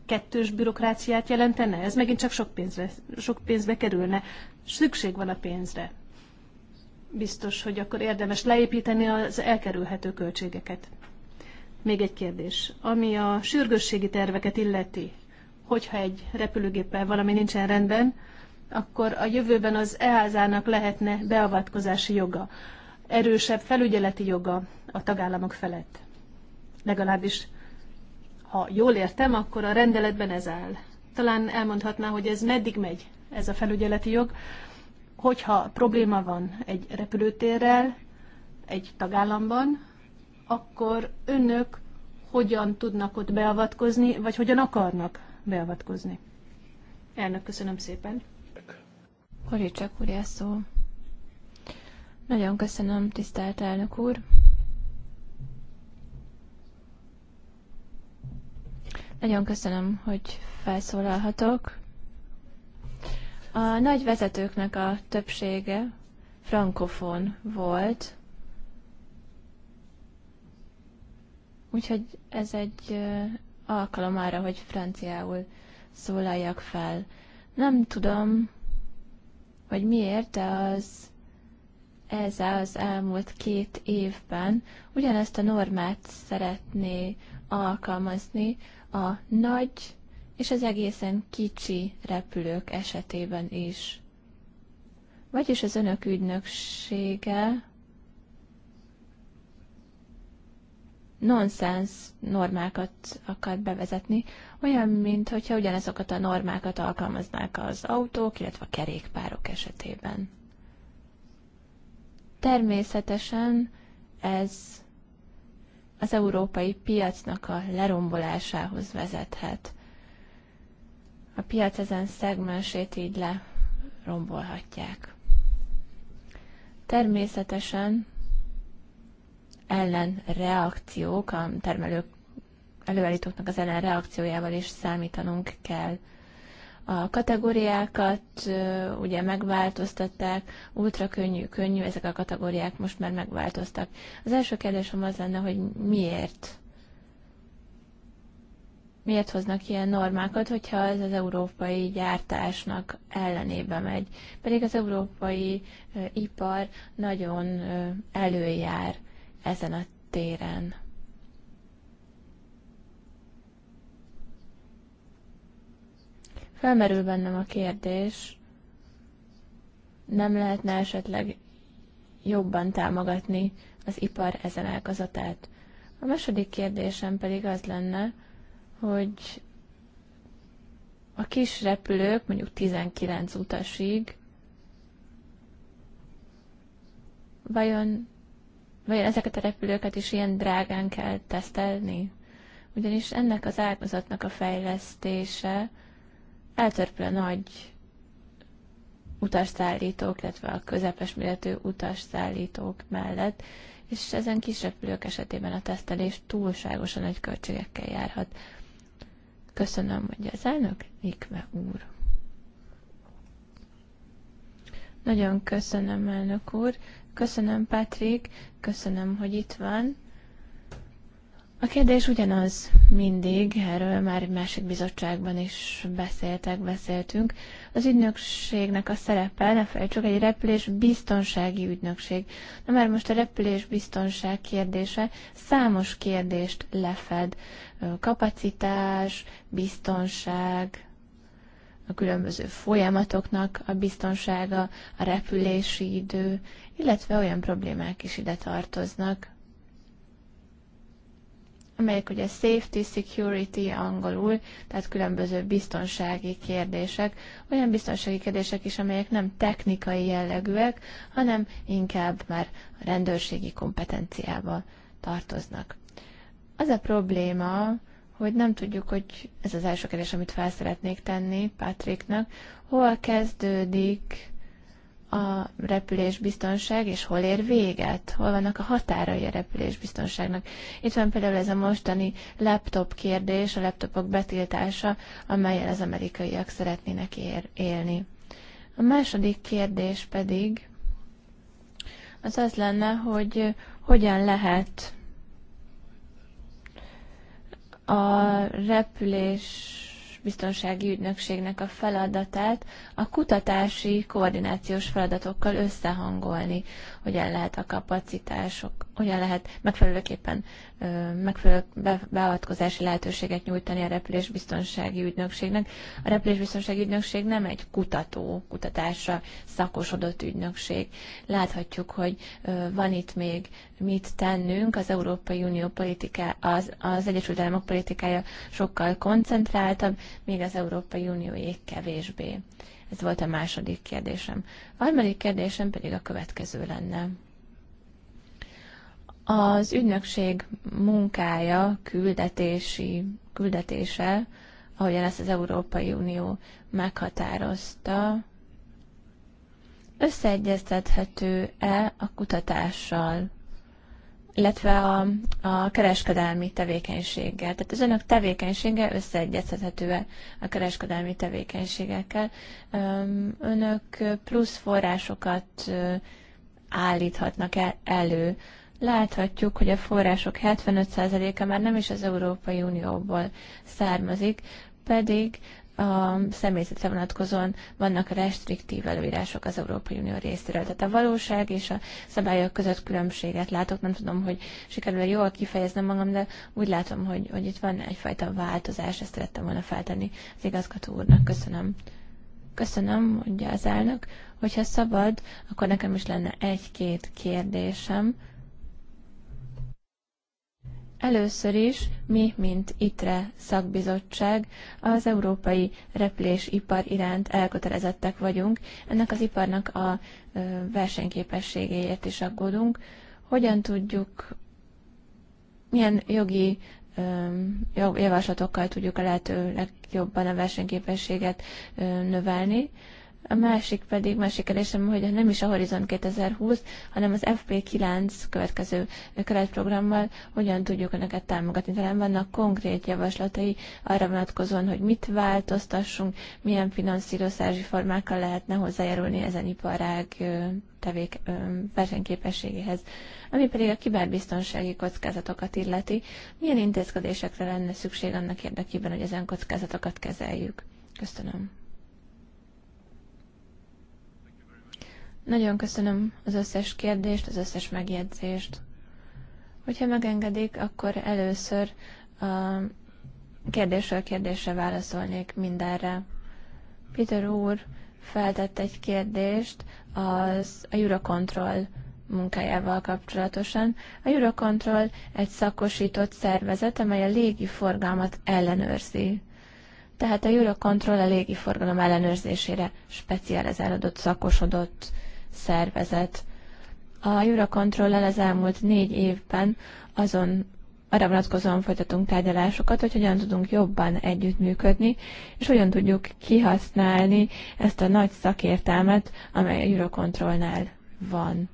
kettős bürokráciát jelentene? Ez megint csak sok pénzre, sok pénzbe kerülne. Szükség van a pénzre. Biztos, hogy akkor érdemes leépíteni az elkerülhető költségeket. Még egy kérdés. Ami a sürgősségi terveket illeti, hogyha egy repülőgéppel valami nincsen rendben, akkor a jövőben az easa lehetne beavatkozási joga erősebb felügyeleti joga a tagállamok felett. Legalábbis, ha jól értem, akkor a rendeletben ez áll. Talán elmondhatná, hogy ez meddig megy, ez a felügyeleti jog. Hogyha probléma van egy repülőtérrel, egy tagállamban, akkor önök hogyan tudnak ott beavatkozni, vagy hogyan akarnak beavatkozni. Elnök, köszönöm szépen. Horicsek úr, szó. Nagyon köszönöm, tisztelt elnök úr. Nagyon köszönöm, hogy felszólalhatok. A nagy vezetőknek a többsége frankofon volt, úgyhogy ez egy alkalom arra, hogy franciául szólaljak fel. Nem tudom, hogy miért, de az ez az elmúlt két évben ugyanezt a normát szeretné alkalmazni a nagy és az egészen kicsi repülők esetében is. Vagyis az önök ügynöksége nonsens normákat akar bevezetni, olyan, mint ugyanezokat a normákat alkalmaznák az autók, illetve a kerékpárok esetében. Természetesen ez az európai piacnak a lerombolásához vezethet. A piac ezen szegmensét így lerombolhatják. Természetesen ellenreakciók, a termelők előállítóknak az ellenreakciójával is számítanunk kell. A kategóriákat ugye megváltoztatták, ultra könnyű, könnyű, ezek a kategóriák most már megváltoztak. Az első kérdésem az lenne, hogy miért? Miért hoznak ilyen normákat, hogyha ez az európai gyártásnak ellenébe megy? Pedig az európai ipar nagyon előjár ezen a téren. Felmerül bennem a kérdés, nem lehetne esetleg jobban támogatni az ipar ezen ágazatát. A második kérdésem pedig az lenne, hogy a kis repülők, mondjuk 19 utasig, vajon, vajon ezeket a repülőket is ilyen drágán kell tesztelni? Ugyanis ennek az ágazatnak a fejlesztése eltörpül a nagy utasszállítók, illetve a közepes méretű utasszállítók mellett, és ezen kis repülők esetében a tesztelés túlságosan nagy költségekkel járhat. Köszönöm, mondja az elnök, Nikve úr. Nagyon köszönöm, elnök úr. Köszönöm, Patrik. Köszönöm, hogy itt van. A kérdés ugyanaz mindig, erről már egy másik bizottságban is beszéltek, beszéltünk. Az ügynökségnek a szerepe, ne felejtsük, egy repülés biztonsági ügynökség. Na már most a repülés biztonság kérdése számos kérdést lefed. Kapacitás, biztonság, a különböző folyamatoknak a biztonsága, a repülési idő, illetve olyan problémák is ide tartoznak, amelyek ugye safety, security angolul, tehát különböző biztonsági kérdések, olyan biztonsági kérdések is, amelyek nem technikai jellegűek, hanem inkább már a rendőrségi kompetenciába tartoznak. Az a probléma, hogy nem tudjuk, hogy ez az első kérdés, amit fel szeretnék tenni Patricknak, hol kezdődik a repülésbiztonság, és hol ér véget, hol vannak a határai a repülésbiztonságnak. Itt van például ez a mostani laptop kérdés, a laptopok betiltása, amelyel az amerikaiak szeretnének ér- élni. A második kérdés pedig az az lenne, hogy hogyan lehet a repülés biztonsági ügynökségnek a feladatát a kutatási koordinációs feladatokkal összehangolni, hogyan lehet a kapacitások, hogyan lehet megfelelőképpen megfelelő beavatkozási lehetőséget nyújtani a repülésbiztonsági ügynökségnek. A repülésbiztonsági ügynökség nem egy kutató, kutatásra szakosodott ügynökség. Láthatjuk, hogy van itt még mit tennünk. Az Európai Unió politiká, az, az Egyesült Államok politikája sokkal koncentráltabb, még az Európai ég kevésbé. Ez volt a második kérdésem. A harmadik kérdésem pedig a következő lenne. Az ügynökség munkája, küldetési, küldetése, ahogyan ezt az Európai Unió meghatározta, összeegyeztethető-e a kutatással, illetve a, a kereskedelmi tevékenységgel? Tehát az önök tevékenysége összeegyeztethető-e a kereskedelmi tevékenységekkel? Önök plusz forrásokat állíthatnak elő láthatjuk, hogy a források 75%-a már nem is az Európai Unióból származik, pedig a személyzetre vonatkozóan vannak restriktív előírások az Európai Unió részéről. Tehát a valóság és a szabályok között különbséget látok. Nem tudom, hogy sikerül jól kifejeznem magam, de úgy látom, hogy, hogy itt van egyfajta változás. Ezt szerettem volna feltenni az igazgató úrnak. Köszönöm. Köszönöm, mondja az elnök. Hogyha szabad, akkor nekem is lenne egy-két kérdésem. Először is mi, mint ITRE szakbizottság, az európai repülésipar iránt elkötelezettek vagyunk. Ennek az iparnak a versenyképességéért is aggódunk. Hogyan tudjuk, milyen jogi javaslatokkal tudjuk a lehető legjobban a versenyképességet növelni, a másik pedig, másik kérdésem, hogy nem is a Horizon 2020, hanem az FP9 következő keretprogrammal hogyan tudjuk önöket támogatni. Talán vannak konkrét javaslatai arra vonatkozóan, hogy mit változtassunk, milyen finanszírozási formákkal lehetne hozzájárulni ezen iparág tevék versenyképességéhez. Ami pedig a kiberbiztonsági kockázatokat illeti, milyen intézkedésekre lenne szükség annak érdekében, hogy ezen kockázatokat kezeljük? Köszönöm. Nagyon köszönöm az összes kérdést, az összes megjegyzést. Hogyha megengedik, akkor először a kérdésről kérdésre válaszolnék mindenre. Peter úr feltett egy kérdést az a Eurocontrol munkájával kapcsolatosan. A Eurocontrol egy szakosított szervezet, amely a légi forgalmat ellenőrzi. Tehát a Eurocontrol a légi forgalom ellenőrzésére specializálódott, szakosodott szervezet. A Eurocontrollal az elmúlt négy évben azon arra vonatkozóan folytatunk tárgyalásokat, hogy hogyan tudunk jobban együttműködni, és hogyan tudjuk kihasználni ezt a nagy szakértelmet, amely a Eurocontrollnál van.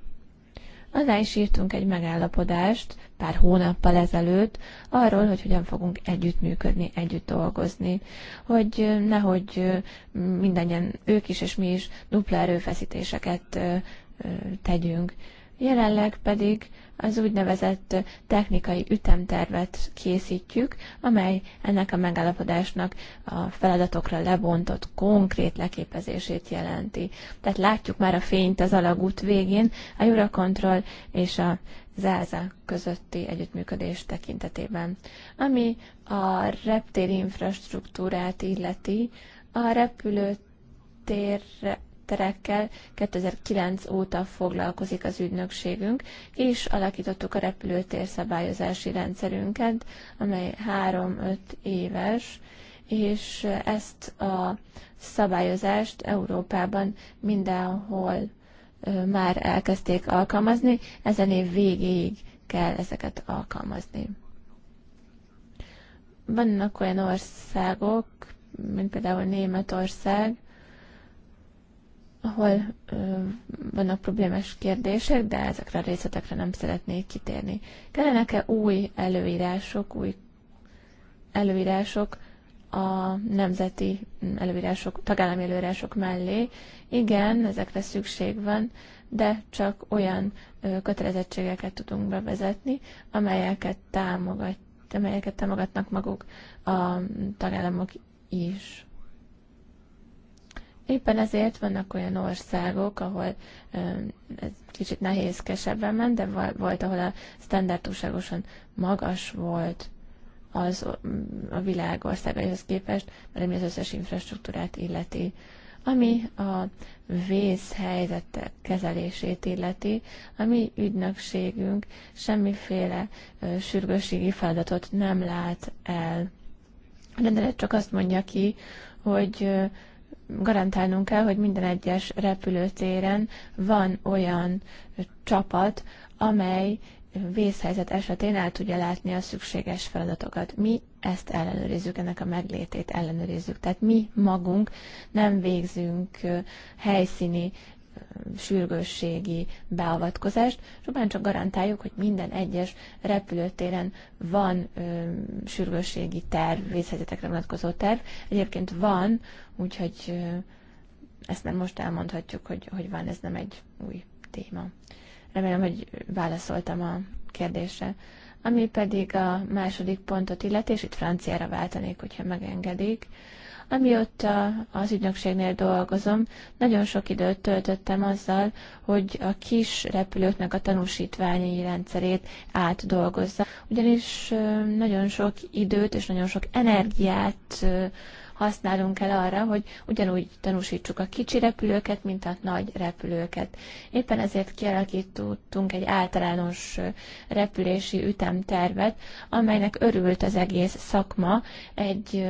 Alá is írtunk egy megállapodást pár hónappal ezelőtt arról, hogy hogyan fogunk együttműködni, együtt dolgozni, hogy nehogy mindannyian ők is és mi is dupla erőfeszítéseket tegyünk. Jelenleg pedig az úgynevezett technikai ütemtervet készítjük, amely ennek a megállapodásnak a feladatokra lebontott konkrét leképezését jelenti. Tehát látjuk már a fényt az alagút végén, a Eurocontrol és a Záza közötti együttműködés tekintetében. Ami a reptéri infrastruktúrát illeti, a repülőtér terekkel 2009 óta foglalkozik az ügynökségünk, és alakítottuk a repülőtér szabályozási rendszerünket, amely 3-5 éves, és ezt a szabályozást Európában mindenhol már elkezdték alkalmazni, ezen év végéig kell ezeket alkalmazni. Vannak olyan országok, mint például Németország, ahol ö, vannak problémás kérdések, de ezekre a részletekre nem szeretnék kitérni. Kellenek-e új előírások, új előírások a nemzeti előírások, tagállami előírások mellé? Igen, ezekre szükség van, de csak olyan ö, kötelezettségeket tudunk bevezetni, amelyeket, támogat, amelyeket támogatnak maguk a tagállamok is Éppen ezért vannak olyan országok, ahol ez kicsit nehézkesebben ment, de volt, ahol a standard túlságosan magas volt az a világ országaihoz képest, mert ami az összes infrastruktúrát illeti. Ami a vészhelyzet kezelését illeti, a mi ügynökségünk semmiféle sürgősségi feladatot nem lát el. A rendelet csak azt mondja ki, hogy garantálnunk kell, hogy minden egyes repülőtéren van olyan csapat, amely vészhelyzet esetén el tudja látni a szükséges feladatokat. Mi ezt ellenőrizzük, ennek a meglétét ellenőrizzük. Tehát mi magunk nem végzünk helyszíni sürgősségi beavatkozást, abban csak garantáljuk, hogy minden egyes repülőtéren van ö, sürgősségi terv, vészhelyzetekre vonatkozó terv. Egyébként van, úgyhogy ö, ezt már most elmondhatjuk, hogy, hogy van, ez nem egy új téma. Remélem, hogy válaszoltam a kérdésre. Ami pedig a második pontot illeti, és itt franciára váltanék, hogyha megengedik. Amióta az ügynökségnél dolgozom, nagyon sok időt töltöttem azzal, hogy a kis repülőknek a tanúsítványi rendszerét átdolgozza. Ugyanis nagyon sok időt és nagyon sok energiát használunk el arra, hogy ugyanúgy tanúsítsuk a kicsi repülőket, mint a nagy repülőket. Éppen ezért kialakítottunk egy általános repülési ütemtervet, amelynek örült az egész szakma, egy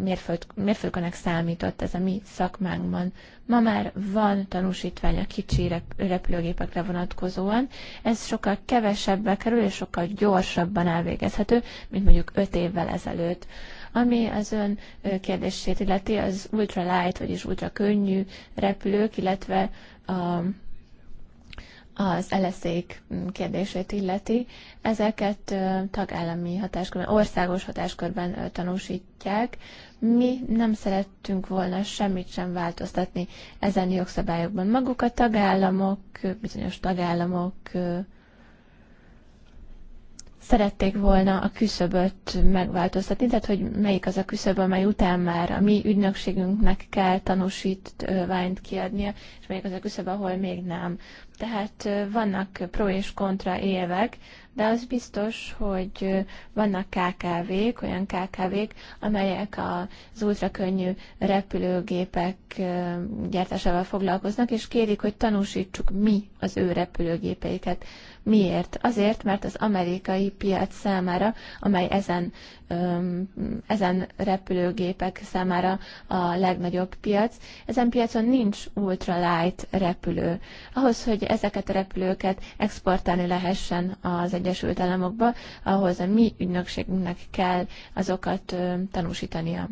mérföld, mérföldkönek számított ez a mi szakmánkban. Ma már van tanúsítvány a kicsi repülőgépekre vonatkozóan, ez sokkal kevesebbe kerül és sokkal gyorsabban elvégezhető, mint mondjuk 5 évvel ezelőtt. Ami az ön kérdését illeti, az ultra light, vagyis ultra könnyű repülők, illetve a az eleszék kérdését illeti, ezeket tagállami hatáskörben, országos hatáskörben tanúsítják. Mi nem szerettünk volna semmit sem változtatni ezen jogszabályokban. Maguk a tagállamok, bizonyos tagállamok szerették volna a küszöböt megváltoztatni, tehát hogy melyik az a küszöb, amely után már a mi ügynökségünknek kell tanúsítványt kiadnia, és melyik az a küszöb, ahol még nem. Tehát vannak pro és kontra évek, de az biztos, hogy vannak KKV-k, olyan KKV-k, amelyek az ultrakönnyű repülőgépek gyártásával foglalkoznak, és kérik, hogy tanúsítsuk mi az ő repülőgépeiket. Miért? Azért, mert az amerikai piac számára, amely ezen, ezen repülőgépek számára a legnagyobb piac, ezen piacon nincs ultralight repülő. Ahhoz, hogy ezeket a repülőket exportálni lehessen az Egyesült Államokba, ahhoz a mi ügynökségünknek kell azokat tanúsítania.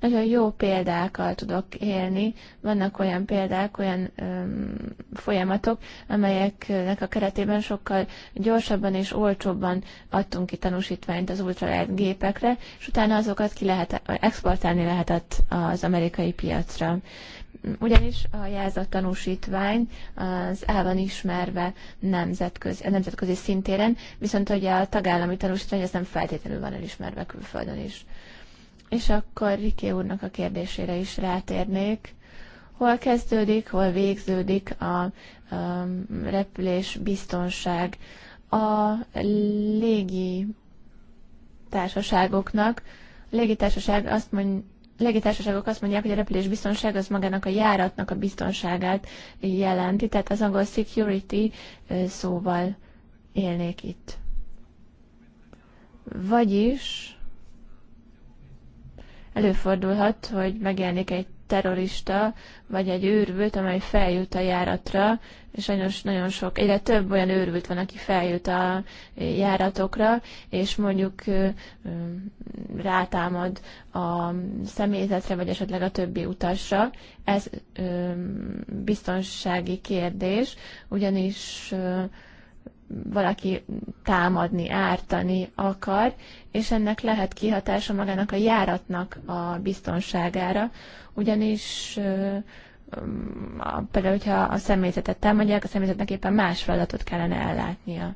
Nagyon jó példákkal tudok élni. Vannak olyan példák, olyan öm, folyamatok, amelyeknek a keretében sokkal gyorsabban és olcsóbban adtunk ki tanúsítványt az ultralight gépekre, és utána azokat ki lehet, exportálni lehetett az amerikai piacra ugyanis a jelzett tanúsítvány az el van ismerve nemzetközi, nemzetközi szintéren, viszont ugye a tagállami tanúsítvány az nem feltétlenül van elismerve külföldön is. És akkor Riké úrnak a kérdésére is rátérnék. Hol kezdődik, hol végződik a um, repülés biztonság? A légi társaságoknak, a légitársaság azt mondja, légitársaságok azt mondják, hogy a repülés biztonság az magának a járatnak a biztonságát jelenti, tehát az angol security szóval élnék itt. Vagyis Előfordulhat, hogy megjelenik egy terrorista, vagy egy őrült, amely feljut a járatra, és sajnos nagyon sok, egyre több olyan őrült van, aki feljut a járatokra, és mondjuk rátámad a személyzetre, vagy esetleg a többi utasra. Ez biztonsági kérdés, ugyanis valaki támadni, ártani akar, és ennek lehet kihatása magának a járatnak a biztonságára, ugyanis mm, például, hogyha a személyzetet támadják, a személyzetnek éppen más feladatot kellene ellátnia.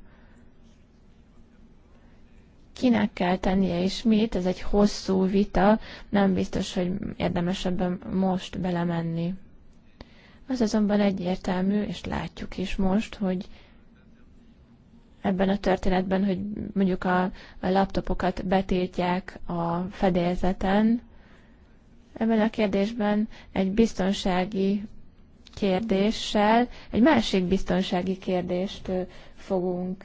Kinek kell tennie és mit, ez egy hosszú vita, nem biztos, hogy érdemes ebben most belemenni. Az azonban egyértelmű, és látjuk is most, hogy ebben a történetben, hogy mondjuk a, a laptopokat betiltják a fedélzeten. Ebben a kérdésben egy biztonsági kérdéssel egy másik biztonsági kérdést fogunk,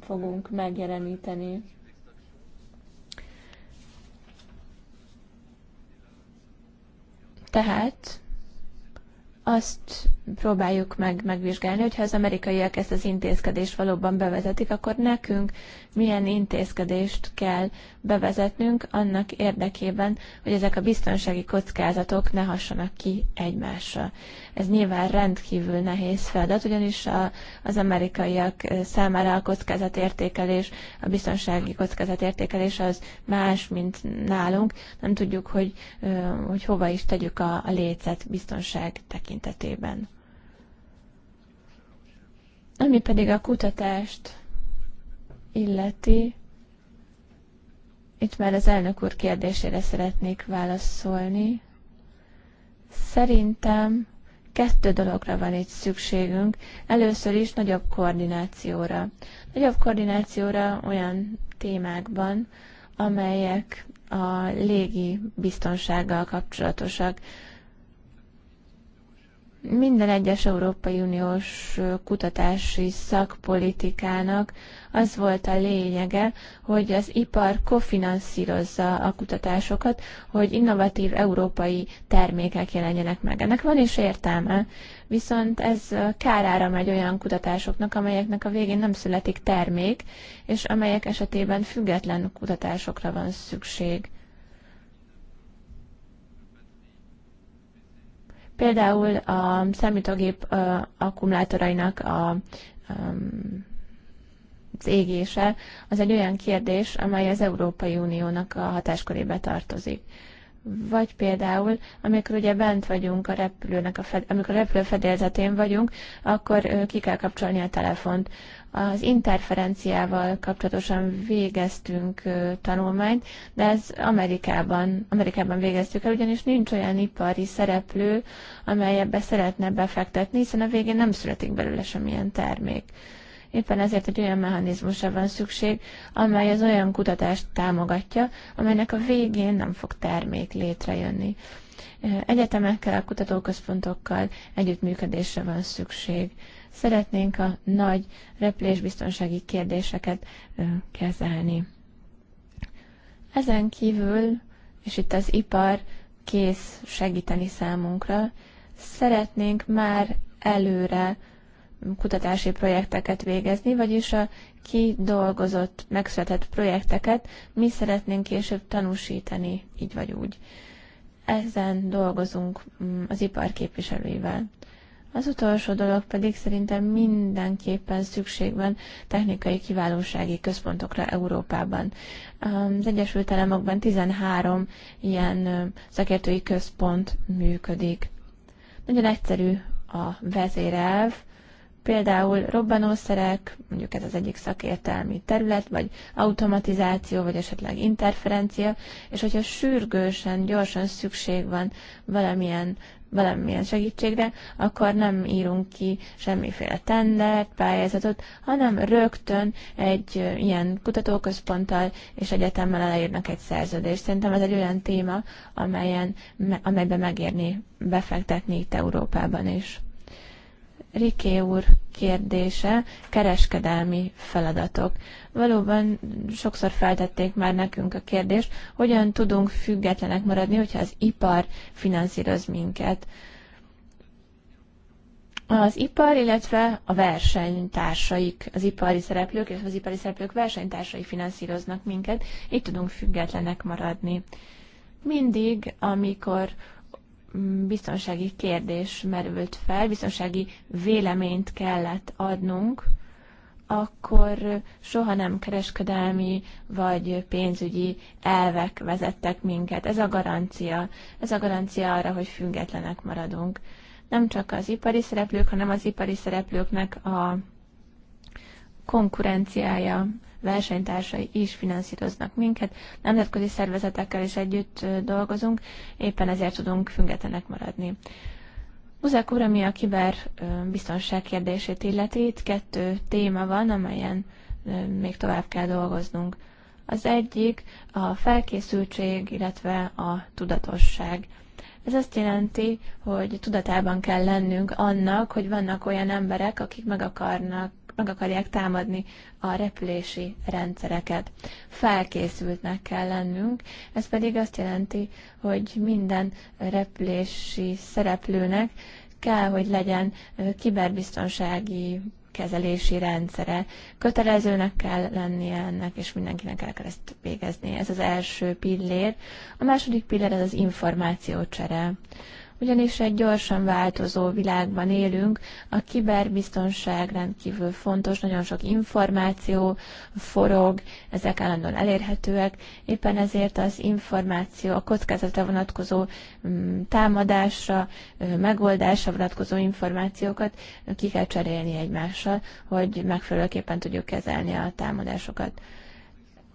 fogunk megjeleníteni. Tehát azt próbáljuk meg megvizsgálni, hogyha az amerikaiak ezt az intézkedést valóban bevezetik, akkor nekünk milyen intézkedést kell bevezetnünk annak érdekében, hogy ezek a biztonsági kockázatok ne hassanak ki egymásra. Ez nyilván rendkívül nehéz feladat, ugyanis a, az amerikaiak számára a kockázatértékelés, a biztonsági kockázatértékelés az más, mint nálunk. Nem tudjuk, hogy, hogy hova is tegyük a, a lécet biztonság tekintetében. Ami pedig a kutatást illeti, itt már az elnök úr kérdésére szeretnék válaszolni. Szerintem kettő dologra van itt szükségünk. Először is nagyobb koordinációra. Nagyobb koordinációra olyan témákban, amelyek a légi biztonsággal kapcsolatosak minden egyes Európai Uniós kutatási szakpolitikának az volt a lényege, hogy az ipar kofinanszírozza a kutatásokat, hogy innovatív európai termékek jelenjenek meg. Ennek van is értelme, viszont ez kárára megy olyan kutatásoknak, amelyeknek a végén nem születik termék, és amelyek esetében független kutatásokra van szükség. Például a számítógép akkumulátorainak a az égése, az egy olyan kérdés, amely az Európai Uniónak a hatáskörébe tartozik vagy például, amikor ugye bent vagyunk a repülőnek, a fed, amikor a repülő fedélzetén vagyunk, akkor ki kell kapcsolni a telefont. Az interferenciával kapcsolatosan végeztünk tanulmányt, de ez Amerikában, Amerikában végeztük el, ugyanis nincs olyan ipari szereplő, amely ebbe szeretne befektetni, hiszen a végén nem születik belőle semmilyen termék. Éppen ezért egy olyan mechanizmusra van szükség, amely az olyan kutatást támogatja, amelynek a végén nem fog termék létrejönni. Egyetemekkel, kutatóközpontokkal együttműködésre van szükség. Szeretnénk a nagy repülésbiztonsági kérdéseket kezelni. Ezen kívül, és itt az ipar kész segíteni számunkra, szeretnénk már előre kutatási projekteket végezni, vagyis a kidolgozott, megszületett projekteket mi szeretnénk később tanúsítani, így vagy úgy. Ezen dolgozunk mm, az ipar képviselőivel. Az utolsó dolog pedig szerintem mindenképpen szükség van technikai kiválósági központokra Európában. Az Egyesült Államokban 13 ilyen szakértői központ működik. Nagyon egyszerű a vezérelv, Például robbanószerek, mondjuk ez az egyik szakértelmi terület, vagy automatizáció, vagy esetleg interferencia, és hogyha sürgősen, gyorsan szükség van valamilyen valamilyen segítségre, akkor nem írunk ki semmiféle tendert, pályázatot, hanem rögtön egy ilyen kutatóközponttal és egyetemmel aláírnak egy szerződést. Szerintem ez egy olyan téma, amelyen, amelyben megérni befektetni itt Európában is. Riké úr kérdése, kereskedelmi feladatok. Valóban sokszor feltették már nekünk a kérdést, hogyan tudunk függetlenek maradni, hogyha az ipar finanszíroz minket. Az ipar, illetve a versenytársaik, az ipari szereplők, illetve az ipari szereplők versenytársai finanszíroznak minket, így tudunk függetlenek maradni. Mindig, amikor biztonsági kérdés merült fel, biztonsági véleményt kellett adnunk, akkor soha nem kereskedelmi vagy pénzügyi elvek vezettek minket. Ez a garancia. Ez a garancia arra, hogy függetlenek maradunk. Nem csak az ipari szereplők, hanem az ipari szereplőknek a konkurenciája versenytársai is finanszíroznak minket, nemzetközi szervezetekkel is együtt dolgozunk, éppen ezért tudunk függetlenek maradni. Buzák úr, ami a biztonság kérdését illeti, itt kettő téma van, amelyen még tovább kell dolgoznunk. Az egyik a felkészültség, illetve a tudatosság. Ez azt jelenti, hogy tudatában kell lennünk annak, hogy vannak olyan emberek, akik meg akarnak meg akarják támadni a repülési rendszereket. Felkészültnek kell lennünk, ez pedig azt jelenti, hogy minden repülési szereplőnek kell, hogy legyen kiberbiztonsági kezelési rendszere. Kötelezőnek kell lennie ennek, és mindenkinek el kell ezt végezni. Ez az első pillér. A második pillér az az információcsere ugyanis egy gyorsan változó világban élünk, a kiberbiztonság rendkívül fontos, nagyon sok információ forog, ezek állandóan elérhetőek, éppen ezért az információ, a kockázata vonatkozó mm, támadásra, megoldásra vonatkozó információkat ki kell cserélni egymással, hogy megfelelőképpen tudjuk kezelni a támadásokat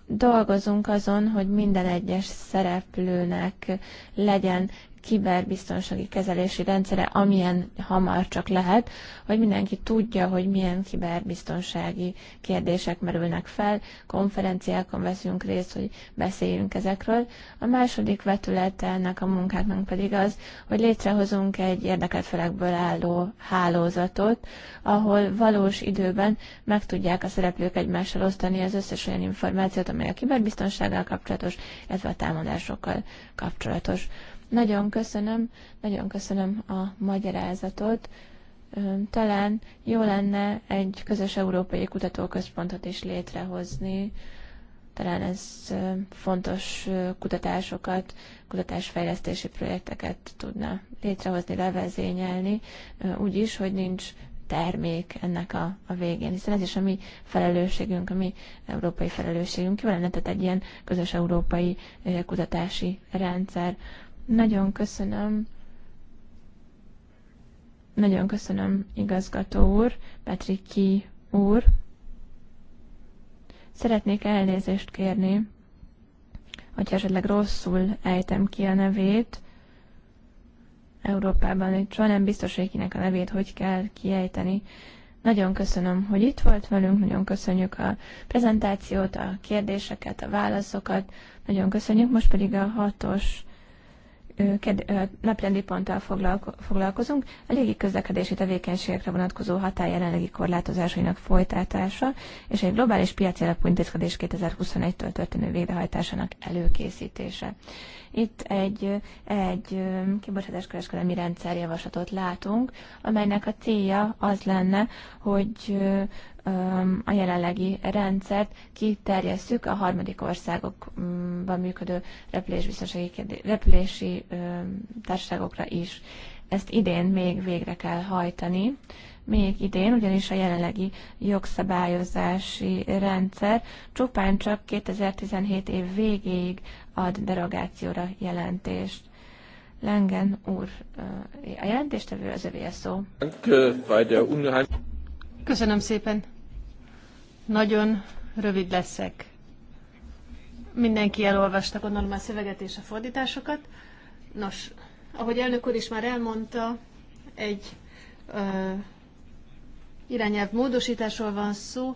dolgozunk azon, hogy minden egyes szereplőnek legyen kiberbiztonsági kezelési rendszere, amilyen hamar csak lehet, hogy mindenki tudja, hogy milyen kiberbiztonsági kérdések merülnek fel, konferenciákon veszünk részt, hogy beszéljünk ezekről. A második vetülete ennek a munkáknak pedig az, hogy létrehozunk egy érdekelt felekből álló hálózatot, ahol valós időben meg tudják a szereplők egymással osztani az összes olyan információt, amely a kiberbiztonsággal kapcsolatos, illetve a támadásokkal kapcsolatos. Nagyon köszönöm, nagyon köszönöm a magyarázatot. Talán jó lenne egy közös európai kutatóközpontot is létrehozni. Talán ez fontos kutatásokat, kutatásfejlesztési projekteket tudna létrehozni, levezényelni, úgy is, hogy nincs termék ennek a, a végén, hiszen ez is a mi felelősségünk, a mi európai felelősségünk. Jó lenne tehát egy ilyen közös európai kutatási rendszer. Nagyon köszönöm. Nagyon köszönöm, igazgató úr, Petriki úr. Szeretnék elnézést kérni, hogyha esetleg rosszul ejtem ki a nevét. Európában itt soha nem biztos, hogy kinek a nevét hogy kell kiejteni. Nagyon köszönöm, hogy itt volt velünk, nagyon köszönjük a prezentációt, a kérdéseket, a válaszokat, nagyon köszönjük, most pedig a hatos naprendi ponttal foglalkozunk, a légi közlekedési tevékenységekre vonatkozó hatály jelenlegi korlátozásainak folytatása és egy globális piaci alapú intézkedés 2021-től történő végrehajtásának előkészítése. Itt egy, egy kibocsátás kereskedelmi javaslatot látunk, amelynek a célja az lenne, hogy a jelenlegi rendszert kiterjesszük a harmadik országokban működő repülésbiztonsági repülési társaságokra is. Ezt idén még végre kell hajtani még idén, ugyanis a jelenlegi jogszabályozási rendszer csupán csak 2017 év végéig ad derogációra jelentést. Lengen úr, a jelentéstevő az övé szó. Köszönöm szépen. Nagyon rövid leszek. Mindenki elolvasta, gondolom a szöveget és a fordításokat. Nos, ahogy elnök úr is már elmondta, egy uh, irányelv módosításról van szó,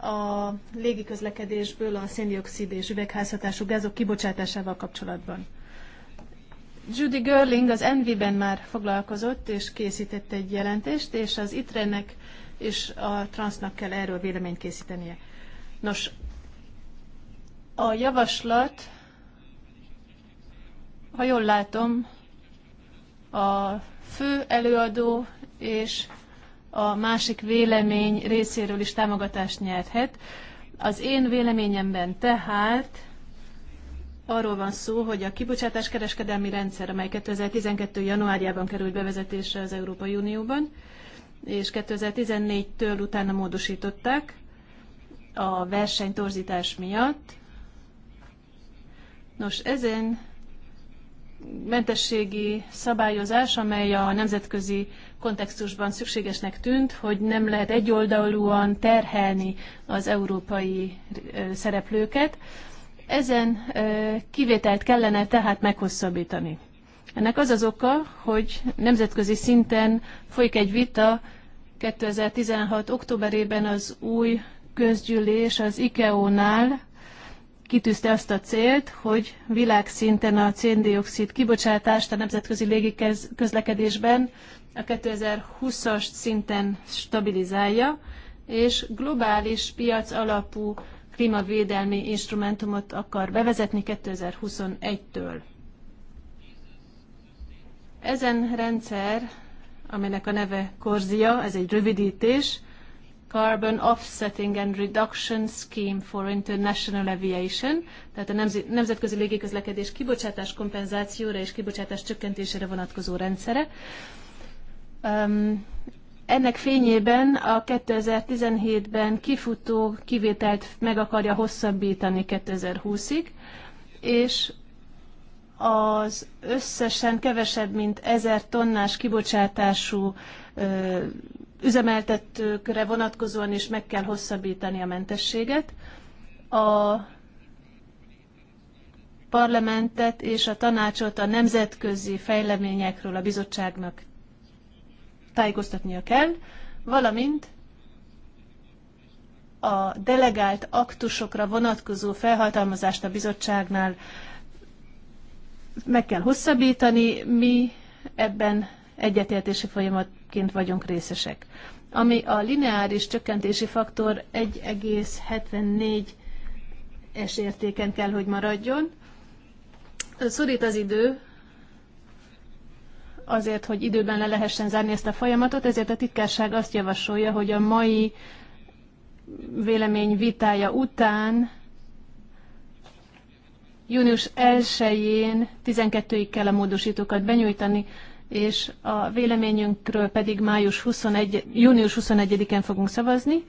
a légiközlekedésből a széndiokszid és üvegházhatású gázok kibocsátásával kapcsolatban. Judy Görling az Envi-ben már foglalkozott és készített egy jelentést, és az ITRE-nek és a Transnak kell erről véleményt készítenie. Nos, a javaslat, ha jól látom, a fő előadó és a másik vélemény részéről is támogatást nyerhet. Az én véleményemben tehát arról van szó, hogy a kibocsátás kereskedelmi rendszer, amely 2012. januárjában került bevezetésre az Európai Unióban, és 2014-től utána módosították a versenytorzítás miatt. Nos, ezen mentességi szabályozás, amely a nemzetközi kontextusban szükségesnek tűnt, hogy nem lehet egyoldalúan terhelni az európai szereplőket. Ezen kivételt kellene tehát meghosszabbítani. Ennek az az oka, hogy nemzetközi szinten folyik egy vita 2016. októberében az új közgyűlés az ICAO-nál kitűzte azt a célt, hogy világszinten a széndiokszid kibocsátást a nemzetközi légiközlekedésben a 2020-as szinten stabilizálja, és globális piac alapú klímavédelmi instrumentumot akar bevezetni 2021-től. Ezen rendszer, aminek a neve Korzia, ez egy rövidítés, Carbon Offsetting and Reduction Scheme for International Aviation, tehát a Nemzetközi Légiközlekedés kibocsátás kompenzációra és kibocsátás csökkentésére vonatkozó rendszere. Um, ennek fényében a 2017-ben kifutó kivételt meg akarja hosszabbítani 2020-ig, és az összesen kevesebb, mint 1000 tonnás kibocsátású üzemeltetőkre vonatkozóan is meg kell hosszabbítani a mentességet. A parlamentet és a tanácsot a nemzetközi fejleményekről a bizottságnak tájékoztatnia kell, valamint a delegált aktusokra vonatkozó felhatalmazást a bizottságnál meg kell hosszabbítani. Mi ebben egyetértési folyamat ként vagyunk részesek. Ami a lineáris csökkentési faktor 1,74 es értéken kell, hogy maradjon. Szorít az idő, azért, hogy időben le lehessen zárni ezt a folyamatot, ezért a titkárság azt javasolja, hogy a mai vélemény vitája után június 1-én 12-ig kell a módosítókat benyújtani, és a véleményünkről pedig május 21, június 21-én fogunk szavazni.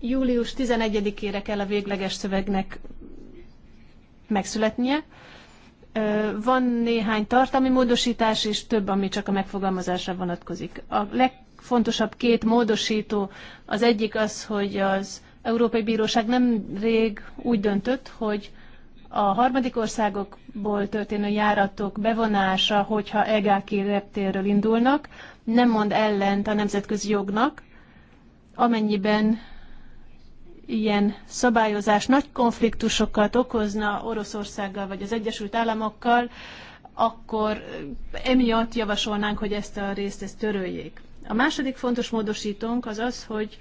Július 11-ére kell a végleges szövegnek megszületnie. Van néhány tartalmi módosítás, és több, ami csak a megfogalmazásra vonatkozik. A legfontosabb két módosító, az egyik az, hogy az Európai Bíróság nem rég úgy döntött, hogy a harmadik országokból történő járatok bevonása, hogyha EGÁKI reptérről indulnak, nem mond ellent a nemzetközi jognak, amennyiben ilyen szabályozás nagy konfliktusokat okozna Oroszországgal vagy az Egyesült Államokkal, akkor emiatt javasolnánk, hogy ezt a részt ezt töröljék. A második fontos módosítónk az az, hogy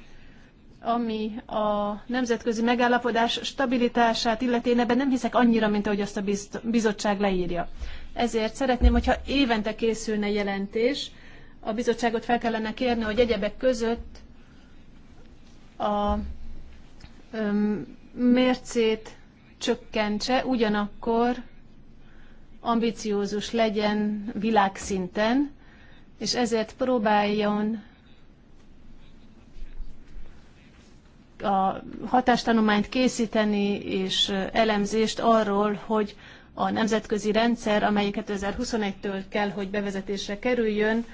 ami a nemzetközi megállapodás stabilitását illeti, ebben nem hiszek annyira, mint ahogy azt a bizottság leírja. Ezért szeretném, hogyha évente készülne jelentés, a bizottságot fel kellene kérni, hogy egyebek között a öm, mércét csökkentse, ugyanakkor ambiciózus legyen világszinten, és ezért próbáljon a hatástanulmányt készíteni és elemzést arról, hogy a nemzetközi rendszer, amely 2021-től kell, hogy bevezetésre kerüljön,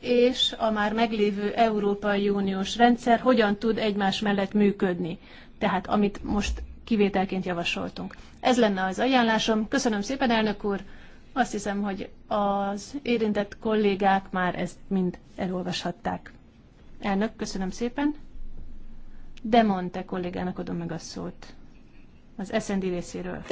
és a már meglévő Európai Uniós rendszer hogyan tud egymás mellett működni. Tehát amit most kivételként javasoltunk. Ez lenne az ajánlásom. Köszönöm szépen, elnök úr! Azt hiszem, hogy az érintett kollégák már ezt mind elolvashatták. Elnök, köszönöm szépen! De Monte kollégának adom meg a szót. Az SND részéről.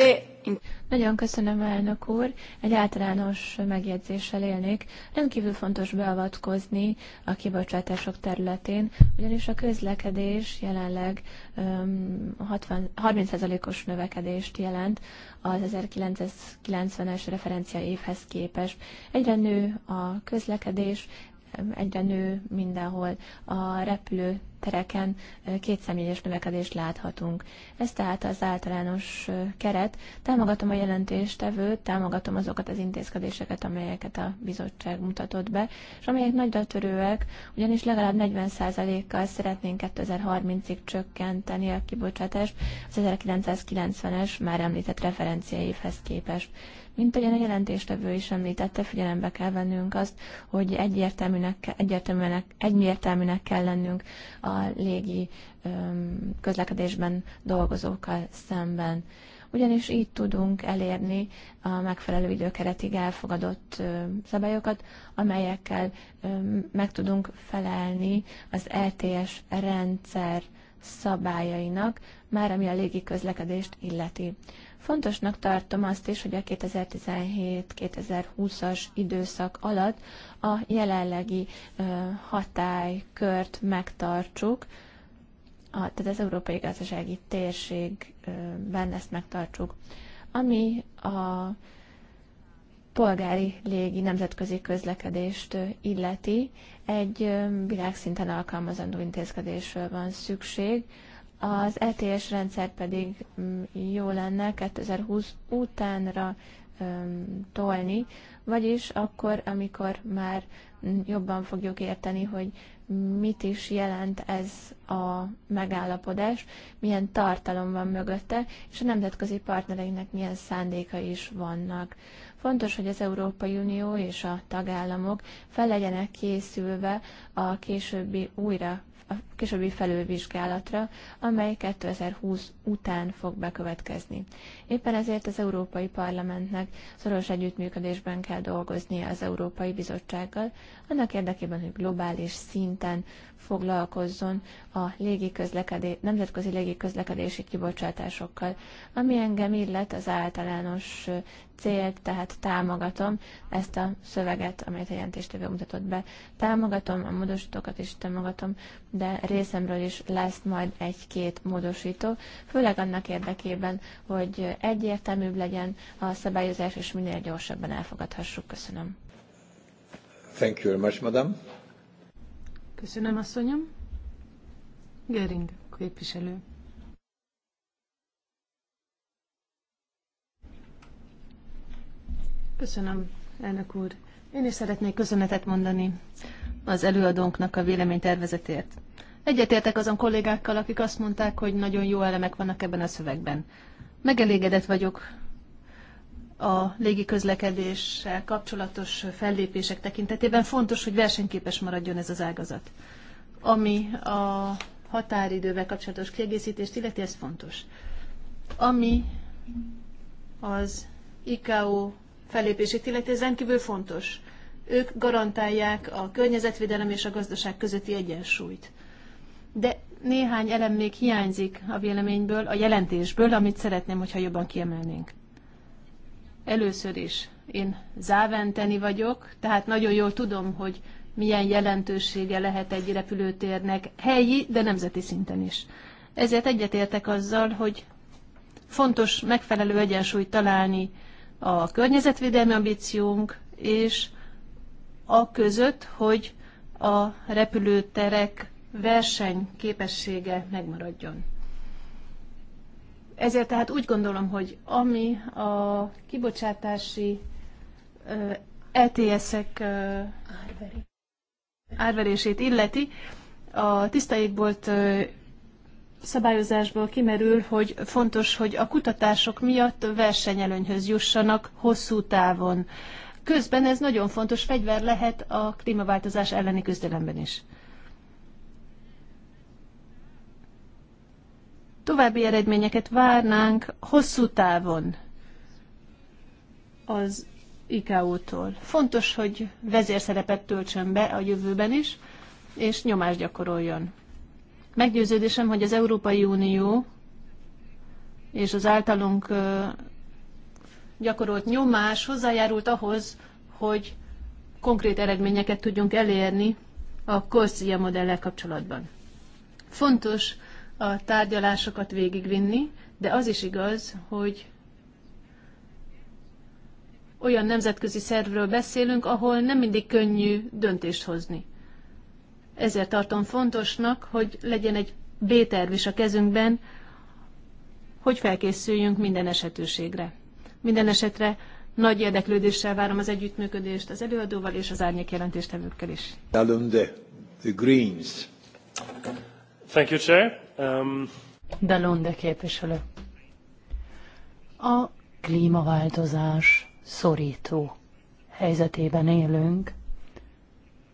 Nagyon köszönöm, elnök úr. Egy általános megjegyzéssel élnék. Rendkívül fontos beavatkozni a kibocsátások területén, ugyanis a közlekedés jelenleg 60, 30%-os növekedést jelent az 1990-es referencia évhez képest. Egyre nő a közlekedés, egyre nő mindenhol a repülő tereken kétszemélyes növekedést láthatunk. Ez tehát az általános keret. Támogatom a jelentéstevőt, támogatom azokat az intézkedéseket, amelyeket a bizottság mutatott be, és amelyek nagyra törőek, ugyanis legalább 40%-kal szeretnénk 2030-ig csökkenteni a kibocsátást az 1990-es már említett referenciaihez képest. Mint ahogyan a jelentéstevő is említette, figyelembe kell vennünk azt, hogy egyértelműnek, egyértelműnek, egyértelműnek kell lennünk a légi közlekedésben dolgozókkal szemben. Ugyanis így tudunk elérni a megfelelő időkeretig elfogadott szabályokat, amelyekkel meg tudunk felelni az LTS e rendszer szabályainak, már ami a légi közlekedést illeti. Fontosnak tartom azt is, hogy a 2017-2020-as időszak alatt a jelenlegi hatálykört megtartsuk, a, tehát az európai gazdasági térségben ezt megtartsuk. Ami a polgári légi nemzetközi közlekedést illeti, egy világszinten alkalmazandó intézkedésről van szükség, az ETS rendszer pedig mm, jó lenne 2020 utánra tolni, vagyis akkor, amikor már jobban fogjuk érteni, hogy mit is jelent ez a megállapodás, milyen tartalom van mögötte, és a nemzetközi partnereinknek milyen szándéka is vannak. Fontos, hogy az Európai Unió és a tagállamok fel legyenek készülve a későbbi újra a későbbi felülvizsgálatra, amely 2020 után fog bekövetkezni. Éppen ezért az Európai Parlamentnek szoros együttműködésben kell dolgoznia az Európai Bizottsággal, annak érdekében, hogy globális szinten foglalkozzon a légi nemzetközi légiközlekedési kibocsátásokkal, ami engem illet az általános célt, tehát támogatom ezt a szöveget, amelyet a jelentéstevő mutatott be. Támogatom, a módosítókat is támogatom, de részemről is lesz majd egy-két módosító, főleg annak érdekében, hogy egyértelműbb legyen a szabályozás, és minél gyorsabban elfogadhassuk. Köszönöm. Thank you very much, madam. Köszönöm, asszonyom. Gering, képviselő. Köszönöm, elnök úr. Én is szeretnék köszönetet mondani az előadónknak a véleménytervezetért. Egyetértek azon kollégákkal, akik azt mondták, hogy nagyon jó elemek vannak ebben a szövegben. Megelégedett vagyok a közlekedéssel kapcsolatos fellépések tekintetében. Fontos, hogy versenyképes maradjon ez az ágazat. Ami a határidővel kapcsolatos kiegészítést illeti, ez fontos. Ami az ICAO fellépését illeti, ez rendkívül fontos. Ők garantálják a környezetvédelem és a gazdaság közötti egyensúlyt. De néhány elem még hiányzik a véleményből, a jelentésből, amit szeretném, hogyha jobban kiemelnénk. Először is én záventeni vagyok, tehát nagyon jól tudom, hogy milyen jelentősége lehet egy repülőtérnek helyi, de nemzeti szinten is. Ezért egyetértek azzal, hogy fontos megfelelő egyensúlyt találni a környezetvédelmi ambíciónk, és a között, hogy a repülőterek versenyképessége megmaradjon. Ezért tehát úgy gondolom, hogy ami a kibocsátási ETS-ek árverését illeti, a tiszta égbolt szabályozásból kimerül, hogy fontos, hogy a kutatások miatt versenyelőnyhöz jussanak hosszú távon. Közben ez nagyon fontos fegyver lehet a klímaváltozás elleni küzdelemben is. További eredményeket várnánk hosszú távon az ICAO-tól. Fontos, hogy vezérszerepet töltsön be a jövőben is, és nyomást gyakoroljon. Meggyőződésem, hogy az Európai Unió és az általunk gyakorolt nyomás hozzájárult ahhoz, hogy konkrét eredményeket tudjunk elérni a Corsia modellel kapcsolatban. Fontos a tárgyalásokat végigvinni, de az is igaz, hogy olyan nemzetközi szervről beszélünk, ahol nem mindig könnyű döntést hozni. Ezért tartom fontosnak, hogy legyen egy B-terv is a kezünkben, hogy felkészüljünk minden esetőségre. Minden esetre nagy érdeklődéssel várom az együttműködést az előadóval és az árnyék jelentéstevőkkel is. Dalunde, the Greens. Thank you, Chair. Um... Dalunde képviselő. A klímaváltozás szorító helyzetében élünk,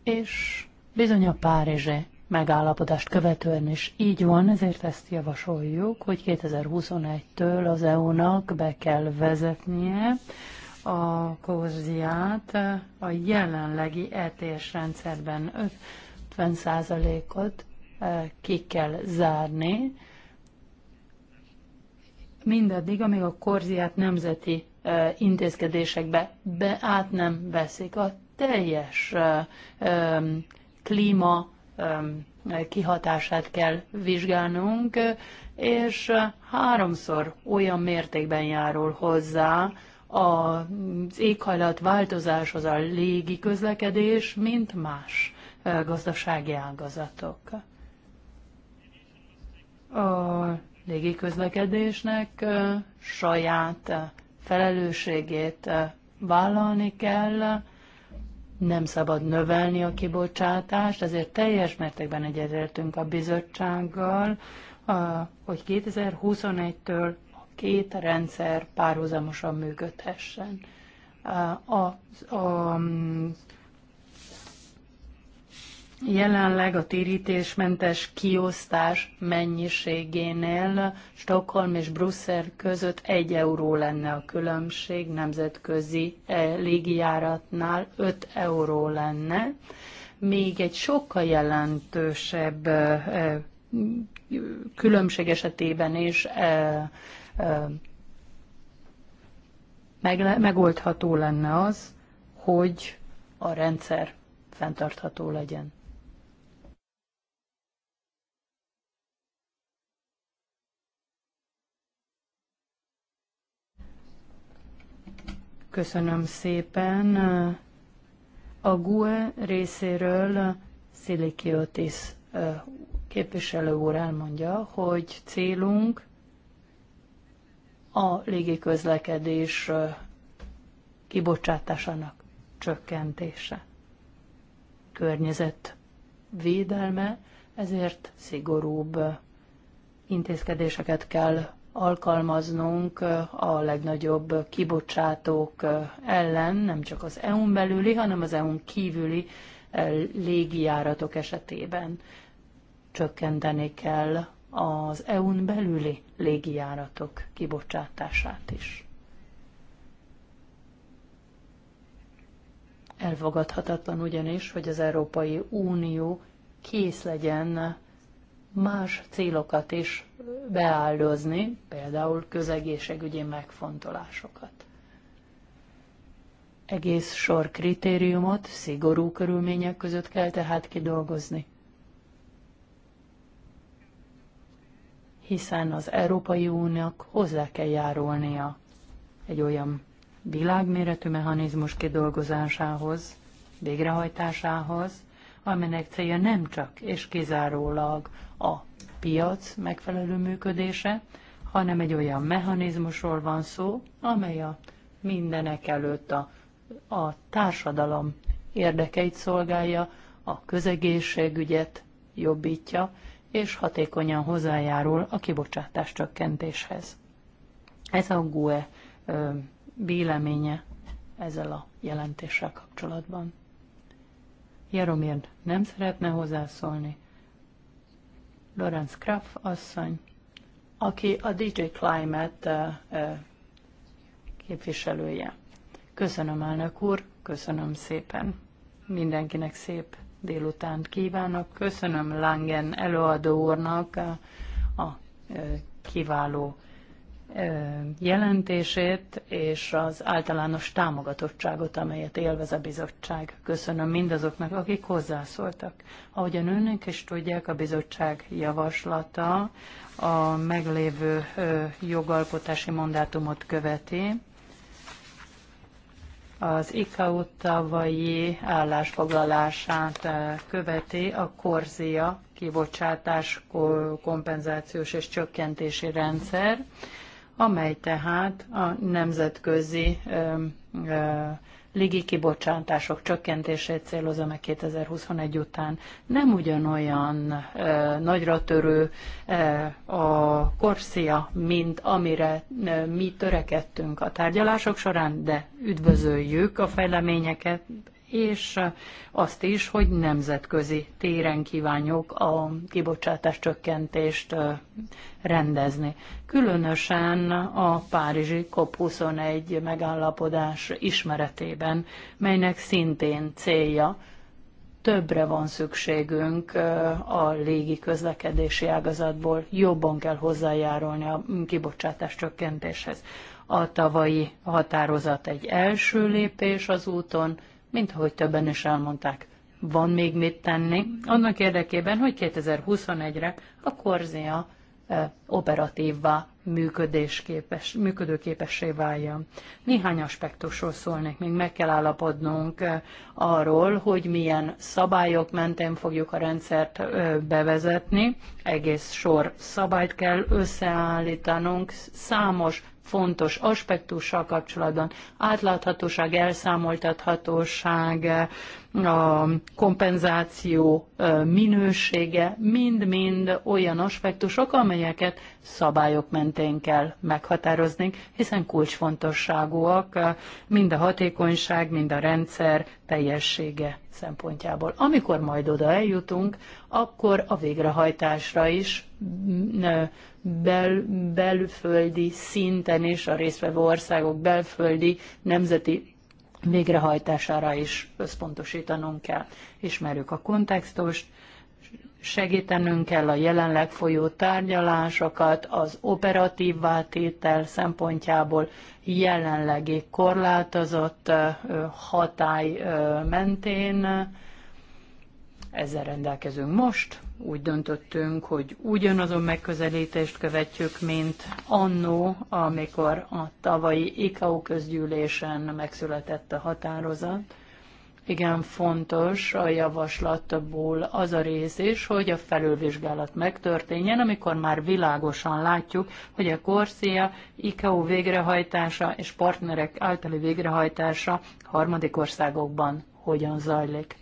és bizony a Párizsi megállapodást követően is így van, ezért ezt javasoljuk, hogy 2021-től az EU-nak be kell vezetnie a kóziát a jelenlegi ETS rendszerben 50%-ot e, ki kell zárni, mindaddig, amíg a korziát nemzeti e, intézkedésekbe be, át nem veszik. A teljes e, klíma kihatását kell vizsgálnunk, és háromszor olyan mértékben járul hozzá az éghajlat változáshoz a légi közlekedés, mint más gazdasági ágazatok. A légi közlekedésnek saját felelősségét vállalni kell, nem szabad növelni a kibocsátást, ezért teljes mértékben egyetértünk a bizottsággal, hogy 2021-től a két rendszer párhuzamosan működhessen. A, a Jelenleg a térítésmentes kiosztás mennyiségénél Stockholm és Brüsszel között egy euró lenne a különbség, nemzetközi eh, légijáratnál 5 euró lenne. Még egy sokkal jelentősebb eh, eh, különbség esetében is megoldható lenne az, hogy a rendszer fenntartható legyen. Köszönöm szépen. A GUE részéről Szilikiotis képviselő úr elmondja, hogy célunk a légiközlekedés kibocsátásának csökkentése. Környezet védelme, ezért szigorúbb intézkedéseket kell alkalmaznunk a legnagyobb kibocsátók ellen, nem csak az EU-n belüli, hanem az EU-n kívüli légijáratok esetében. Csökkenteni kell az EU-n belüli légijáratok kibocsátását is. Elfogadhatatlan ugyanis, hogy az Európai Unió kész legyen más célokat is beáldozni, például közegészségügyi megfontolásokat. Egész sor kritériumot szigorú körülmények között kell tehát kidolgozni. Hiszen az Európai Uniónak hozzá kell járulnia egy olyan világméretű mechanizmus kidolgozásához, végrehajtásához, amelynek célja nem csak és kizárólag a piac megfelelő működése, hanem egy olyan mechanizmusról van szó, amely a mindenek előtt a, a társadalom érdekeit szolgálja, a közegészségügyet jobbítja, és hatékonyan hozzájárul a kibocsátás csökkentéshez. Ez a GUE véleménye ezzel a jelentéssel kapcsolatban. Jaromir nem szeretne hozzászólni. Lorenz Kraff asszony, aki a DJ Climate eh, eh, képviselője. Köszönöm, elnök úr, köszönöm szépen. Mindenkinek szép délutánt kívánok. Köszönöm Langen előadó úrnak eh, a kiváló jelentését és az általános támogatottságot, amelyet élvez a bizottság. Köszönöm mindazoknak, akik hozzászóltak. Ahogyan önök is tudják, a bizottság javaslata a meglévő jogalkotási mandátumot követi. Az ICAO tavalyi állásfoglalását követi a Korzia kibocsátás kompenzációs és csökkentési rendszer amely tehát a nemzetközi ligi kibocsátások csökkentését célozza meg 2021 után. Nem ugyanolyan ö, nagyra törő ö, a korszia, mint amire ö, mi törekedtünk a tárgyalások során, de üdvözöljük a fejleményeket és azt is, hogy nemzetközi téren kívánjuk a kibocsátás csökkentést rendezni. Különösen a Párizsi COP21 megállapodás ismeretében, melynek szintén célja, többre van szükségünk a légi közlekedési ágazatból, jobban kell hozzájárulni a kibocsátás csökkentéshez. A tavalyi határozat egy első lépés az úton, mint ahogy többen is elmondták. Van még mit tenni, annak érdekében, hogy 2021-re a Korzia operatívvá működésképes, működőképessé váljon. Néhány aspektusról szólnék, még meg kell állapodnunk arról, hogy milyen szabályok mentén fogjuk a rendszert bevezetni. Egész sor szabályt kell összeállítanunk, számos fontos aspektussal kapcsolatban. Átláthatóság, elszámoltathatóság, a kompenzáció minősége, mind-mind olyan aspektusok, amelyeket szabályok mentén kell meghatározni, hiszen kulcsfontosságúak mind a hatékonyság, mind a rendszer teljessége szempontjából. Amikor majd oda eljutunk, akkor a végrehajtásra is bel, belföldi szinten és a résztvevő országok belföldi nemzeti végrehajtására is összpontosítanunk kell. Ismerjük a kontextust, segítenünk kell a jelenleg folyó tárgyalásokat az operatív váltétel szempontjából jelenlegi korlátozott hatály mentén. Ezzel rendelkezünk most úgy döntöttünk, hogy ugyanazon megközelítést követjük, mint annó, amikor a tavalyi ICAO közgyűlésen megszületett a határozat. Igen, fontos a javaslatból az a rész is, hogy a felülvizsgálat megtörténjen, amikor már világosan látjuk, hogy a Corsia, ICAO végrehajtása és partnerek általi végrehajtása harmadik országokban hogyan zajlik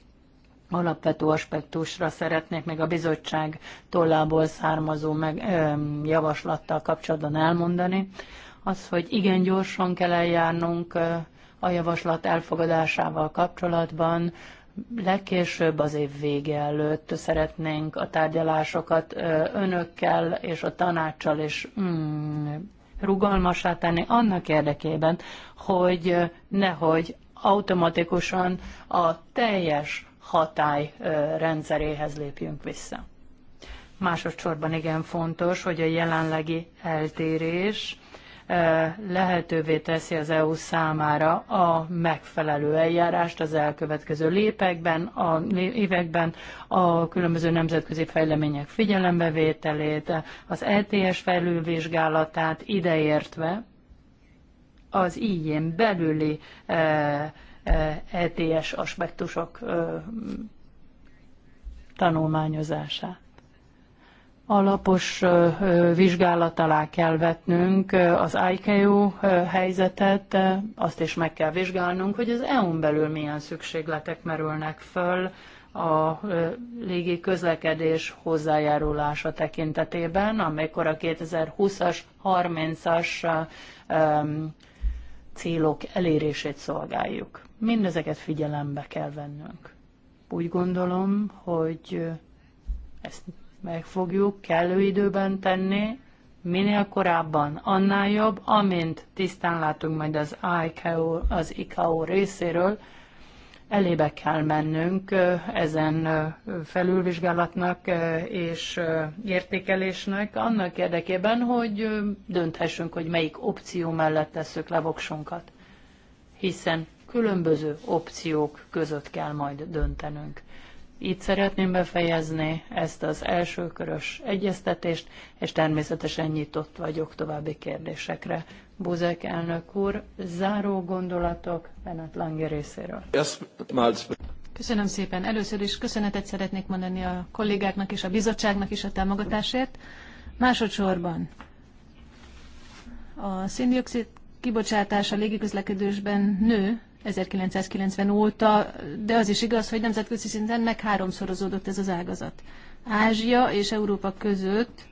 alapvető aspektusra szeretnék még a bizottság tollából származó meg, ö, javaslattal kapcsolatban elmondani. Az, hogy igen gyorsan kell eljárnunk a javaslat elfogadásával kapcsolatban, legkésőbb az év vége előtt szeretnénk a tárgyalásokat önökkel és a tanácssal is mm, rugalmasá tenni annak érdekében, hogy nehogy automatikusan a teljes hatály rendszeréhez lépjünk vissza. Másodszorban igen fontos, hogy a jelenlegi eltérés lehetővé teszi az EU számára a megfelelő eljárást az elkövetkező lépekben, a években a különböző nemzetközi fejlemények figyelembevételét, az ETS felülvizsgálatát ideértve az ilyen belüli eh, ETS aspektusok tanulmányozását. Alapos vizsgálat alá kell vetnünk az IKU helyzetet, azt is meg kell vizsgálnunk, hogy az EU-n belül milyen szükségletek merülnek föl, a légi közlekedés hozzájárulása tekintetében, amikor a 2020-as, 30-as célok elérését szolgáljuk. Mindezeket figyelembe kell vennünk. Úgy gondolom, hogy ezt meg fogjuk kellő időben tenni, minél korábban, annál jobb, amint tisztán látunk majd az ICAO, az ICAO részéről, elébe kell mennünk ezen felülvizsgálatnak és értékelésnek annak érdekében, hogy dönthessünk, hogy melyik opció mellett tesszük le voksunkat. Hiszen különböző opciók között kell majd döntenünk. Itt szeretném befejezni ezt az első körös egyeztetést, és természetesen nyitott vagyok további kérdésekre. Buzek elnök úr, záró gondolatok Bennett Lange részéről. Köszönöm szépen. Először is köszönetet szeretnék mondani a kollégáknak és a bizottságnak is a támogatásért. Másodszorban a széndiokszid kibocsátása légiközlekedősben légiközlekedésben nő, 1990 óta, de az is igaz, hogy nemzetközi szinten meg háromszorozódott ez az ágazat. Ázsia és Európa között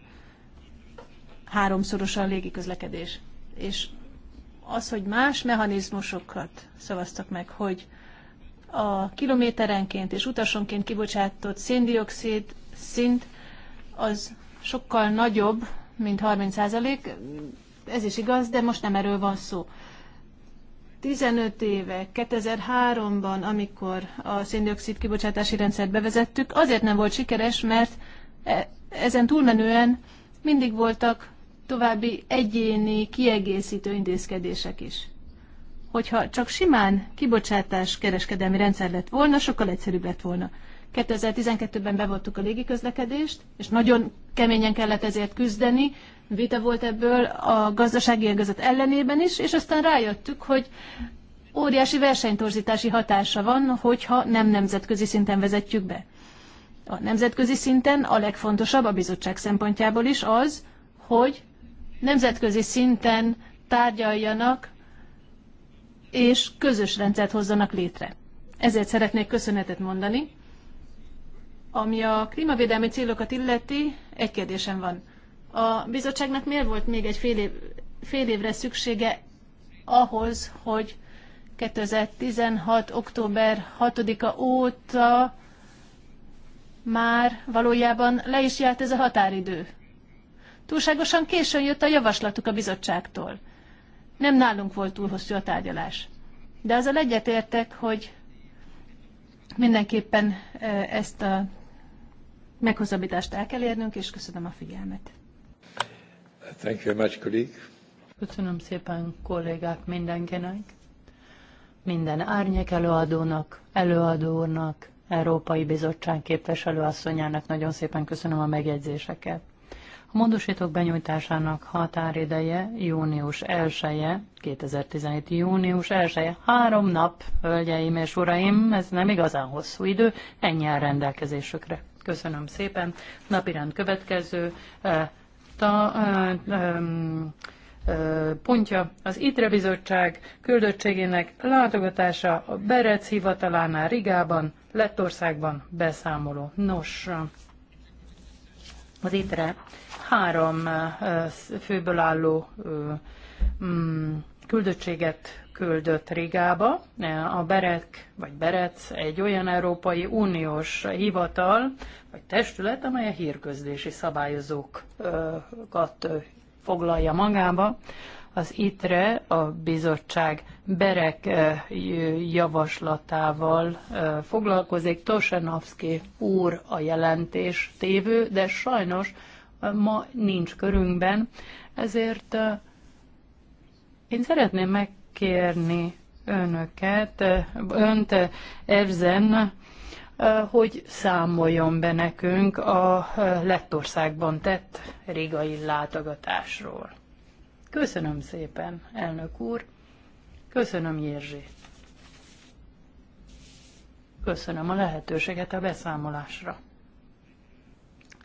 háromszoros a közlekedés És az, hogy más mechanizmusokat szavaztak meg, hogy a kilométerenként és utasonként kibocsátott széndiokszid szint az sokkal nagyobb, mint 30 ez is igaz, de most nem erről van szó. 15 éve, 2003-ban, amikor a széndiokszid kibocsátási rendszert bevezettük, azért nem volt sikeres, mert e, ezen túlmenően mindig voltak további egyéni kiegészítő intézkedések is. Hogyha csak simán kibocsátás kereskedelmi rendszer lett volna, sokkal egyszerűbb lett volna. 2012-ben bevontuk a légiközlekedést, és nagyon keményen kellett ezért küzdeni. Vita volt ebből a gazdasági ágazat ellenében is, és aztán rájöttük, hogy óriási versenytorzítási hatása van, hogyha nem nemzetközi szinten vezetjük be. A nemzetközi szinten a legfontosabb a bizottság szempontjából is az, hogy nemzetközi szinten tárgyaljanak és közös rendszert hozzanak létre. Ezért szeretnék köszönetet mondani, ami a klímavédelmi célokat illeti, egy kérdésem van. A bizottságnak miért volt még egy fél, év, fél évre szüksége ahhoz, hogy 2016. október 6-a óta már valójában le is járt ez a határidő. Túlságosan későn jött a javaslatuk a bizottságtól. Nem nálunk volt túl hosszú a tárgyalás. De azzal egyetértek, hogy mindenképpen e, ezt a meghosszabbítást el kell érnünk, és köszönöm a figyelmet. Thank you very much, colleague. Köszönöm szépen kollégák mindenkinek, minden árnyék előadónak, előadónak, Európai Bizottság képviselőasszonyának nagyon szépen köszönöm a megjegyzéseket. A módosítók benyújtásának határideje június 1-e, 2017. június 1-e, három nap, hölgyeim és uraim, ez nem igazán hosszú idő, ennyi rendelkezésükre. Köszönöm szépen. Napirend következő eh, ta, ö, eh, ö, eh, pontja az ITRE bizottság küldöttségének látogatása a Berec hivatalánál Rigában, Lettországban beszámoló. Nos, az ITRE három főből álló mm, küldöttséget küldött Rigába. A BEREK, vagy BEREC egy olyan Európai Uniós hivatal, vagy testület, amely a hírközlési szabályozókat foglalja magába. Az ITRE, a bizottság BEREK javaslatával foglalkozik. Tosenovszki úr a jelentés tévő, de sajnos ma nincs körünkben, ezért én szeretném meg kérni önöket, önt Erzen, hogy számoljon be nekünk a Lettországban tett rigai látogatásról. Köszönöm szépen, elnök úr. Köszönöm, Jérzsi. Köszönöm a lehetőséget a beszámolásra.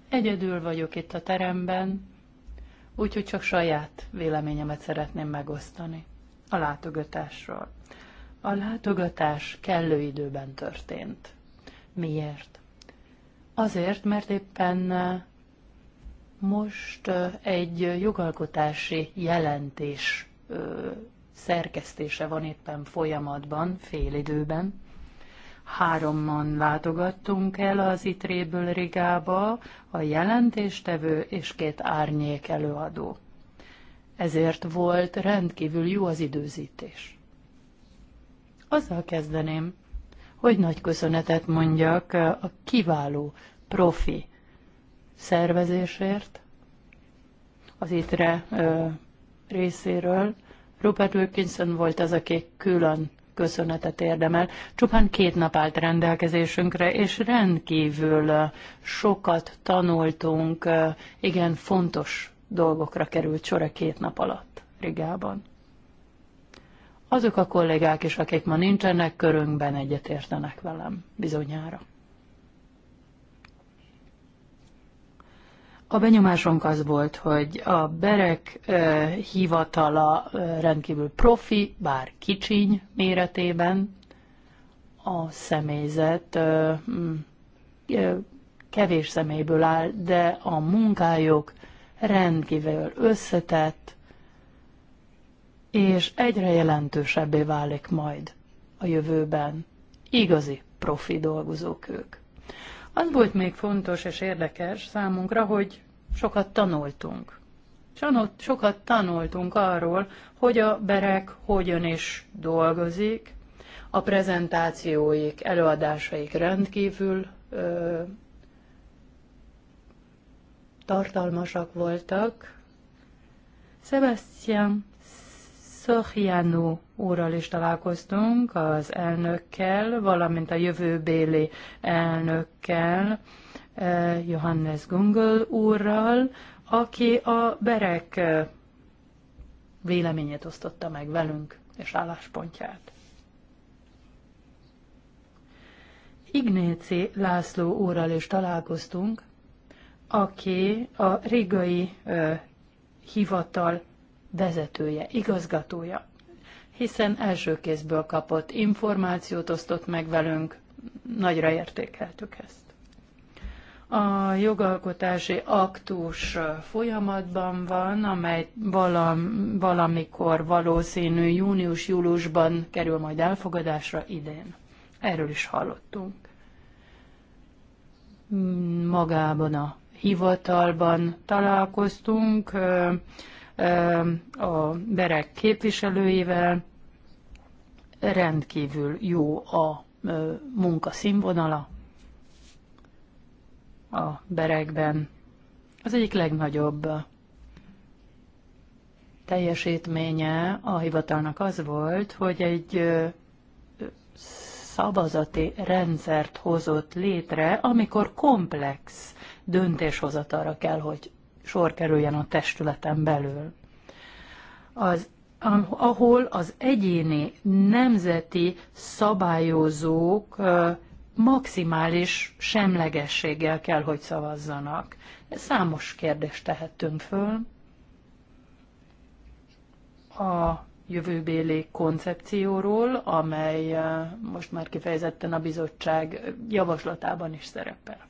Egyedül vagyok itt a teremben, úgyhogy csak saját véleményemet szeretném megosztani a látogatásról. A látogatás kellő időben történt. Miért? Azért, mert éppen most egy jogalkotási jelentés szerkesztése van éppen folyamatban, időben. Háromman látogattunk el az Itréből Rigába, a jelentéstevő és két árnyék előadó. Ezért volt rendkívül jó az időzítés. Azzal kezdeném, hogy nagy köszönetet mondjak a kiváló profi szervezésért, az ITRE ö, részéről. Rupert Wilkinson volt az, aki külön köszönetet érdemel. Csupán két nap állt rendelkezésünkre, és rendkívül sokat tanultunk igen fontos dolgokra került sor a két nap alatt Rigában. Azok a kollégák is, akik ma nincsenek körünkben, egyetértenek velem bizonyára. A benyomásunk az volt, hogy a Berek eh, hivatala eh, rendkívül profi, bár kicsiny méretében, a személyzet eh, kevés személyből áll, de a munkájuk rendkívül összetett, és egyre jelentősebbé válik majd a jövőben. Igazi profi dolgozók ők. Az volt még fontos és érdekes számunkra, hogy sokat tanultunk. Sokat tanultunk arról, hogy a berek hogyan is dolgozik, a prezentációik, előadásaik rendkívül ö, tartalmasak voltak. Sebastian Sochiano úrral is találkoztunk, az elnökkel, valamint a jövőbéli elnökkel, eh, Johannes Gungel úrral, aki a berek eh, véleményét osztotta meg velünk, és álláspontját. Ignéci László úrral is találkoztunk, aki a rigai ö, hivatal vezetője, igazgatója, hiszen első kézből kapott információt osztott meg velünk, nagyra értékeltük ezt. A jogalkotási aktus folyamatban van, amely valam, valamikor valószínű június-júliusban kerül majd elfogadásra idén. Erről is hallottunk. Magában a hivatalban találkoztunk a berek képviselőivel. Rendkívül jó a munka színvonala a berekben. Az egyik legnagyobb teljesítménye a hivatalnak az volt, hogy egy szavazati rendszert hozott létre, amikor komplex döntéshozatalra kell, hogy sor kerüljen a testületen belül. Az ahol az egyéni nemzeti szabályozók maximális semlegességgel kell, hogy szavazzanak. Számos kérdést tehetünk föl a jövőbéli koncepcióról, amely most már kifejezetten a bizottság javaslatában is szerepel.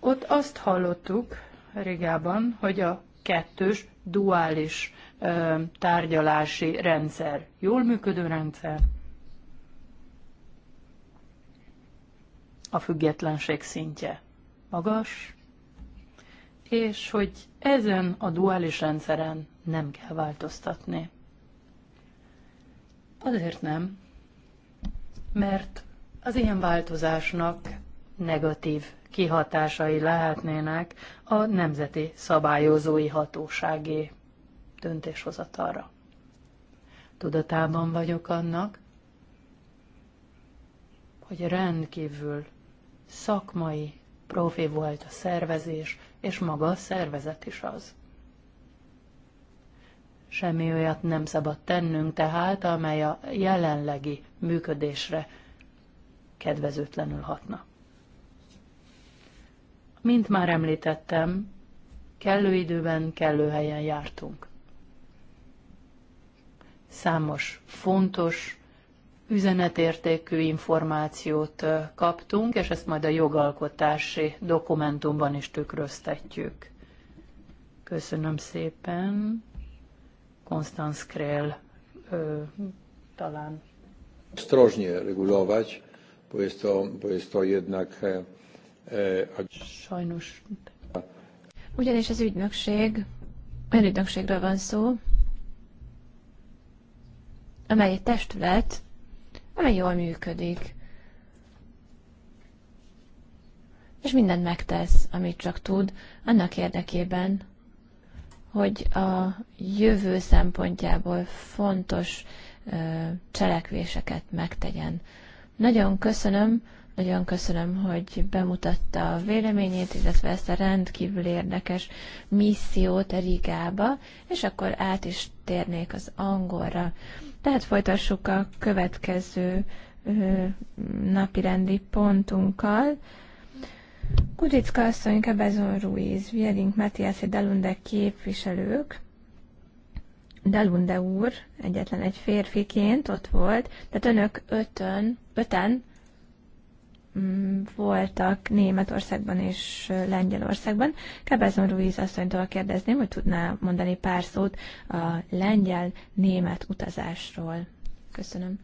Ott azt hallottuk Rigában, hogy a kettős duális ö, tárgyalási rendszer jól működő rendszer. A függetlenség szintje magas, és hogy ezen a duális rendszeren nem kell változtatni. Azért nem, mert az ilyen változásnak negatív kihatásai lehetnének a nemzeti szabályozói hatóságé döntéshozatalra. Tudatában vagyok annak, hogy rendkívül szakmai, profi volt a szervezés, és maga a szervezet is az. Semmi olyat nem szabad tennünk tehát, amely a jelenlegi működésre kedvezőtlenül hatna. Mint már említettem, kellő időben, kellő helyen jártunk. Számos fontos, üzenetértékű információt kaptunk, és ezt majd a jogalkotási dokumentumban is tükröztetjük. Köszönöm szépen. Konstanz Krél talán. Strożnie regulować, bo jest to, bo jest to jednak e, Eh, Sajnos. Ugyanis az ügynökség, olyan ügynökségről van szó, amely egy testület, amely jól működik. És mindent megtesz, amit csak tud, annak érdekében, hogy a jövő szempontjából fontos ö, eh, cselekvéseket megtegyen. Nagyon köszönöm, nagyon köszönöm, hogy bemutatta a véleményét, illetve ezt a rendkívül érdekes missziót a Rigába, és akkor át is térnék az angolra. Tehát folytassuk a következő napirendi pontunkkal. Kudicka asszony, Kebezon Ruiz, Vierink Matthias Dalunde képviselők, Dalunde úr egyetlen egy férfiként ott volt, tehát önök ötön, öten Mm, voltak Németországban és Lengyelországban. Kebezon Ruiz asszonytól kérdezném, hogy tudná mondani pár szót a lengyel-német utazásról. Köszönöm.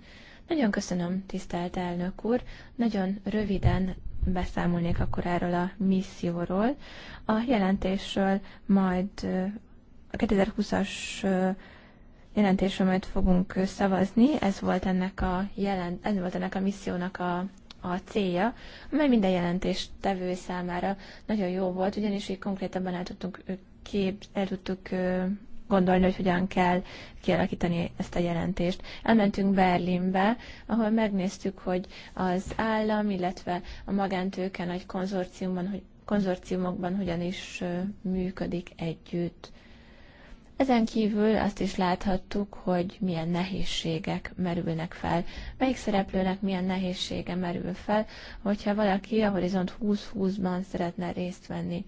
Nagyon köszönöm, tisztelt elnök úr. Nagyon röviden beszámolnék akkor erről a misszióról. A jelentésről majd a 2020-as jelentésről majd fogunk szavazni. Ez volt ennek a, jelent, ez volt ennek a missziónak a a célja, amely minden tevő számára nagyon jó volt, ugyanis így konkrétabban el tudtunk, kép, el tudtuk gondolni, hogy hogyan kell kialakítani ezt a jelentést. Elmentünk Berlinbe, ahol megnéztük, hogy az állam, illetve a magántőke nagy konzorciumban, hogy konzorciumokban hogyan is működik együtt. Ezen kívül azt is láthattuk, hogy milyen nehézségek merülnek fel. Melyik szereplőnek milyen nehézsége merül fel, hogyha valaki a Horizont 2020-ban szeretne részt venni.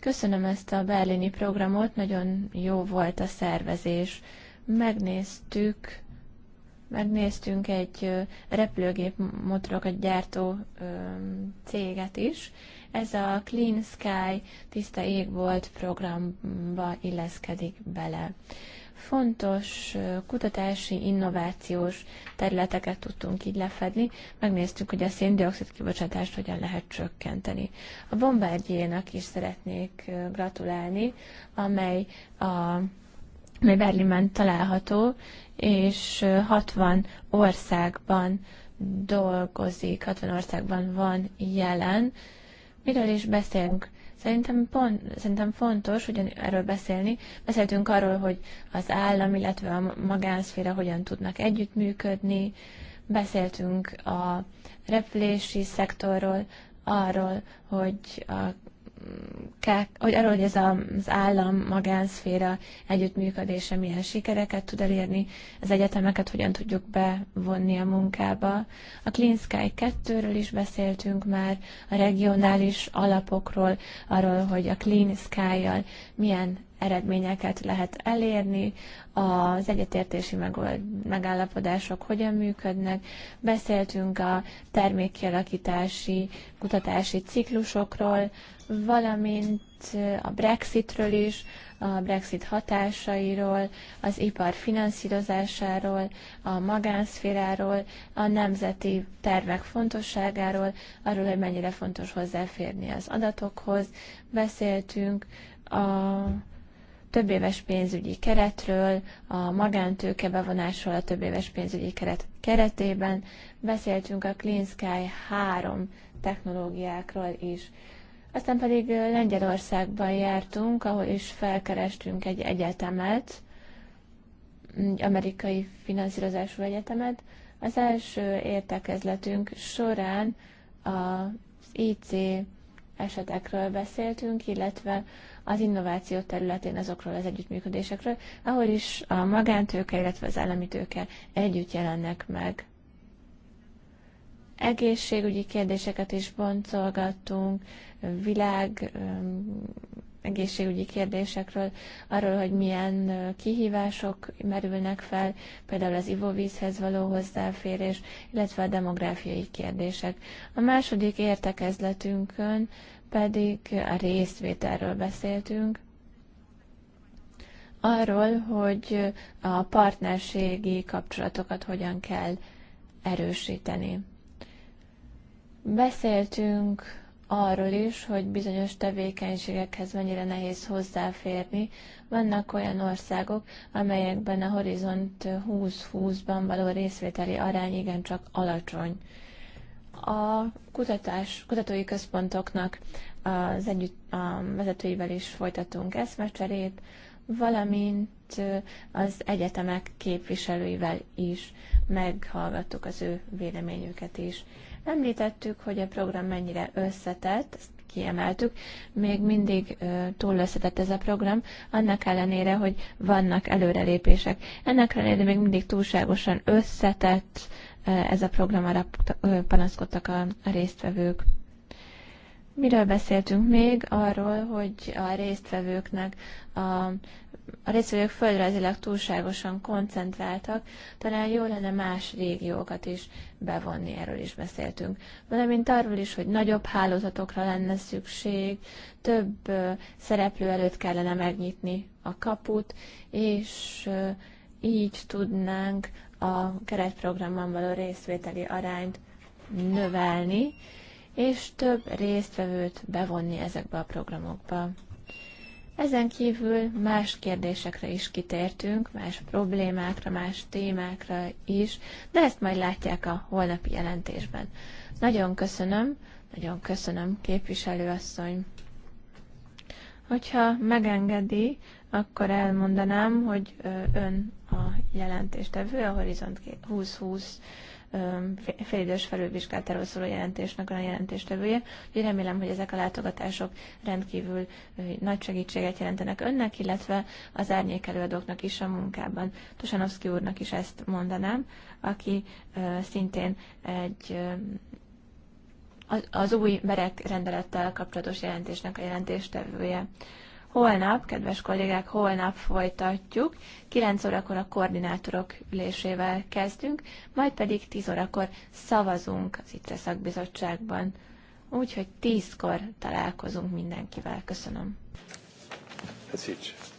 Köszönöm ezt a berlini programot, nagyon jó volt a szervezés. Megnéztük, megnéztünk egy repülőgép motorokat gyártó céget is, ez a Clean Sky tiszta égbolt programba illeszkedik bele. Fontos kutatási, innovációs területeket tudtunk így lefedni, megnéztük, hogy a széndiokszid kibocsátást hogyan lehet csökkenteni. A Bombardier-nak is szeretnék gratulálni, amely a amely Berlinben található, és 60 országban dolgozik, 60 országban van jelen, miről is beszélünk? Szerintem, pont, szerintem fontos hogy erről beszélni. Beszéltünk arról, hogy az állam, illetve a magánszféra hogyan tudnak együttműködni. Beszéltünk a repülési szektorról, arról, hogy a hogy arról, hogy ez az állam, magánszféra együttműködése milyen sikereket tud elérni, az egyetemeket hogyan tudjuk bevonni a munkába. A Clean Sky 2-ről is beszéltünk már, a regionális alapokról, arról, hogy a Clean Sky-jal milyen eredményeket lehet elérni, az egyetértési megállapodások hogyan működnek. Beszéltünk a termékkialakítási, kutatási ciklusokról, valamint a Brexitről is, a Brexit hatásairól, az ipar finanszírozásáról, a magánszféráról, a nemzeti tervek fontosságáról, arról, hogy mennyire fontos hozzáférni az adatokhoz. Beszéltünk a több éves pénzügyi keretről, a magántőke bevonásról a több éves pénzügyi keret keretében, beszéltünk a Clean Sky 3 technológiákról is. Aztán pedig Lengyelországban jártunk, ahol is felkerestünk egy egyetemet, egy amerikai finanszírozású egyetemet. Az első értekezletünk során az IC esetekről beszéltünk, illetve az innováció területén azokról az együttműködésekről, ahol is a magántőke, illetve az állami tőke együtt jelennek meg. Egészségügyi kérdéseket is boncolgattunk, világ egészségügyi kérdésekről, arról, hogy milyen kihívások merülnek fel, például az ivóvízhez való hozzáférés, illetve a demográfiai kérdések. A második értekezletünkön pedig a részvételről beszéltünk, arról, hogy a partnerségi kapcsolatokat hogyan kell erősíteni. Beszéltünk arról is, hogy bizonyos tevékenységekhez mennyire nehéz hozzáférni. Vannak olyan országok, amelyekben a Horizont 2020-ban való részvételi arány igencsak alacsony a kutatás, kutatói központoknak az együtt a vezetőivel is folytatunk eszmecserét, valamint az egyetemek képviselőivel is meghallgattuk az ő véleményüket is. Említettük, hogy a program mennyire összetett, ezt kiemeltük, még mindig túl összetett ez a program, annak ellenére, hogy vannak előrelépések. Ennek ellenére még mindig túlságosan összetett, ez a program arra panaszkodtak a résztvevők. Miről beszéltünk még? Arról, hogy a résztvevőknek a, a résztvevők földrajzilag túlságosan koncentráltak, talán jó lenne más régiókat is bevonni, erről is beszéltünk. Valamint arról is, hogy nagyobb hálózatokra lenne szükség, több szereplő előtt kellene megnyitni a kaput, és így tudnánk a keretprogramban való részvételi arányt növelni, és több résztvevőt bevonni ezekbe a programokba. Ezen kívül más kérdésekre is kitértünk, más problémákra, más témákra is, de ezt majd látják a holnapi jelentésben. Nagyon köszönöm, nagyon köszönöm, képviselőasszony. Hogyha megengedi, akkor elmondanám, hogy ön a jelentéstevő a Horizont 2020 félidős felülvizsgálatáról szóló jelentésnek a jelentéstevője. Úgyhogy remélem, hogy ezek a látogatások rendkívül nagy segítséget jelentenek önnek, illetve az árnyék előadóknak is a munkában. Tosanovszki úrnak is ezt mondanám, aki szintén egy az új berek rendelettel kapcsolatos jelentésnek a jelentéstevője. Holnap, kedves kollégák, holnap folytatjuk. 9 órakor a koordinátorok ülésével kezdünk, majd pedig 10 órakor szavazunk az ITRE szakbizottságban. Úgyhogy 10-kor találkozunk mindenkivel. Köszönöm. That's it.